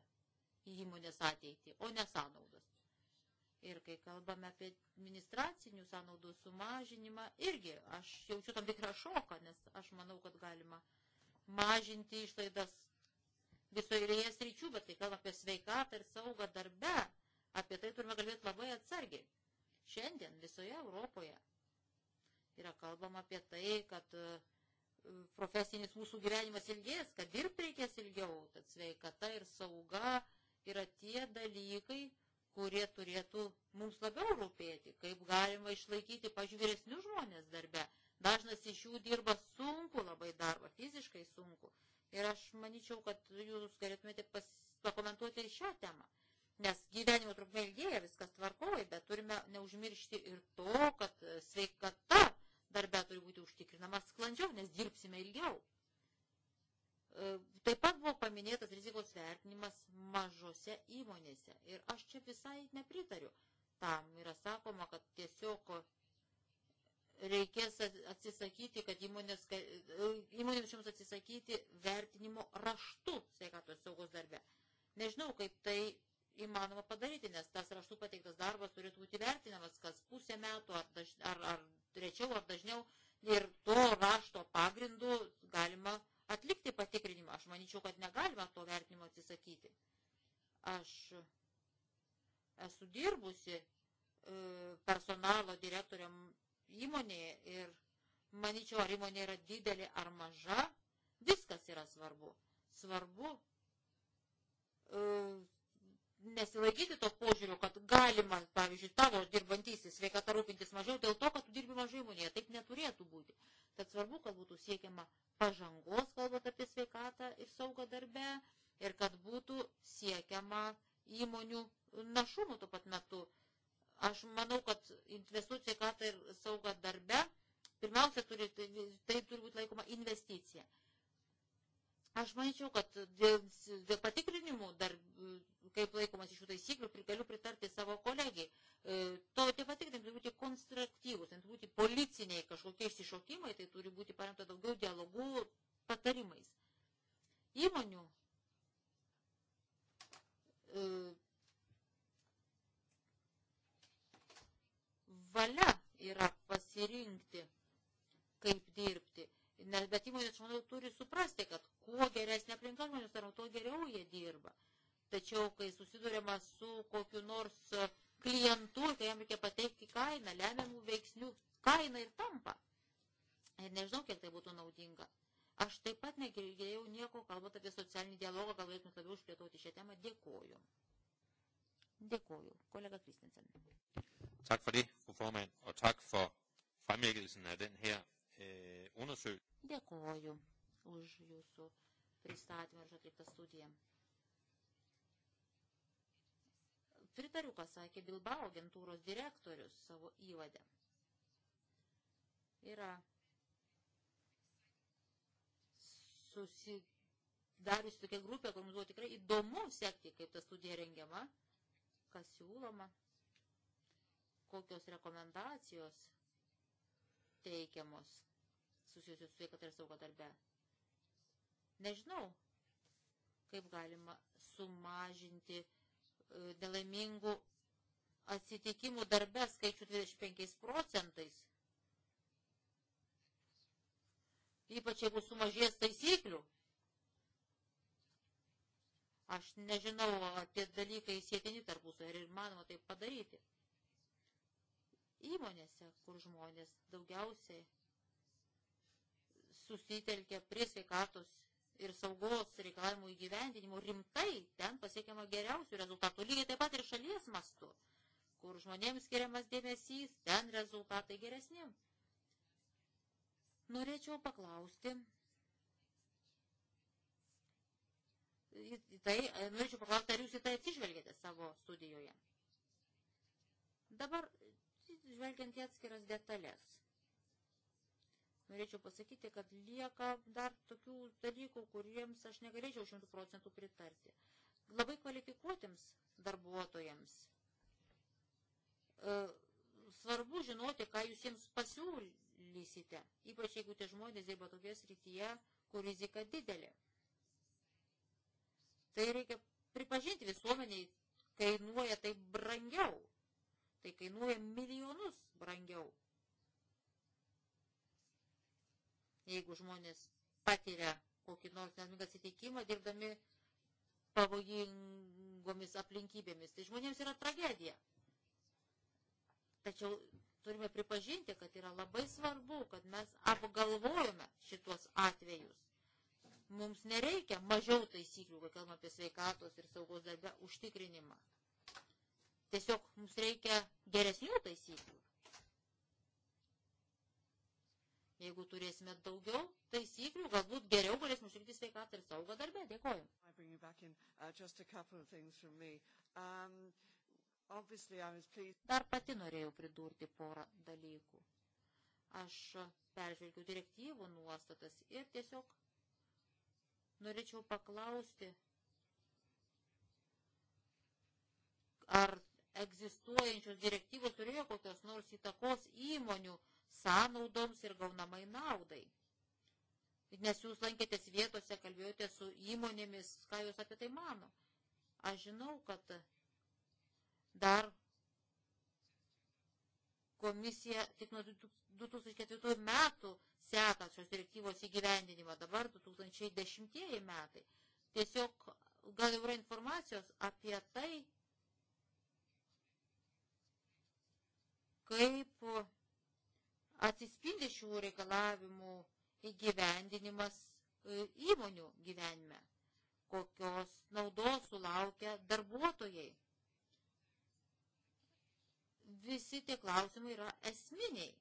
į įmonės ateitį, o ne sąnaudos. Ir kai kalbame apie administracinių sąnaudų sumažinimą, irgi aš jaučiu tam tikrą šoką, nes aš manau, kad galima mažinti išlaidas visoje eilėje sričių, bet kai kalbame apie sveikatą ir saugą darbe, apie tai turime kalbėti labai atsargiai. Šiandien visoje Europoje yra kalbama apie tai, kad uh, E, profesinis mūsų gyvenimas ilgės, kad dirbti reikės ilgiau, tad sveikata ir sauga yra tie dalykai, kurie turėtų mums labiau rūpėti, kaip galima išlaikyti pažiūrėsnių žmonės darbe. Dažnas iš jų dirba sunku labai darbą, fiziškai sunku. Ir aš manyčiau, kad jūs galėtumėte pas, pakomentuoti ir šią temą. Nes gyvenimo trukmė ilgėja, viskas tvarkoja, bet turime neužmiršti ir to, kad sveikata darbe turi būti užtikrinamas sklandžiau, nes dirbsime ilgiau. E, taip pat buvo paminėtas rizikos vertinimas mažose įmonėse. Ir aš čia visai nepritariu. Tam yra sakoma, kad tiesiog reikės atsisakyti, kad įmonės, e, įmonėms jums atsisakyti vertinimo raštu sveikatos saugos darbe. Nežinau, kaip tai įmanoma padaryti, nes tas raštų pateiktas darbas turėtų būti vertinamas kas pusę metų ar, daž, ar, ar rečiau ar dažniau ir to rašto pagrindu galima atlikti patikrinimą. Aš manyčiau, kad negalima to vertinimo atsisakyti. Aš esu dirbusi e, personalo direktoriam įmonėje ir manyčiau, ar įmonė yra didelė ar maža, viskas yra svarbu. Svarbu e, nesilaikyti to požiūrių, kad galima, pavyzdžiui, tavo dirbantysis sveikata rūpintis mažiau dėl to, kad tu dirbi mažai įmonėje. Taip neturėtų būti. Tad svarbu, kad būtų siekiama pažangos, kalbant apie sveikatą ir saugą darbę, ir kad būtų siekiama įmonių našumų tuo pat metu. Aš manau, kad investuoti sveikatą ir saugą darbę, pirmiausia, turi, tai turi būti laikoma investicija. Aš manyčiau, kad dėl, dėl patikrinimų, dar, e, kaip laikomas iš šių taisyklių, galiu pritarti savo kolegijai. E, to tie patikrinimai turi būti konstruktyvūs, turi būti policiniai kažkokie išsišokimai, tai turi būti paremta daugiau dialogų patarimais. Įmonių e, valia yra pasirinkti, kaip dirbti. Nes, bet įmonės, manau, turi suprasti, kad kuo geresnė aplinka žmonių saro, tuo geriau jie dirba. Tačiau, kai susidurima su kokiu nors e, klientu, kai jam reikia pateikti kainą, lemiamų veiksnių, kaina ir tampa. Ir nežinau, kiek tai būtų naudinga. Aš taip pat negirdėjau nieko, kalbant apie socialinį dialogą, gal galėtumėt labiau išplėtoti šią temą. Dėkoju. Dėkoju. Kolega Kristensen. Tak for det, fru formand, og tak for fremlæggelsen af den her øh, undersøgelse. Dėkoju už jūsų pristatymą ir už atliktą studiją. Pritariu, pasakė Bilbao agentūros direktorius savo įvadę. Yra susidariusi tokia grupė, kur mums buvo tikrai įdomu sekti, kaip ta studija rengiama, kas siūloma, kokios rekomendacijos teikiamos susijusios su sveikata ir saugo darbe. Nežinau, kaip galima sumažinti e, nelaimingų atsitikimų darbę skaičių 25 procentais. Ypač jeigu sumažės taisyklių. Aš nežinau, tie dalykai sietini tarpusą ir manoma tai padaryti. Įmonėse, kur žmonės daugiausiai susitelkia prie sveikatos ir saugos reikalavimų įgyvendinimu rimtai ten pasiekiama geriausių rezultatų. Lygiai taip pat ir šalies mastu, kur žmonėms skiriamas dėmesys, ten rezultatai geresni. Norėčiau paklausti, tai, norėčiau paklausti, ar jūs į tai atsižvelgėte savo studijoje. Dabar žvelgiant į atskiras detalės norėčiau pasakyti, kad lieka dar tokių dalykų, kuriems aš negalėčiau šimtų procentų pritarti. Labai kvalifikuotiems darbuotojams. E, svarbu žinoti, ką jūs jiems pasiūlysite, ypač jeigu tie žmonės dirba tokie srityje, kur rizika didelė. Tai reikia pripažinti visuomeniai, kainuoja tai brangiau. Tai kainuoja milijonus brangiau. jeigu žmonės patiria kokį nors nesmingą atsitikimą, dirbdami pavojingomis aplinkybėmis. Tai žmonėms yra tragedija. Tačiau turime pripažinti, kad yra labai svarbu, kad mes apgalvojame šitos atvejus. Mums nereikia mažiau taisyklių, kai kalbame apie sveikatos ir saugos darbę užtikrinimą. Tiesiog mums reikia geresnių taisyklių. Jeigu turėsime daugiau taisyklių, galbūt geriau galėsime užtikrinti sveikatą ir saugą darbę. Dėkoju. Uh, um, Dar pati norėjau pridurti porą dalykų. Aš peržvelgiu direktyvų nuostatas ir tiesiog norėčiau paklausti, ar egzistuojančios direktyvos turėjo kokios nors įtakos įmonių sąnaudoms ir gaunamai naudai. Nes jūs lankėtės vietose, kalbėjote su įmonėmis, ką jūs apie tai mano. Aš žinau, kad dar komisija tik nuo 2004 metų seka šios direktyvos įgyvendinimą, dabar 2010 metai. Tiesiog gal jau yra informacijos apie tai, kaip atsispindi šių reikalavimų įgyvendinimas e, įmonių gyvenime, kokios naudos sulaukia darbuotojai. Visi tie klausimai yra esminiai.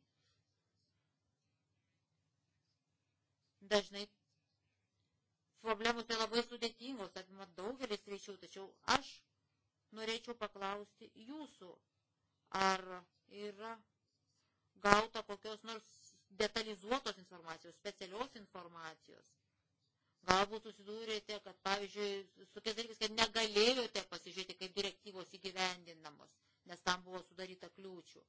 Dažnai problemos yra labai sudėtingos, apima daugelis ryčių, tačiau aš norėčiau paklausti jūsų, ar yra gauta kokios nors detalizuotos informacijos, specialios informacijos. Galbūt susidūrėte, kad, pavyzdžiui, su kiais dalykais, kad negalėjote pasižiūrėti, kaip direktyvos įgyvendinamos, nes tam buvo sudaryta kliūčių.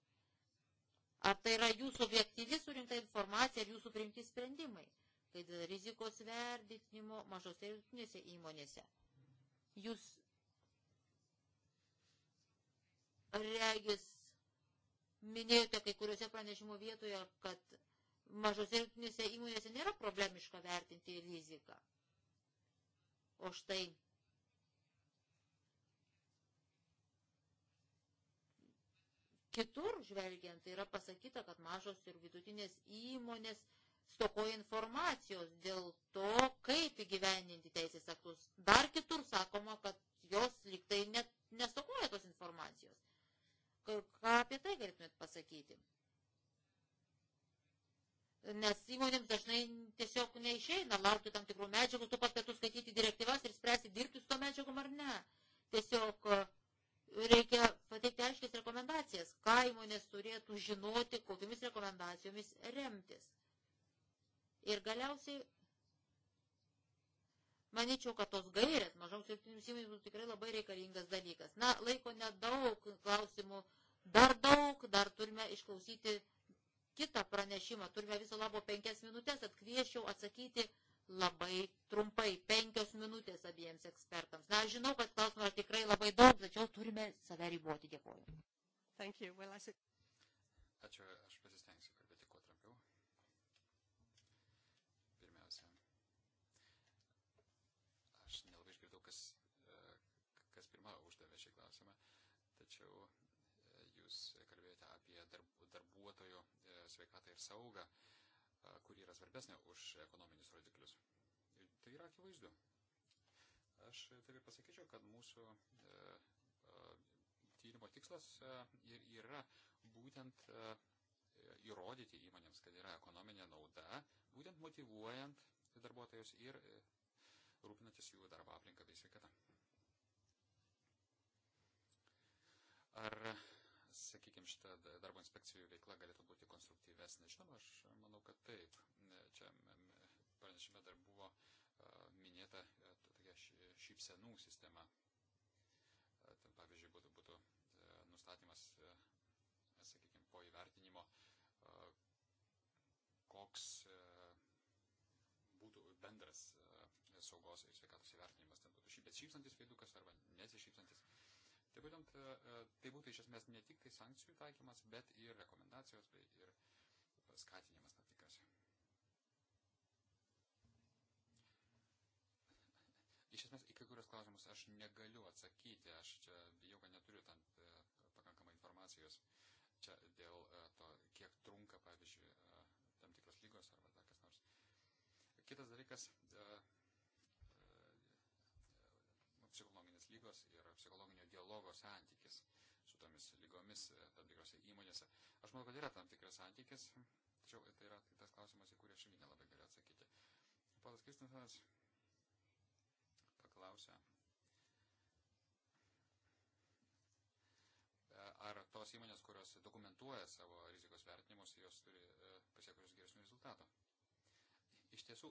Ar tai yra jūsų objektyvi surinkta informacija ir jūsų priimti sprendimai, kai dėl rizikos vertinimo mažose ir vidutinėse įmonėse. Jūs regis Minėjote kai kuriuose pranešimo vietoje, kad mažose rytinėse įmonėse nėra problemiška vertinti riziką. O štai kitur žvelgiant yra pasakyta, kad mažos ir vidutinės įmonės stokoja informacijos dėl to, kaip įgyvendinti teisės aktus. Dar kitur sakoma, kad jos liktai net nestokoja tos informacijos. Ką apie tai galėtumėt pasakyti? Nes įmonėms dažnai tiesiog neišeina laukti tam tikrų medžiagų, tu pat pietų skaityti direktyvas ir spręsti dirbti su to medžiagom ar ne. Tiesiog e, reikia pateikti aiškias rekomendacijas, ką įmonės turėtų žinoti, kokiamis rekomendacijomis remtis. Ir galiausiai Manyčiau, kad tos gairės mažoms vidutinėms įmonėms būtų tikrai labai reikalingas dalykas. Na, laiko nedaug, klausimų dar daug, dar turime išklausyti kitą pranešimą. Turime viso labo penkias minutės, atkviešiau atsakyti labai trumpai, penkios minutės abiems ekspertams. Na, aš žinau, kad klausimų yra tikrai labai daug, tačiau turime save riboti. Dėkuoju. Well, I... Ačiū, aš sveikatą ir saugą, kuri yra svarbesnė už ekonominius rodiklius. Ir tai yra akivaizdu. Aš taip ir pasakyčiau, kad mūsų e, tyrimo tikslas e, ir yra būtent e, įrodyti įmonėms, kad yra ekonominė nauda, būtent motivuojant darbuotojus ir rūpinantis jų darbo aplinką bei sveikatą. Ar sakykime, šita darbo inspekcijų veikla galėtų būti konstruktyvesnė. Žinoma, aš manau, kad taip. Čia pranešime dar buvo minėta e, tokia šypsenų sistema. Ten, pavyzdžiui, būtų, būtų e, nustatymas, e, sakykime, po įvertinimo, koks būtų bendras saugos ir sveikatos įvertinimas. Ten būtų šypsantis veidukas arba nesišypsantis. Tai būtent e, e, tai būtų iš esmės ne tik tai sankcijų taikymas, bet ir rekomendacijos bei ir skatinimas tam tikras. Iš esmės į kai kurios klausimus aš negaliu atsakyti, aš čia bijau, kad neturiu tam e, pakankamai informacijos čia dėl to, kiek trunka, pavyzdžiui, tam tikros lygos arba dar kas nors. Kitas dalykas, lygos ir psichologinio dialogo santykis su tomis lygomis e, tam tikrose įmonėse. Aš manau, kad yra tam tikras santykis, tačiau tai yra tai tas klausimas, į kurį aš irgi nelabai galiu atsakyti. Palas Kristinsonas paklausė, e, ar tos įmonės, kurios dokumentuoja savo rizikos vertinimus, jos turi e, pasiekusius geresnių rezultatų. Iš tiesų,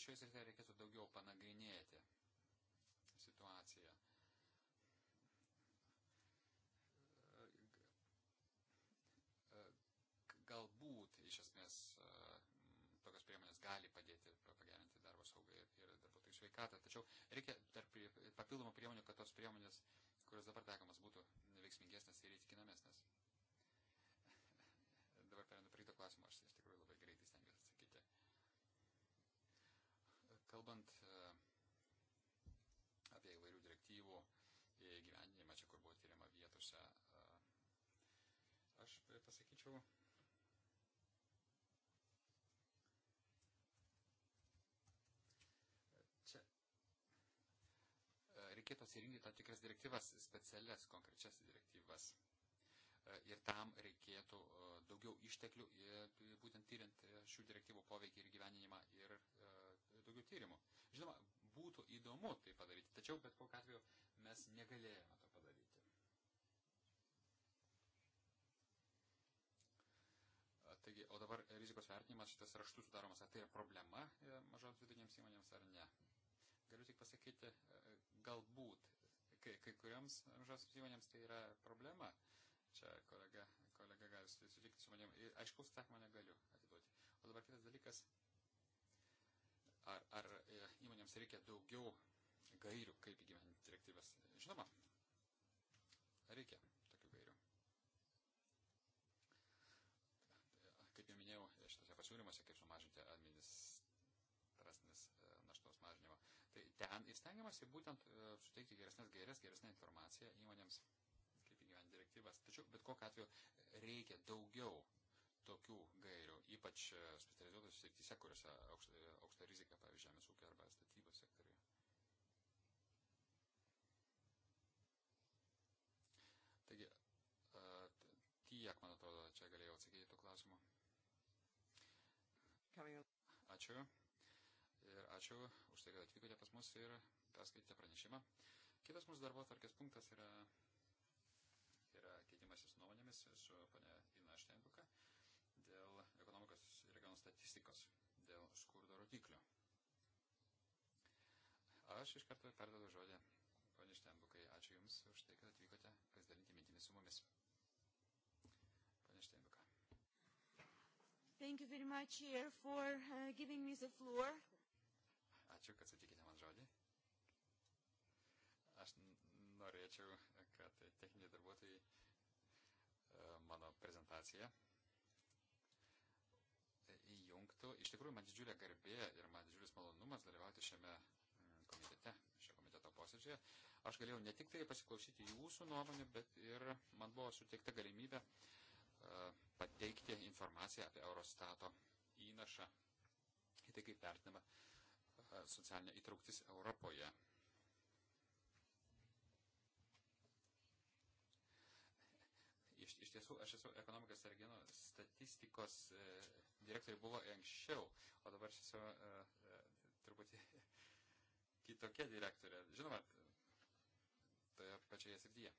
šioje srityje reikėtų daugiau panagrinėti kas gali padėti pagerinti darbo saugą ir, ir darbuotojų sveikatą. Tačiau reikia dar prie, papildomų priemonių, kad tos priemonės, kurios dabar taikomas, būtų veiksmingesnės ir įtikinamesnės. Dabar perinu prie kito klausimo, aš iš tikrųjų labai greitai stengiuosi atsakyti. Kalbant e, apie įvairių direktyvų gyvenimą, čia kur buvo tyriama vietose, e, aš pasakyčiau, reikėtų atsirinkti tam tikras direktyvas, specialias konkrečias direktyvas. E, ir tam reikėtų e, daugiau išteklių, e, būtent tyriant šių direktyvų poveikį ir gyveninimą ir daugiau tyrimų. Žinoma, būtų įdomu tai padaryti, tačiau bet kokiu atveju mes negalėjome to padaryti. Taigi, o dabar rizikos vertinimas šitas raštų sudaromas, ar tai yra problema mažoms vidutinėms įmonėms ar ne? Galiu tik pasakyti, e, galbūt kai, kai kuriams mažosioms įmonėms tai yra problema. Čia kolega, kolega gali sutikti su manim. Aiškaus atsakymo negaliu atiduoti. O dabar kitas dalykas. Ar, ar e, įmonėms reikia daugiau gairių, kaip įgyvendinti direktyvas? Žinoma, reikia tokių gairių. Kaip jau minėjau, šitose pasiūlymuose, kaip sumažinti administraciją tai ten ir stengiamasi būtent e, suteikti geresnės gairias, geresnę informaciją įmonėms, kaip įgyventi direktyvas. Tačiau bet kokiu atveju reikia daugiau tokių gairių, ypač e, specializuotos srityse, kuriuose aukšta, e, aukšta rizika, pavyzdžiui, žemės ūkio arba statybos sektoriuje. Taigi, tiek, man atrodo, čia galėjau atsakyti tų klausimų. Ačiū ačiū už tai, kad atvykote pas mus ir perskaitėte pranešimą. Kitas mūsų darbo atvarkės punktas yra, yra keitimasis nuomonėmis su ponė Ina Štenbuka dėl ekonomikos ir regionų statistikos, dėl skurdo rodiklio. Aš iš karto perdodu žodį ponė Štenbukai. Ačiū Jums už tai, kad atvykote pasidalinti mintimis su mumis. Ponė Štenbuka. Thank you very much, Chair, for uh, giving me the floor. Ačiū, kad sutikite man žodį. Aš norėčiau, kad techniniai darbuotojai e, mano prezentaciją įjungtų. Iš tikrųjų, man didžiulė garbė ir man didžiulis malonumas dalyvauti šiame mm, komitete, šio komiteto posėdžioje. Aš galėjau ne tik tai pasiklausyti jūsų nuomonių, bet ir man buvo suteikta galimybė e, pateikti informaciją apie Eurostato įnašą į tai, kaip vertinama E, socialinė įtrauktis Europoje. Iš, iš tiesų, aš esu ekonomikos ir genų statistikos e, direktoriai buvo anksčiau, o dabar aš esu e, e, truputį kitokia direktorė. Žinoma, toje pačioje srityje.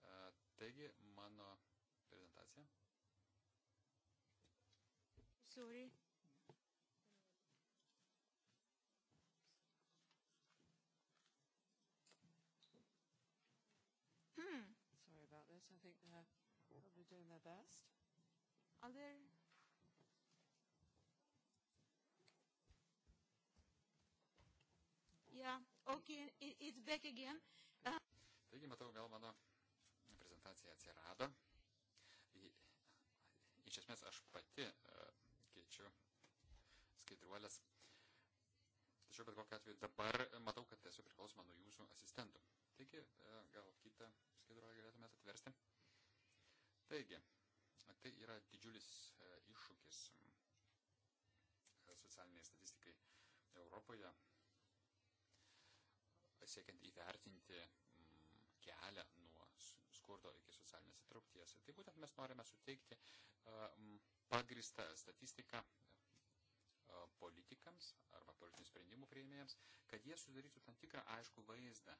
E, taigi, mano prezentacija. Sorry. I think they're probably doing their best. Are there Yeah, okay, it's back again. Uh... Taigi, matau, vėl mano prezentacija atsirado. I, iš esmės, aš pati uh, keičiu skaidruolės. Tačiau, bet kokiu atveju, dabar matau, kad esu priklausoma nuo jūsų asistentų. Taigi, uh, gal kitą procedūroje galėtumėt atversti. Taigi, tai yra didžiulis e, iššūkis e, socialiniai statistikai Europoje, siekiant įvertinti mm, kelią nuo skurdo iki socialinės įtraukties. Tai būtent mes norime suteikti e, pagristą statistiką politikams arba politinių sprendimų prieimėjams, kad jie sudarytų tam tikrą aišku vaizdą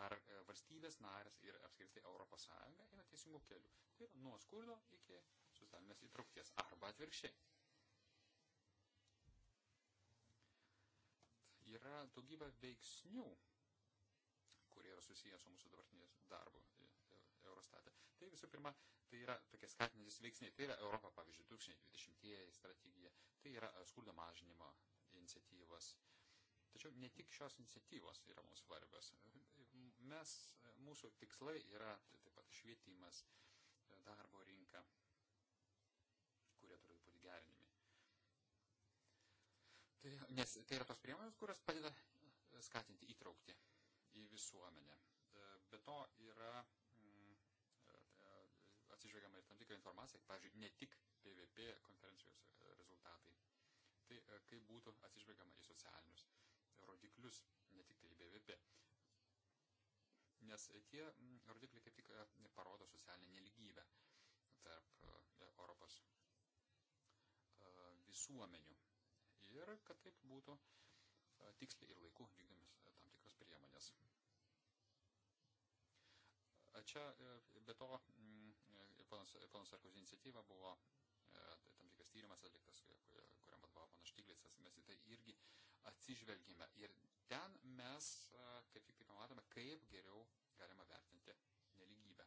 Ar e, valstybės narės ir apskritai ES eina teisingų kelių. Tai yra nuo skurdo iki socialinės įtraukties arba atvirkščiai. Yra daugybė veiksnių, kurie yra susijęs su mūsų dabartinės darbu e, e, Eurostate. Tai visų pirma, tai yra tokie skatinantis veiksniai. Tai yra Europa, pavyzdžiui, 2020 strategija, tai yra skurdo mažinimo iniciatyvos. Tačiau ne tik šios iniciatyvos yra mums svarbios. Mes, e, mūsų tikslai yra taip pat švietimas, e, darbo rinka, kurie turi būti gerinimi. Tai, nes tai yra tos priemonės, kurios padeda e, skatinti įtraukti į visuomenę. Be to yra mm, atsižvelgiama ir tam tikrą informaciją, pavyzdžiui, ne tik PVP konferencijos rezultatai. Tai kaip būtų atsižvelgiama į socialinius rodiklius, ne tik tai BVP. Nes tie mm, rodikliai kaip tik e, parodo socialinę neligybę tarp e, Europos e, visuomenių. Ir kad taip būtų tiksliai ir laiku vykdomis tam tikros priemonės. Čia be to, mm, panas Sarkozy iniciatyva buvo tyrimas atliktas, kuriam vadovavo panas Štiglicas, mes į tai irgi atsižvelgime. Ir ten mes kaip tik tai pamatome, kaip geriau galima vertinti neligybę.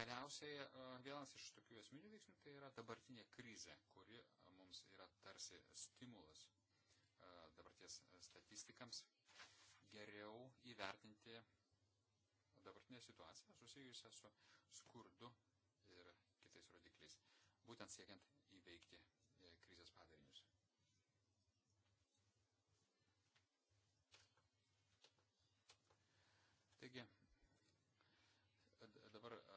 Galiausiai vienas iš tokių esminių veiksnių tai yra dabartinė krizė, kuri mums yra tarsi stimulas dabarties statistikams geriau įvertinti dabartinę situaciją susijusią su skurdu būtent siekiant įveikti e, krizės padarinius. Taigi, e, dabar e,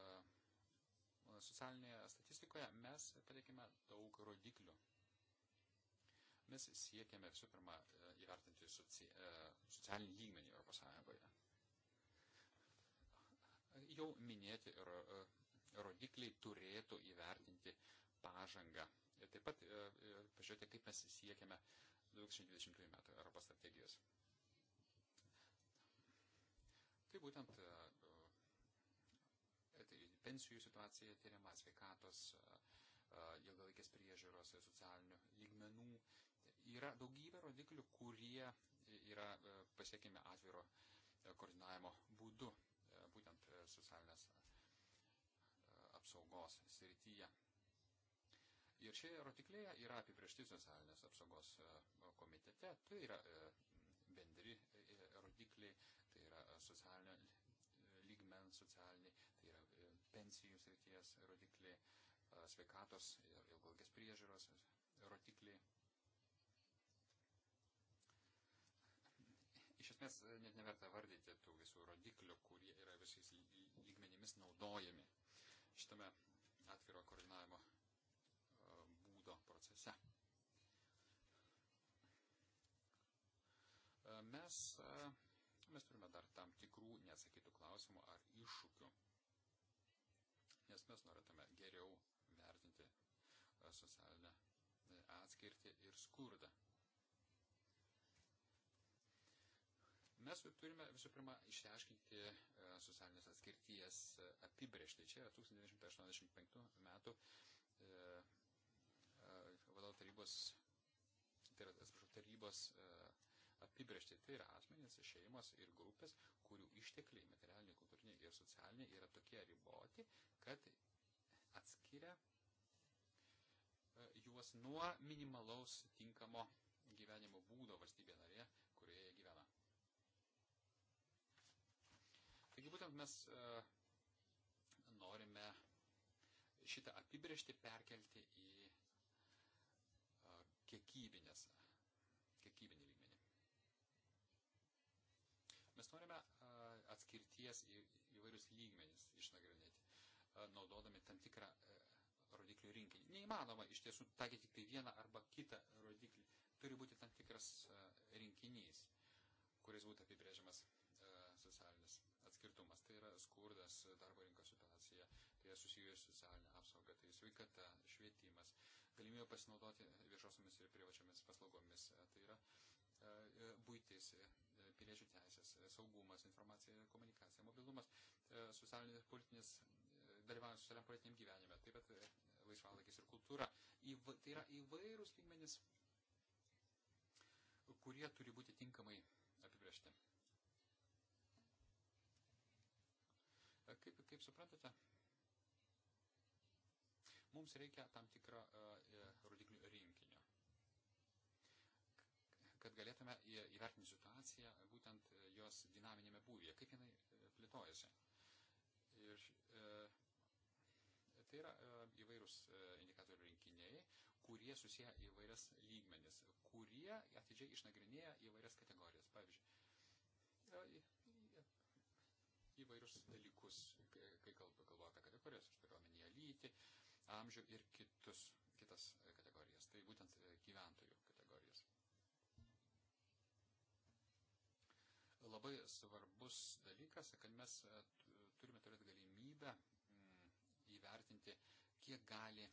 socialinėje statistikoje mes pateikime daug rodiklių. Mes siekiame visų pirma įvertinti soci, socialinį lygmenį Europos Sąjungoje. Jau minėti ir rodikliai turėtų įvertinti pažangą. Ir taip pat e, e, pažiūrėti, kaip mes siekiame 2020 metų Europos strategijos. Tai būtent e, tai pensijų situacija tyriama, sveikatos, ilgalaikės priežiūros, socialinių lygmenų. Yra daugybė rodiklių, kurie yra pasiekime atviro koordinavimo būdu, būtent socialinės apsaugos srityje. Ir šioje rotiklėje yra apibriešti socialinės apsaugos e, komitete, tai yra e, bendri e, rodikliai, tai yra socialinio lygmens socialiniai, tai yra pensijų srities rodikliai, sveikatos ir ilgokės priežiūros rodikliai. Iš esmės net neverta vardyti tų visų rodiklių, kurie yra visais lygmenimis naudojami šitame atviro koordinavimo e, būdo procese. E, mes, e, mes turime dar tam tikrų neatsakytų klausimų ar iššūkių, nes mes norėtume geriau vertinti socialinę atskirtį ir skurdą Mes turime visų pirma išsiaiškinti e, socialinės atskirties e, apibriežtį. Čia yra 1985 metų e, vadovų tarybos, tai yra, atsiprašau, tarybos apibriežtį. Tai yra asmenys, šeimos ir grupės, kurių ištekliai materialiniai, kultūriniai ir socialiniai yra tokie riboti, kad atskiria juos nuo minimalaus tinkamo gyvenimo būdo valstybėje Taigi būtent mes e, norime šitą apibrėžti perkelti į e, kiekybinės, kiekybinį lygmenį. Mes norime e, atskirties į įvairius lygmenis išnagrinėti, naudodami tam tikrą rodiklių rinkinį. Neįmanoma iš tiesų taikyti tik tai vieną arba kitą rodiklį. Turi būti tam tikras rinkinys, kuris būtų apibrėžiamas socialinis atskirtumas, tai yra skurdas, darbo rinkos situacija, tai yra susijusi socialinė apsauga, tai sveikata, švietimas, galimybė pasinaudoti viešosiomis ir privačiomis paslaugomis, tai yra e, e, būtis, e, piliečių teisės, saugumas, informacija ir komunikacija, mobilumas, socialinis politinis, dalyvavimas socialiniam politiniam gyvenime, taip pat laisvalaikis ir kultūra. Įva, tai yra įvairūs lygmenys, kurie turi būti tinkamai apibriešti. kaip, kaip suprantate, mums reikia tam tikrą e, e, rodiklių rinkinio, kad galėtume įvertinti situaciją būtent e, jos dinaminėme būvyje, kaip jinai plėtojasi. Ir tai yra įvairūs indikatorių rinkiniai, kurie susiję įvairias lygmenis, kurie atidžiai išnagrinėja įvairias kategorijas. Pavyzdžiui, įvairius dalykus, kai kalbu, kalbu apie kategorijas, aš turiu omenyje lytį, amžių ir kitus, kitas kategorijas, tai būtent e, gyventojų kategorijas. Labai svarbus dalykas, kad mes e, turime turėti galimybę mm, įvertinti, kiek gali e,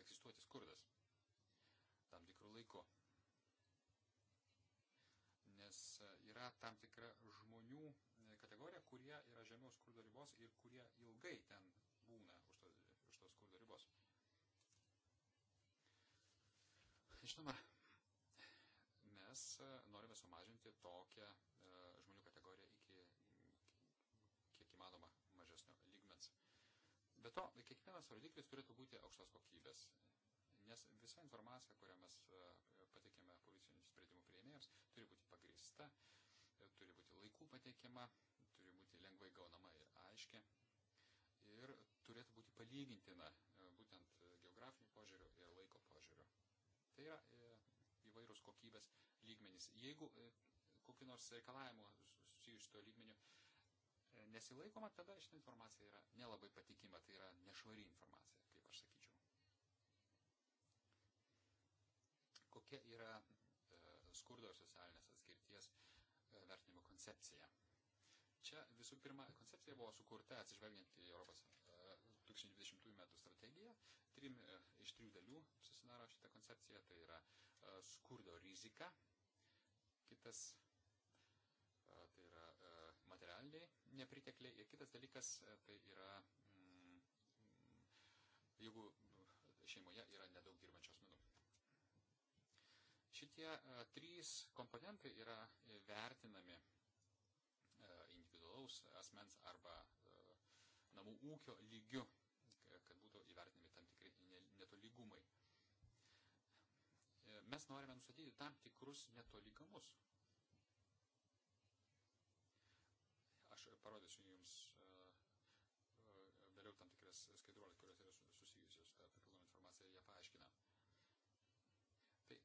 egzistuoti skurdas tam tikrų laikų. Nes yra tam tikra žmonių kategoriją, kurie yra žemiau skurdo ribos ir kurie ilgai ten būna už tos, už tos skurdo ribos. Žinoma, mes e, norime sumažinti tokią e, žmonių kategoriją iki kiek įmanoma mažesnio lygmens. Be to, kiekvienas rodiklis turėtų būti aukštos kokybės, nes visa informacija, kurią mes e, pateikėme policinių sprendimų prieimėjams, turi būti pagrįsta, turi būti laikų pateikiama, lengvai gaunama ir aiški ir turėtų būti palygintina e, būtent e, geografiniu požiūriu ir laiko požiūriu. Tai yra e, įvairūs kokybės lygmenys. Jeigu kokiu nors reikalavimu susijusiu to lygmeniu nesilaikoma, tada šitą informaciją yra nelabai patikima, tai yra nešvari informacija, kaip aš sakyčiau. Kokia yra skurdo ir socialinės atskirties vertinimo koncepcija? Čia visų pirma koncepcija buvo sukurta atsižvelgiant į Europos 2020 e, metų strategiją. Trim, e, iš trijų dalių susidaro šitą koncepciją. Tai yra e, skurdo rizika, kitas tai yra materialiniai nepritekliai ir kitas dalykas tai yra, m, mm, jeigu šeimoje yra nedaug dirbančios menų. Šitie a, trys komponentai yra vertinami individualaus asmens arba e, namų ūkio lygiu, kad būtų įvertinami tam tikri netolygumai. E, mes norime nustatyti tam tikrus netolygumus. Aš parodysiu Jums e, vėliau tam tikras skaidruolės, kurios yra susijusios, papildoma informacija ją paaiškina. Tai,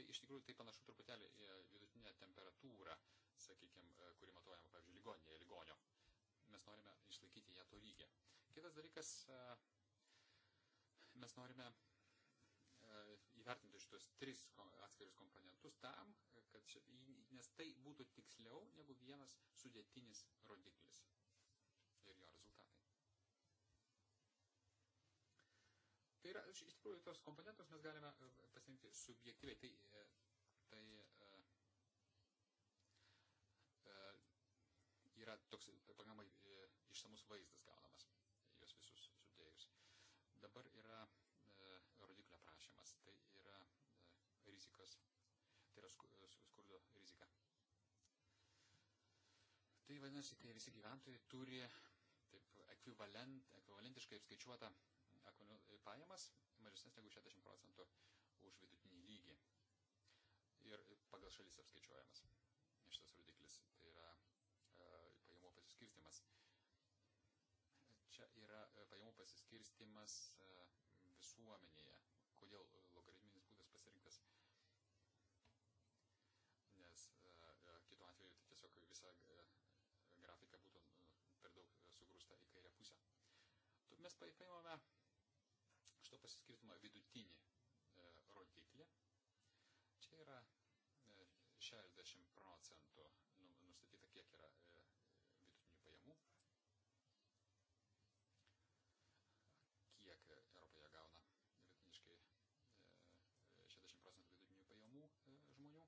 tai iš tikrųjų tai panašu truputėlį vidutinę temperatūrą sakykime, kuri matuojama, pavyzdžiui, ligoninėje ligonio. Mes norime išlaikyti ją to lygį. Kitas dalykas, e, mes norime e, įvertinti šitos tris atskirius komponentus tam, kad, ši, nes tai būtų tiksliau negu vienas sudėtinis rodiklis ir jo rezultatai. Tai yra, iš tikrųjų, tos komponentus mes galime e, pasirinkti subjektyviai. Tai, tai yra toks e, pakankamai e, išsamus vaizdas gaunamas, juos visus sudėjus. Dabar yra e, rodiklio prašymas, tai yra e, rizikas, tai yra e, skurdo rizika. Tai vadinasi, kai visi gyventojai turi taip ekvivalent, ekvivalentiškai apskaičiuotą pajamas mažesnės negu 60 procentų už vidutinį lygį. Ir pagal šalis apskaičiuojamas šitas rodiklis. Tai yra čia yra e, pajamų pasiskirstimas e, visuomenėje. Kodėl logaritminis būdas pasirinktas? Nes e, kitu atveju tai tiesiog visa grafika būtų per daug sugrūsta į kairę pusę. Mes paimame šito pasiskirtimo vidutinį rodiklį. Čia yra 60 procentų tiek Europoje gauna vidutiniškai 60 e, procentų vidutinių pajamų e, žmonių.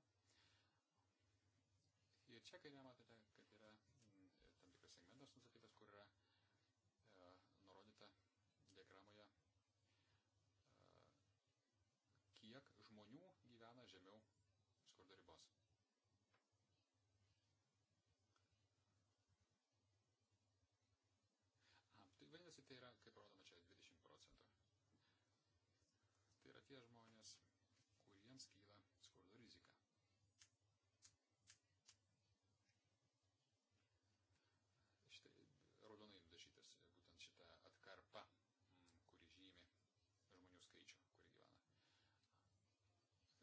Ir čia kairė matote, kad yra tam tikras segmentas nustatytas, kur yra e, nurodyta diagramoje, kiek žmonių gyvena žemiau skurdo ribos. žmonės, kuriems kyla skurdo rizika. Štai raudonai nudažytas būtent šita atkarpa, mm, kuri žymi žmonių skaičių,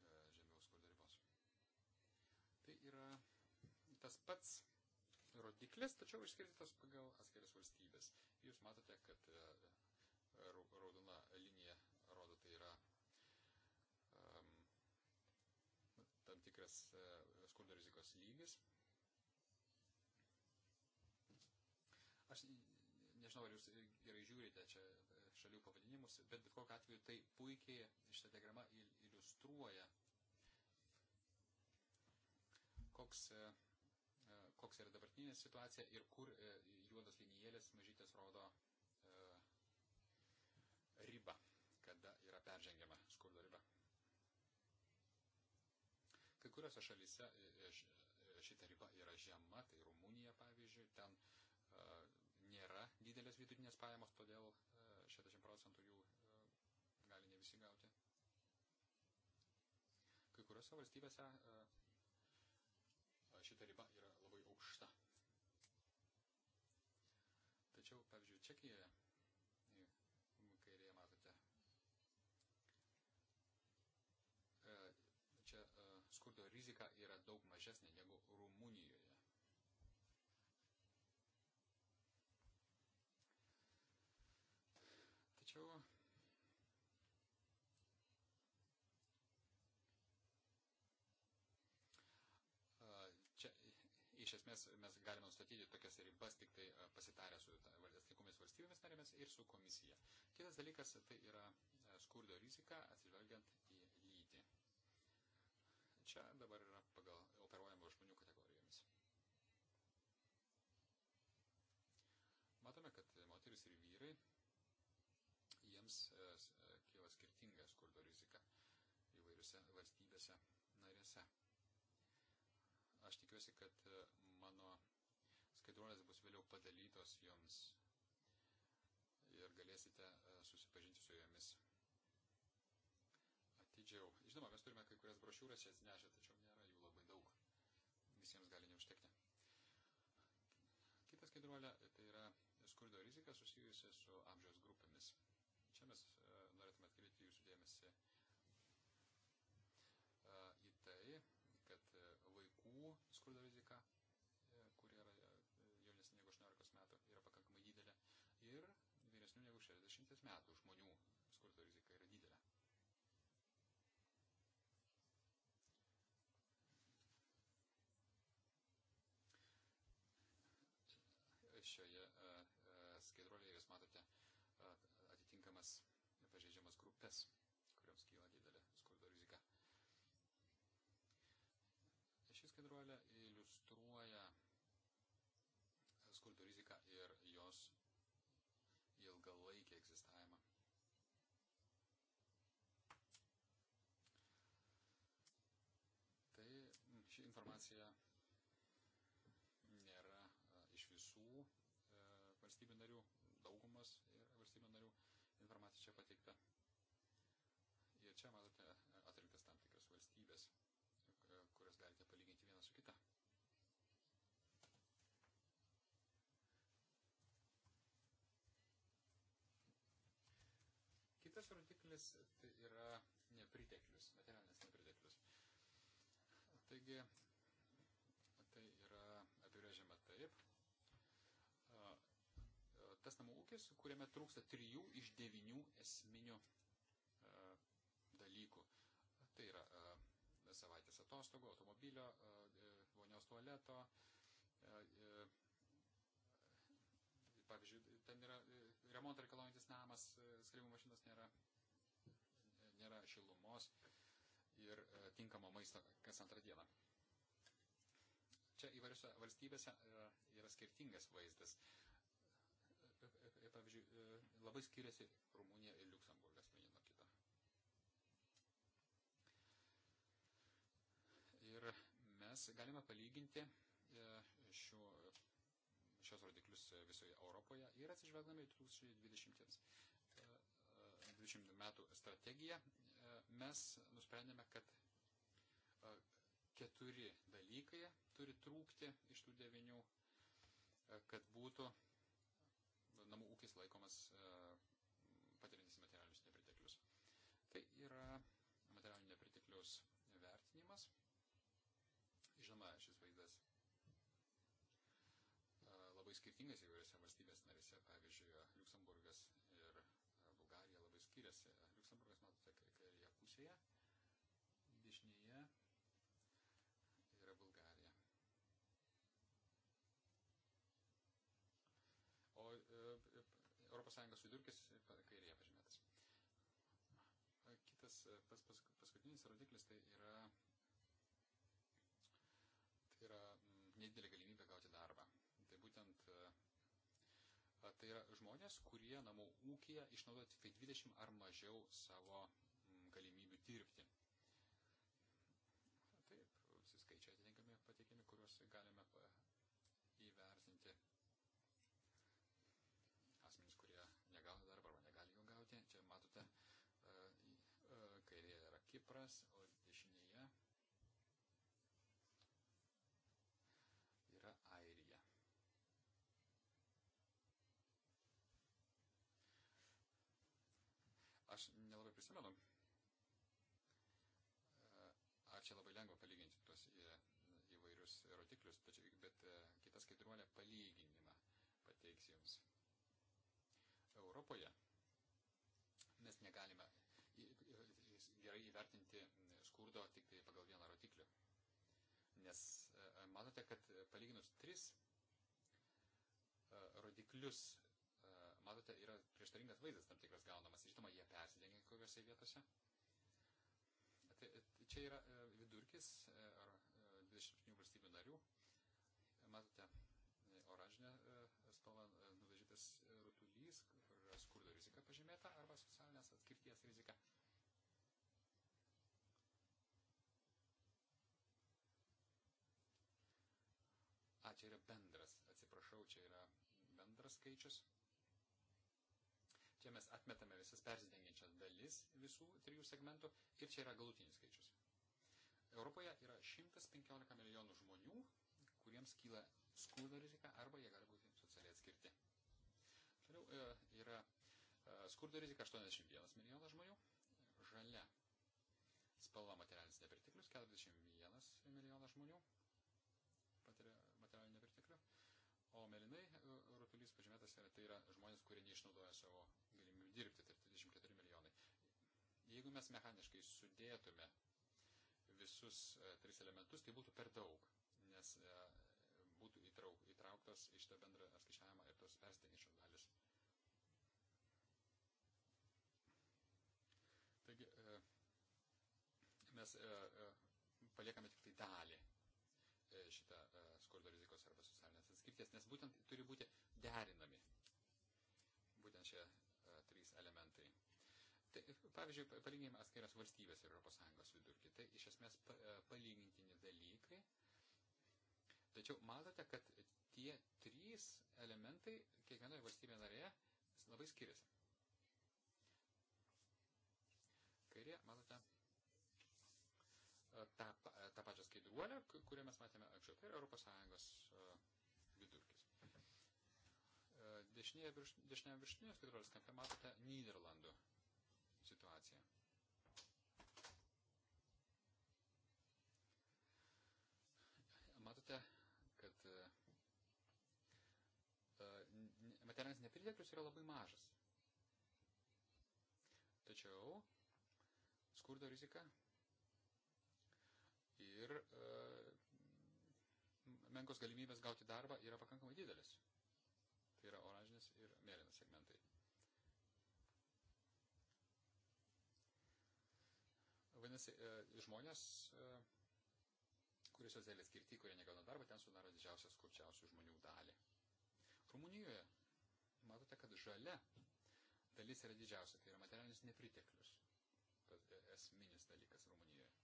kurie gyvena e, žemiau skurdo ribos. Tai yra tas pats rodiklis, tačiau išskirtas pagal atskiras valstybės. Jūs matote, kad e, raudona linija rodo tai yra tikras e, skurdo rizikos lygis. Aš nežinau, ar jūs gerai žiūrite čia e, šalių pavadinimus, bet bet kokiu atveju tai puikiai šitą diagramą iliustruoja, koks, e, koks yra dabartinė situacija ir kur juodas linijėlės mažytės rodo ribą, kada yra peržengiama skurdo riba kai kuriuose šalyse e, e, e, šita riba yra žema, tai Rumunija pavyzdžiui, ten nėra didelės vidutinės pajamos, todėl 60 procentų jų gali ne visi gauti. Kai kuriuose valstybėse šita riba yra labai aukšta. Tačiau, pavyzdžiui, Čekijoje rizika yra daug mažesnė negu Rumunijoje. Tačiau čia iš esmės mes galime nustatyti tokias ribas tik tai pasitarę su atsakomis valstybėmis narėmis ir su komisija. Kitas dalykas tai yra skurdo rizika atsižvelgiant Čia dabar yra pagal operuojamo žmonių kategorijomis. Matome, kad moteris ir vyrai, jiems e, e, kyla skirtinga skurdo rizika įvairiose valstybėse narėse. Aš tikiuosi, kad e, mano skaidruolės bus vėliau padalytos jums ir galėsite susipažinti su jomis atidžiau. Žinoma, mes turime kai kurias brošiūras čia atsinešę, tačiau nėra jų labai daug. Visiems gali neužtekti. Kita skaidruolė tai yra skurdo rizika susijusi su amžiaus grupėmis. Čia mes e, norėtume atkreipti jūsų dėmesį e, į tai, kad e, vaikų skurdo rizika, kurie yra jaunesni negu 18 metų, yra pakankamai didelė ir vyresnių negu 60 metų žmonių jūs matote atitinkamas pažeidžiamas grupės, kuriams kyla didelė skurdo rizika. Ši skaidruolė iliustruoja skurdo riziką ir jos ilgalaikį egzistavimą. Tai ši informacija čia matote atrinktas tam tikras valstybės, e, kurias galite palyginti vieną su kita. Kitas rodiklis tai yra nepriteklius, materialinis nepriteklius. Taigi, tai yra apibrėžiama taip. E, e, tas namų ūkis, kuriame trūksta trijų iš devinių esminių Tai yra e, savaitės atostogų, automobilio, e, e, vonios tualeto. Pavyzdžiui, ten yra remontą reikalaujantis namas, skalbimo mašinos nėra, nėra šilumos ir tinkamo maisto kas antrą dieną. Čia įvairiose valstybėse yra, yra skirtingas vaizdas. Pavyzdžiui, labai skiriasi Rumunija ir Luksemburgas. mes galime palyginti e, šių, šios rodiklius visoje Europoje ir atsižvelgdami į 2020, 2020 e, e, metų strategiją mes nusprendėme, kad keturi dalykai turi trūkti iš tų devinių, kad būtų namų ūkis laikomas skirtingas įvairiose valstybės narėse. Pavyzdžiui, Luksemburgas ir e, Bulgarija labai skiriasi. Luksemburgas, matote, kairėje pusėje, dešinėje yra Bulgarija. O ES e, vidurkis kairėje pažymėtas. Kitas e, pas, pas, paskutinis rodiklis tai yra Tai yra žmonės, kurie namų ūkija išnaudoja tik 20 tai ar mažiau savo mm, galimybių dirbti. Taip, visi skaičiai atitinkami pateikiami, kuriuos galime įvertinti. Asmenys, kurie negauna darbą arba negali jo gauti. Čia matote, e, e, kairėje yra Kipras, aš nelabai prisimenu. E, ar čia labai lengva palyginti tuos įvairius rodiklius, tačiau, bet e, kita skaidruolė palyginimą pateiks jums. Europoje mes negalime gerai įvertinti skurdo tik tai pagal vieną rodiklį. Nes e, matote, kad palyginus tris rodiklius matote, yra prieštaringas vaizdas tam tikras gaunamas. Žinoma, jie persidengia kokiuose vietose. Tai, tai, čia yra e, vidurkis e, ar 27 e, valstybių narių. Matote, oranžinė spalva nuvežytas rutulys, kur yra skurdo rizika pažymėta arba socialinės atskirties rizika. A, čia yra bendras, atsiprašau, čia yra bendras skaičius čia mes atmetame visas persidengiančias dalis visų trijų segmentų ir čia yra galutinis skaičius. Europoje yra 115 milijonų žmonių, kuriems kyla skurdo rizika arba jie gali būti socialiai atskirti. Toliau e, yra e, skurdo rizika 81 milijonas žmonių, žalia spalva materialinis nepriteklius 41 milijonas žmonių patiria materialinį nepriteklių, o melinai e, rutulys pažymėtas yra, tai yra žmonės, kurie neišnaudoja savo dirbti, tai 34 milijonai. Jeigu mes mechaniškai sudėtume visus e, tris elementus, tai būtų per daug, nes e, būtų įtrauk, įtrauktos iš tą bendrą skaičiavimą ir tos persidengiančios dalis. Taigi e, mes e, e, paliekame tik tai dalį e, šitą e, skurdo rizikos arba socialinės atskirties, nes būtent turi būti derinami būtent šie elementai. Tai, pavyzdžiui, palyginkime atskiras valstybės ir ES vidurkį. Tai iš esmės e, palygintini dalykai. Tačiau matote, kad tie trys elementai kiekvienoje valstybėje narėje labai skiriasi. Kairė, matote, e, tą, tą pačią skaidruolę, kurią mes matėme anksčiau. Tai yra ES dešinėje virš, dešinėje viršutinėje skaitros kampe matote Niderlandų situaciją. Matote, kad e, e, materialinis nepriteklius yra labai mažas. Tačiau skurdo rizika ir e, menkos galimybės gauti darbą yra pakankamai didelis. Tai yra oranžinis ir mėlynas segmentai. Vadinasi, e, žmonės, e, kurie socialiai skirti, kurie negauna darbą, ten sudaro didžiausią skurčiausių žmonių dalį. Rumunijoje matote, kad žalia dalis yra didžiausia, tai yra materialinis nepriteklius. E, esminis dalykas Rumunijoje.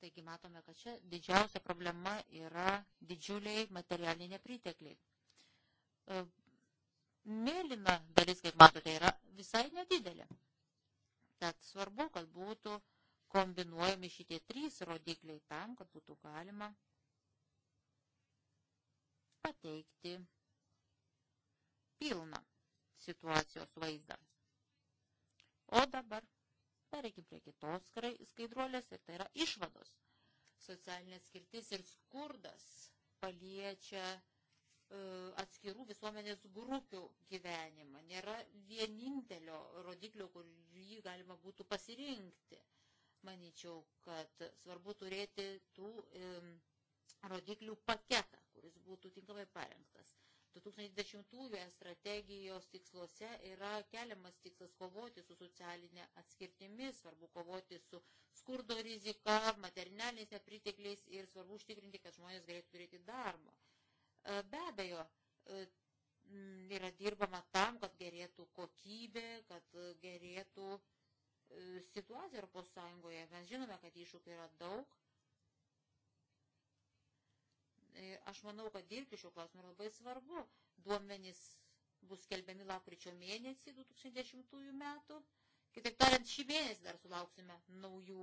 Taigi matome, kad čia didžiausia problema yra didžiuliai materialiniai pritekliai. E, mėlyna dalis, kaip matote, yra visai nedidelė. Tad svarbu, kad būtų kombinuojami šitie trys rodikliai tam, kad būtų galima pateikti pilną situacijos vaizdą. O dabar Pereikim prie kitos skaidruolės ir tai yra išvados. Socialinė skirtis ir skurdas paliečia e, atskirų visuomenės grupių gyvenimą. Nėra vienintelio rodiklio, kur jį galima būtų pasirinkti. Manyčiau, kad svarbu turėti tų rodiklių paketą, kuris būtų tinkamai parengtas. 2010 strategijos tiksluose yra keliamas tikslas kovoti su socialinė atskirtimi, svarbu kovoti su skurdo rizika, materinaliais nepritekliais ir svarbu užtikrinti, kad žmonės galėtų turėti darbą. E, be abejo, e, yra dirbama tam, kad gerėtų kokybė, kad gerėtų e, situacija Europos Sąjungoje. Mes žinome, kad iššūkių yra daug E, aš manau, kad dirbti šiuo klausimu yra labai svarbu. Duomenys bus skelbiami lapkričio mėnesį 2010 metų. Kitaip tariant, šį mėnesį dar sulauksime naujų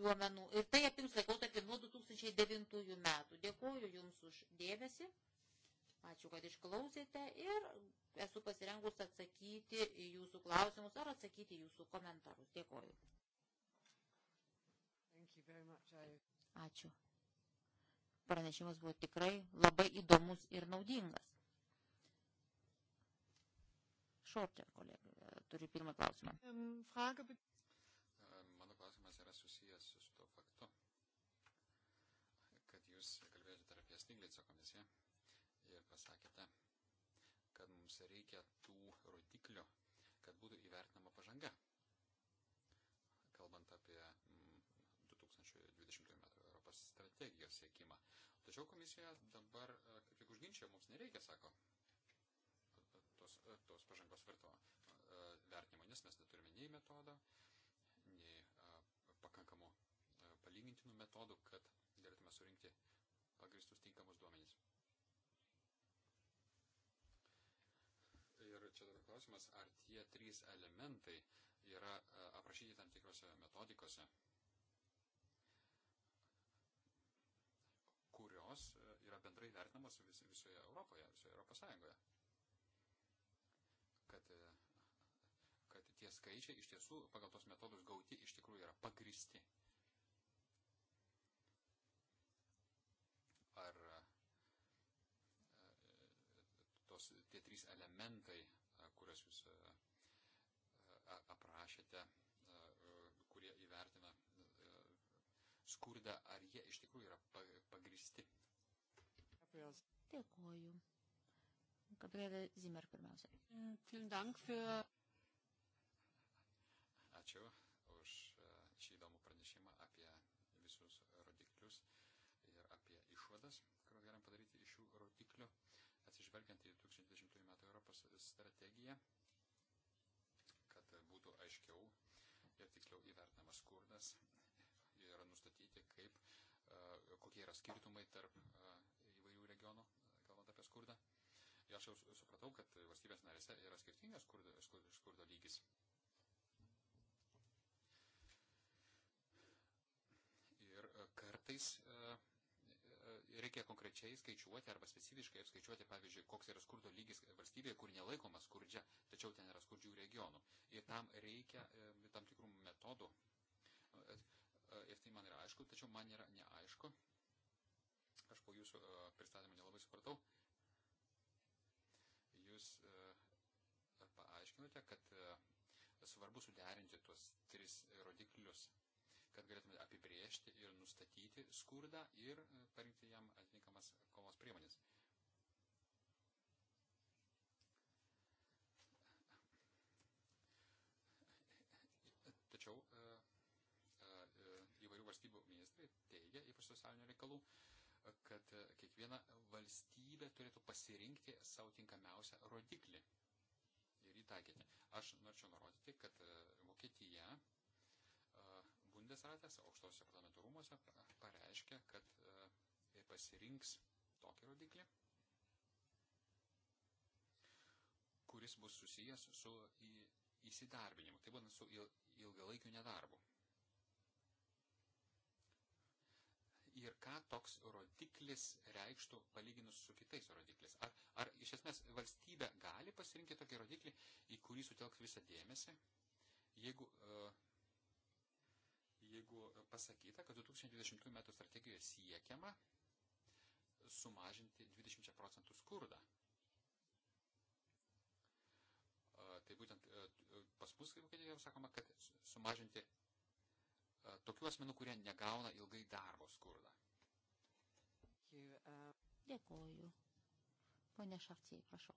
duomenų. Ir tai apims laikotarpį nuo 2009 metų. Dėkuoju Jums už dėmesį. Ačiū, kad išklausėte ir esu pasirengus atsakyti į jūsų klausimus ar atsakyti į jūsų komentarus. Dėkuoju. Ačiū pranešimas buvo tikrai labai įdomus ir naudingas. Šorter, kolega, turiu pirmą klausimą. Mano klausimas yra susijęs su tuo faktu, kad jūs kalbėjote dar apie Stiglico komisiją ir pasakėte, kad mums reikia tų rodiklių, kad būtų įvertinama pažanga, kalbant apie tos strategijos siekimą. Tačiau komisija dabar e, kaip tik užginčia, mums nereikia, sako, tos, e, tos pažangos verto e, vertinimo, nes mes neturime nei metodo, nei pakankamų palygintinų metodų, kad galėtume surinkti pagristus tinkamus duomenys. Ir čia dabar klausimas, ar tie trys elementai yra aprašyti tam tikrose metodikose, jos e, yra bendrai vertinamos vis, visoje Europoje, visoje Europos Sąjungoje. Kad, e, kad tie skaičiai iš tiesų pagal tos metodus gauti iš tikrųjų yra pagristi. Ar e, tos, tie trys elementai, kuriuos jūs aprašėte, skurdą, ar jie iš tikrųjų yra pagristi. Dėkuoju. Gabrielė Zimmer pirmiausia. Mm, Ačiū už e, šį įdomų pranešimą apie visus rodiklius ir apie išvadas, kurias galim padaryti iš šių rodiklių, atsižvelgiant į 2020 m. Europos strategiją, kad būtų aiškiau ir tiksliau įvertinamas skurdas yra nustatyti, kaip, e, kokie yra skirtumai tarp e, įvairių regionų, e, kalbant apie skurdą. Ir aš jau supratau, kad valstybės narėse yra skirtingas skurdo, skurdo, skurdo lygis. Ir kartais reikia konkrečiai skaičiuoti arba specifiškai apskaičiuoti, pavyzdžiui, koks yra skurdo lygis valstybėje, kur nelaikoma skurdžia, tačiau ten yra skurdžių regionų. Ir tam reikia tam tikrų metodų. E, ir tai man yra aišku, tačiau man yra neaišku. Aš po jūsų e, pristatymą nelabai supratau. Jūs e, paaiškinote, kad svarbu suderinti tuos tris rodiklius, kad galėtume apibriežti ir nustatyti skurdą ir parinkti jam atitinkamas kovos priemonės. užsienio reikalų, kad kiekviena valstybė turėtų pasirinkti savo tinkamiausią rodiklį ir įtaikyti. Aš norėčiau nurodyti, kad e, Vokietija e, Bundesratas aukštosios parlamento rūmose pareiškia, kad e, pasirinks tokį rodiklį, kuris bus susijęs su įsidarbinimu, tai būtent su ilgalaikiu nedarbu. ir ką toks rodiklis reikštų palyginus su kitais rodiklis. Ar, ar iš esmės valstybė gali pasirinkti tokį rodiklį, į kurį sutelks visą dėmesį, jeigu, e, jeigu pasakyta, kad 2020 m. strategijoje siekiama sumažinti 20 procentų skurdą. E, tai būtent e, pas mus, kaip jau sakoma, kad sumažinti E, tokių asmenų, kurie negauna ilgai darbo skurdą. Dėkoju. Pone Šartijai, prašau.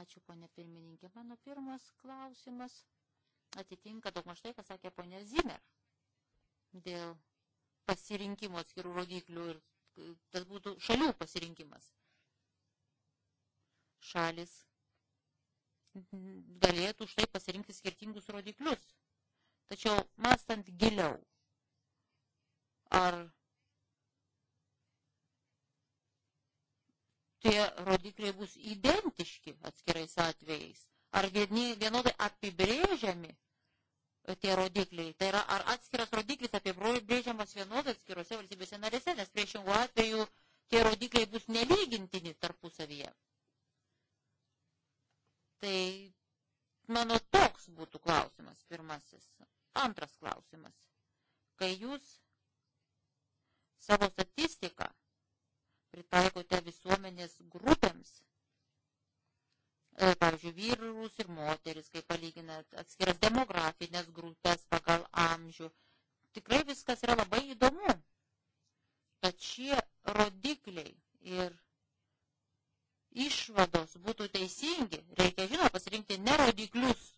Ačiū, ponė pirmininkė. Mano pirmas klausimas atitinka daug mažtai, ką sakė ponė Zimer dėl pasirinkimo atskirų rodiklių ir e, tas būtų šalių pasirinkimas. Šalis galėtų štai pasirinkti skirtingus rodiklius Tačiau mąstant giliau, ar tie rodikliai bus identiški atskirais atvejais, ar vieni, vienodai apibrėžiami tie rodikliai. Tai yra, ar atskiras rodiklis apibrėžiamas vienodai atskirose valstybėse narėse, nes priešingų atveju tie rodikliai bus nelygintini tarpusavyje. Tai mano toks būtų klausimas pirmasis. Antras klausimas. Kai jūs savo statistiką pritaikote visuomenės grupėms, e, pavyzdžiui, vyrus ir moteris, kai palyginat atskiras demografinės grupės pagal amžių, tikrai viskas yra labai įdomu. Kad šie rodikliai ir išvados būtų teisingi, reikia, žinoma, pasirinkti nerodiklius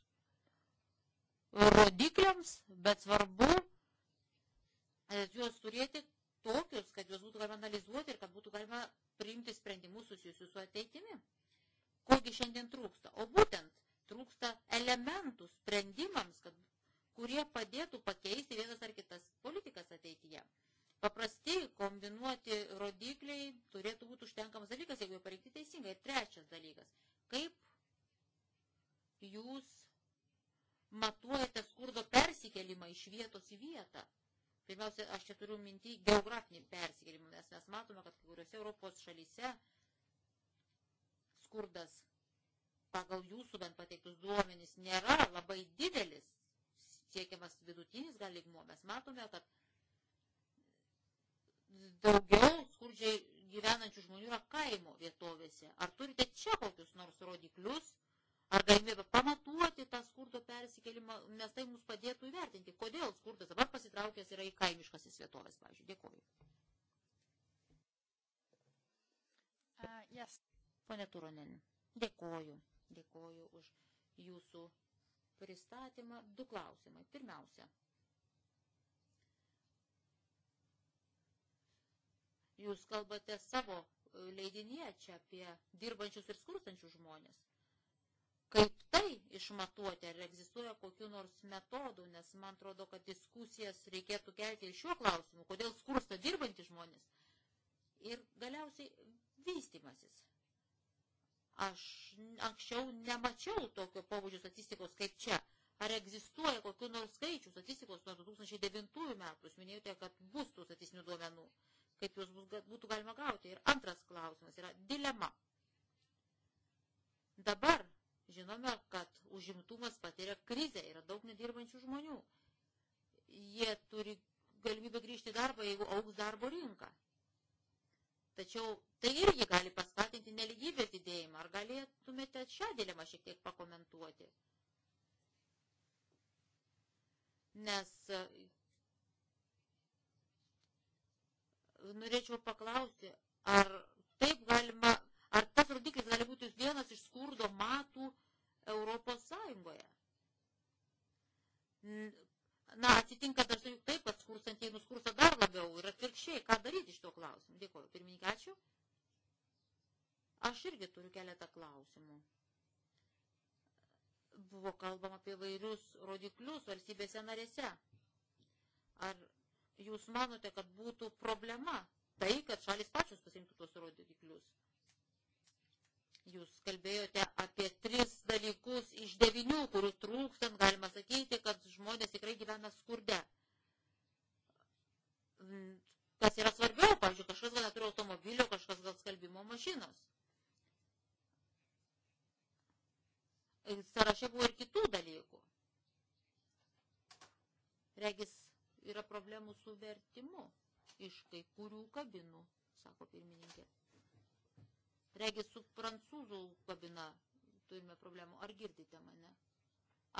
rodikliams, bet svarbu э, juos turėti tokius, kad juos būtų galima analizuoti ir kad būtų galima priimti sprendimus susijusius su ateitimi. Kogi šiandien trūksta? O būtent trūksta elementų sprendimams, kad, kurie padėtų pakeisti vienas ar kitas politikas ateityje. Paprasti kombinuoti rodikliai turėtų būti užtenkamas dalykas, jeigu jie pareikti teisingai. Ir trečias dalykas, kaip jūs matuojate skurdo persikelimą iš vietos į vietą. Pirmiausia, aš čia turiu mintį geografinį persikelimą, nes mes matome, kad kai kuriuose Europos šalyse skurdas pagal jūsų bent pateiktus duomenys nėra labai didelis, siekiamas vidutinis gal lygmuo. Mes matome, kad daugiau skurdžiai gyvenančių žmonių yra kaimo vietovėse. Ar turite čia kokius nors rodiklius, ar galimybę pamatuoti tą skurdo persikelimą, nes tai mums padėtų įvertinti, kodėl skurdas dabar pasitraukęs yra į kaimiškasis vietovės, pavyzdžiui. Dėkuoju. Uh, yes. Pone Turonen, dėkuoju. Dėkuoju už jūsų pristatymą. Du klausimai. Pirmiausia. Jūs kalbate savo uh, leidinyje čia apie dirbančius ir skurstančius žmonės kaip tai išmatuoti, ar egzistuoja kokiu nors metodu, nes man atrodo, kad diskusijas reikėtų kelti ir šiuo klausimu, kodėl skursta dirbantys žmonės. Ir galiausiai vystimasis. Aš anksčiau nemačiau tokio pobūdžio statistikos kaip čia. Ar egzistuoja kokiu nors skaičių statistikos nuo 2009 metų? Jūs minėjote, kad bus tų statistinių duomenų, kaip juos būtų galima gauti. Ir antras klausimas yra dilema. Dabar Žinome, kad užimtumas patiria krizę, yra daug nedirbančių žmonių. Jie turi galimybę grįžti į darbą, jeigu augs darbo rinka. Tačiau tai irgi gali paskatinti neligybės didėjimą. Ar galėtumėte šią dilemą šiek tiek pakomentuoti? Nes e, norėčiau paklausti, ar taip galima Ar tas rodiklis gali būti vienas iš skurdo matų Europos Sąjungoje? Na, atsitinka dažnai taip, kad skurstantieji nuskursta dar labiau ir atvirkščiai. Ką daryti iš to klausimų? Dėkuoju, pirmininkė, ačiū. Aš irgi turiu keletą klausimų. Buvo kalbama apie vairius rodiklius valstybėse narėse. Ar jūs manote, kad būtų problema tai, kad šalis pačios pasirinktų tuos rodiklius? Jūs kalbėjote apie tris dalykus iš devinių, kurių trūkstant galima sakyti, kad žmonės tikrai gyvena skurde. Mm, kas yra svarbiau, pavyzdžiui, kažkas gal neturi automobilio, kažkas gal skalbimo mašinos. Sarašė buvo ir kitų dalykų. Regis yra problemų su vertimu iš kai kurių kabinų, sako pirmininkė. Regis su prancūzų kabina turime problemų. Ar girdite mane?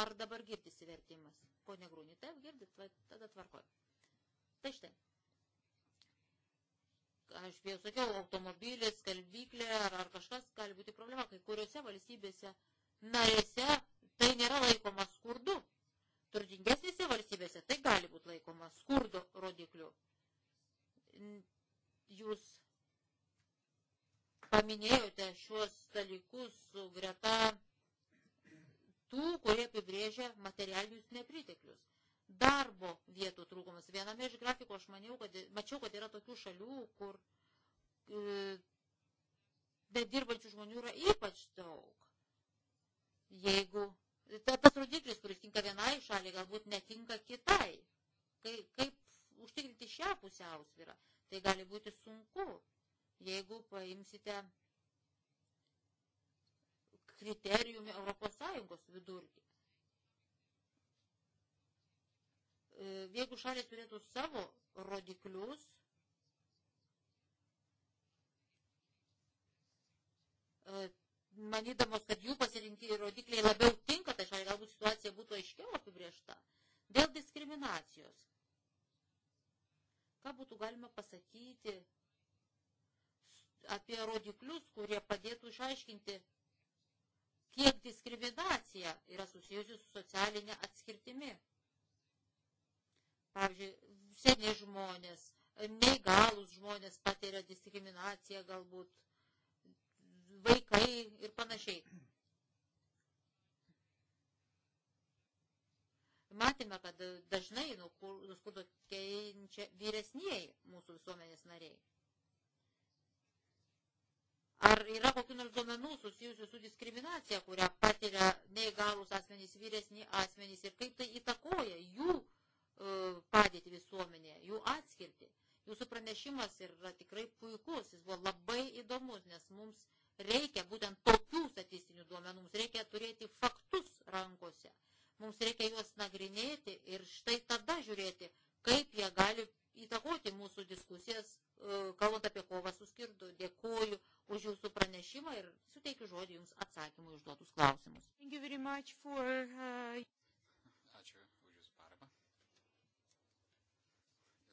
Ar dabar girdisi vertimas? Pone Grūni, taip, girdit, va, tada tvarkoj. Tai štai. Aš jau sakiau, automobilis, skalbyklė ar, ar kažkas gali būti problema. Kai kuriuose valstybėse narėse tai nėra laikoma skurdu. Turtingesnėse valstybėse tai gali būti laikoma skurdo rodikliu. Jūs paminėjote šiuos dalykus greta tų, kurie apibrėžia materialinius nepriteklius. Darbo vietų trūkumas. Viename iš grafikų aš maniau, kad, mačiau, kad yra tokių šalių, kur e, bedirbančių žmonių yra ypač daug. Jeigu ta, tas rodiklis, kuris tinka vienai šaliai, galbūt netinka kitai. Kai, kaip užtikrinti šią pusiausvyrą, tai gali būti sunku jeigu paimsite kriterijumi Europos Sąjungos vidurkį. E, jeigu šalis turėtų savo rodiklius, e, manydamos, kad jų pasirinkti rodikliai labiau tinka, tai šaliai galbūt situacija būtų aiškiau apibriešta. Dėl diskriminacijos. Ką būtų galima pasakyti apie rodiklius, kurie padėtų išaiškinti, kiek diskriminacija yra susijusi su socialinė atskirtimi. Pavyzdžiui, seniai žmonės, neįgalus žmonės patiria diskriminaciją galbūt, vaikai ir panašiai. Matėme, kad dažnai nuskurdo kenčia vyresnieji mūsų visuomenės nariai. Ar yra kokių nors duomenų susijusių su diskriminacija, kurią patiria neįgalus asmenys, vyresni asmenys ir kaip tai įtakoja jų e, padėti visuomenėje, jų atskirti. Jūsų pranešimas yra tikrai puikus, jis buvo labai įdomus, nes mums reikia būtent tokių statistinių duomenų, mums reikia turėti faktus rankose, mums reikia juos nagrinėti ir štai tada žiūrėti, kaip jie gali įtakoti mūsų diskusijas, e, kalbant apie kovą su skirdu. Dėkuoju už jūsų pranešimą ir suteikiu žodį jums atsakymų užduotus klausimus. For, uh... Ačiū už jūsų paramą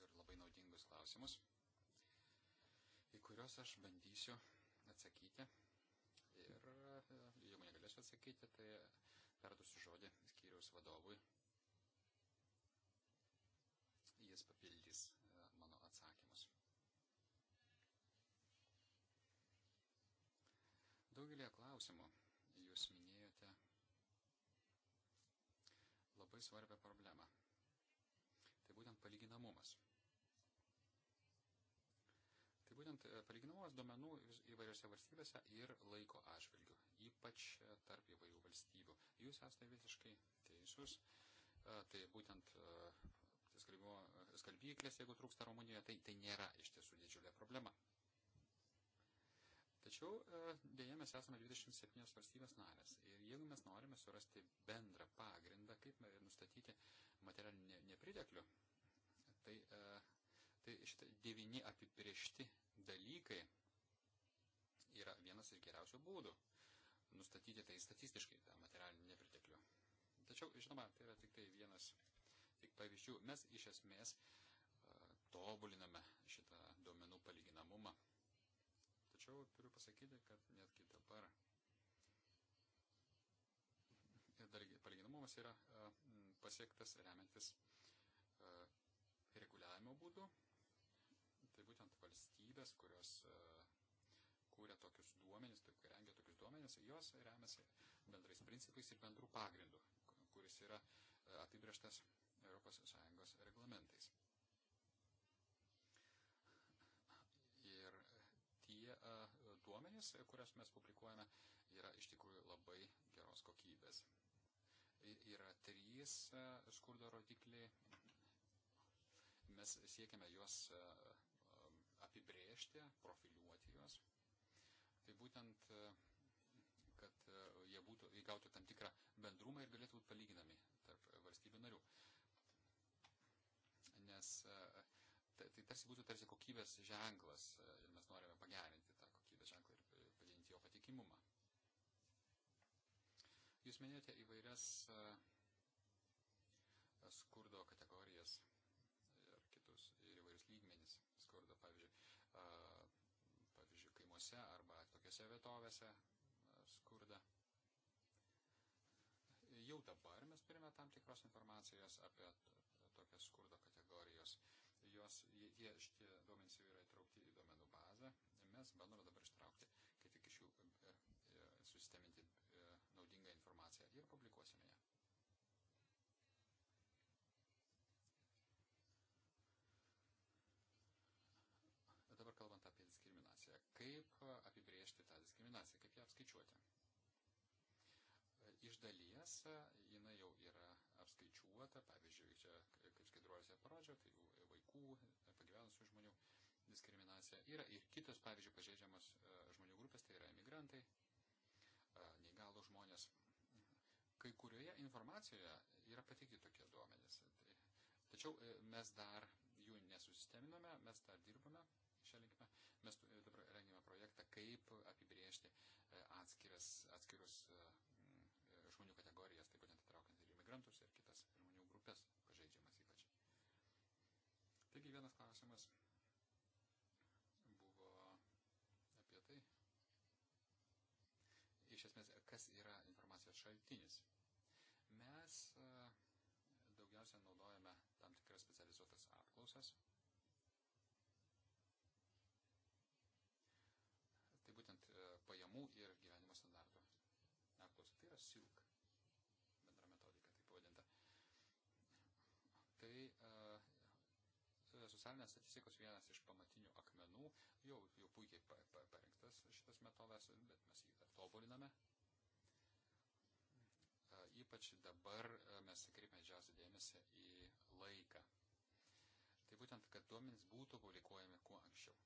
ir labai naudingus klausimus, į kuriuos aš bandysiu atsakyti. Ir e, jeigu negalėsiu atsakyti, tai perdusiu žodį skyriaus vadovui. Jis papildė Daugelie klausimų jūs minėjote labai svarbią problemą. Tai būtent palyginamumas. Tai būtent e, palyginamumas duomenų įvairiose valstybėse ir laiko atžvilgių, ypač e, tarp įvairių valstybių. Jūs esate visiškai teisus, e, tai būtent skalbyklės, jeigu trūksta Rumunijoje, tai, tai nėra iš tiesų didžiulė problema. Tačiau e, dėja mes esame 27 valstybės narės ir jeigu mes norime surasti bendrą pagrindą, kaip e, nustatyti materialinį nepriteklių, tai, e, tai šitie devyni apibriešti dalykai yra vienas iš geriausių būdų nustatyti tai statistiškai tą materialinį nepriteklių. Tačiau, žinoma, tai yra tik tai vienas tik pavyzdžių. Mes iš esmės tobuliname šitą Tačiau turiu pasakyti, kad netgi dabar dar palyginamumas yra e, pasiektas remiantis e, reguliavimo būdu. Tai būtent valstybės, kurios e, kūrė tokius duomenis, tai rengia tokius duomenis, jos remiasi bendrais principais ir bendrų pagrindų, kuris yra apibrieštas ES reglamentais. duomenys, kurias mes publikuojame, yra iš tikrųjų labai geros kokybės. Yra trys e, skurdo rodikliai. Mes siekiame juos e, e, apibrėžti, profiliuoti juos. Tai būtent, kad jie būtų, įgautų tam tikrą bendrumą ir galėtų būti palyginami tarp valstybių narių. Nes tai, tai tarsi būtų tarsi kokybės ženklas ir mes norime pagerinti Jūs minėjote įvairias e, skurdo kategorijas ir kitus ir įvairius lygmenis skurdo, pavyzdžiui, e, pavyzdžiui, kaimuose arba tokiuose vietovėse e, skurda. Jau dabar mes turime tam tikros informacijos apie tokias skurdo kategorijos. Jos, jie, šitie duomenys jau yra įtraukti į duomenų bazę. Mes bandome dabar ištraukti platformose ir publikuosime ją. Dabar kalbant apie diskriminaciją. Kaip apibriežti tą diskriminaciją, kaip ją apskaičiuoti? Iš dalies jinai jau yra apskaičiuota, pavyzdžiui, čia, kaip skaidruolėse parodžio, tai vaikų, pagyvenusių žmonių diskriminacija. Yra ir kitos, pavyzdžiui, pažeidžiamos e, žmonių grupės, tai yra emigrantai, e, neįgalų žmonės kai kurioje informacijoje yra pateikti tokie duomenys. Tai, tačiau e, mes dar jų nesusisteminome, mes dar dirbame šią linkmę. Mes e, dabar rengime projektą, kaip apibriežti e, atskiras, atskirus žmonių kategorijas, taip pat įtraukiant ir imigrantus, ir kitas žmonių grupės pažeidžiamas ypač. Taigi vienas klausimas iš esmės, kas yra informacijos šaltinis. Mes e, daugiausia naudojame tam tikras specializuotas apklausas. Tai būtent e, pajamų ir gyvenimo standartų apklausa. Tai yra silk socialinės statistikos vienas iš pamatinių akmenų, jau, jau puikiai parengtas šitas metodas, bet mes jį dar tobuliname. E, ypač dabar e, mes kreipiame didžiausią dėmesį į laiką. Tai būtent, kad duomenys būtų publikuojami kuo anksčiau.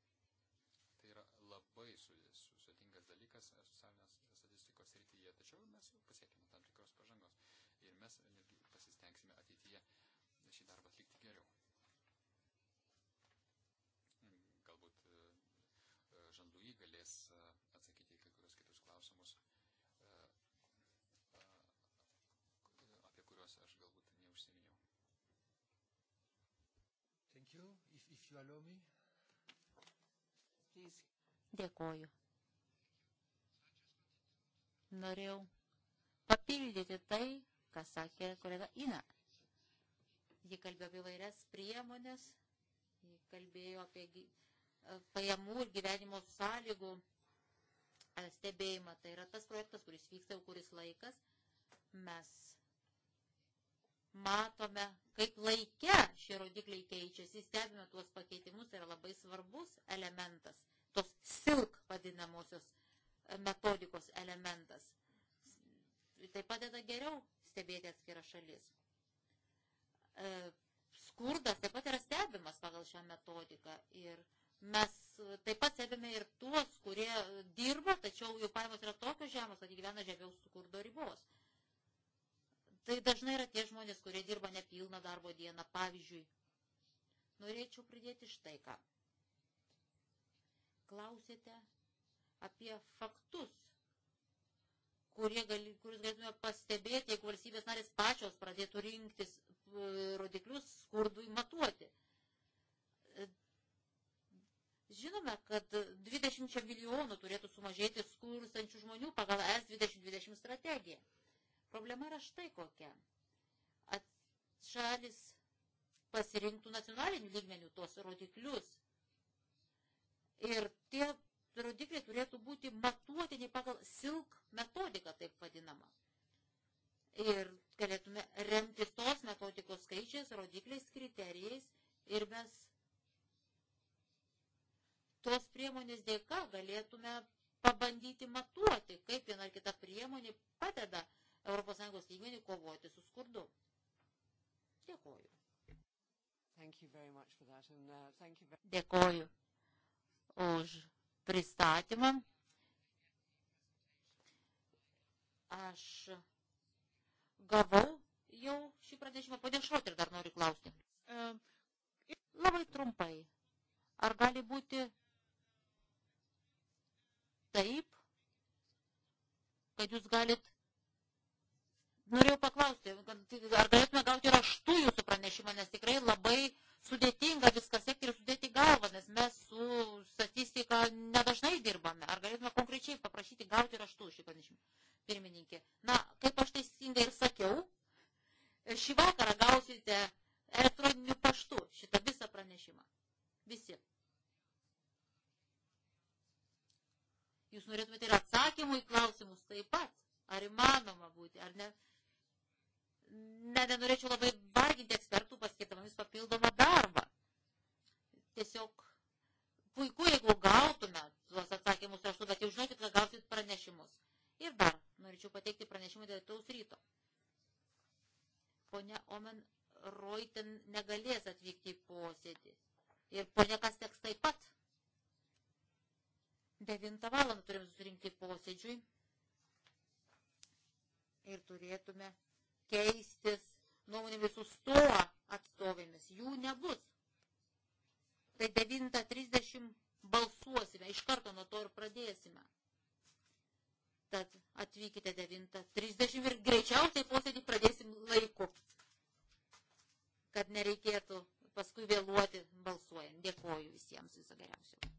Tai yra labai sudėtingas dalykas e, socialinės statistikos srityje, tačiau mes jau pasiekime tam tikros pažangos ir mes pasistengsime ateityje šį darbą atlikti geriau. Žanlui galės e, atsakyti į kai kurios kitus klausimus, e, e, apie kuriuos aš galbūt neužsiminiau. Thank you. If, if you allow me. Please. Dėkoju. Norėjau papildyti tai, ką sakė kolega Ina. Ji kalbėjo apie vairias priemonės, ji kalbėjo apie E, pajamų ir gyvenimo sąlygų e, stebėjimą. Tai yra tas projektas, kuris vyksta jau kuris laikas. Mes matome, kaip laike šie rodikliai keičiasi, stebime tuos pakeitimus, tai yra labai svarbus elementas, tos silk vadinamosios e, metodikos elementas. Tai padeda geriau stebėti atskirą šalis. Skurdas taip pat yra stebimas pagal šią metodiką ir metodiką Mes e, taip pat stebime ir tuos, kurie e, dirba, tačiau jų pajamos yra tokios žemos, kad gyvena žemiau skurdo ribos. Tai dažnai yra tie žmonės, kurie dirba nepilną darbo dieną. Pavyzdžiui, norėčiau pridėti štai ką. Klausėte apie faktus, kurie gali, kuris galėtume pastebėti, jeigu valstybės narės pačios pradėtų rinktis e, rodiklius skurdui matuoti. Žinome, kad 20 milijonų turėtų sumažėti skurstančių žmonių pagal ES 2020 strategiją. Problema yra štai kokia. At šalis pasirinktų nacionalinių lygmenių tuos rodiklius. Ir tie rodikliai turėtų būti matuotini pagal silk metodiką, taip vadinama. Ir galėtume remtis tos metodikos skaičiais, rodikliais, kriterijais ir mes Tos priemonės dėka galėtume pabandyti matuoti, kaip viena ar kita priemonė padeda ES lygmenį kovoti su skurdu. Dėkoju. Uh, Dėkoju už pristatymą. Aš gavau jau šį pranešimą, padėšoti ir dar noriu klausti. Um, Labai trumpai. Ar gali būti taip, kad jūs galit. Norėjau paklausti, tai ar galėtume gauti raštų jūsų pranešimą, nes tikrai labai sudėtinga viską sekti ir sudėti galvą, nes mes su statistika nedažnai dirbame. Ar galėtume konkrečiai paprašyti gauti raštų šį pranešimą? Pirmininkė. Na, kaip aš teisingai ir sakiau, šį vakarą gausite elektroniniu paštu šitą visą pranešimą. Visi. Jūs norėtumėte ir atsakymų į klausimus taip pat. Ar įmanoma būti, ar ne? Ne, nenorėčiau labai varginti ekspertų paskirtamomis papildomą darbą. Tiesiog puiku, jeigu gautume tuos atsakymus raštu, bet jau žinokit, kad gausit pranešimus. Ir dar norėčiau pateikti pranešimą dėl taus ryto. Pone Omen Reuten negalės atvykti į posėdį. Ir pone Kasteks taip pat. 9 valandą turim susirinkti posėdžiui ir turėtume keistis nuomonėmis su stoa atstovėmis. Jų nebus. Tai 9.30 balsuosime, iš karto nuo to ir pradėsime. Tad atvykite 9.30 ir greičiausiai posėdį pradėsim laiku, kad nereikėtų paskui vėluoti balsuojant. Dėkoju visiems, viso geriausio.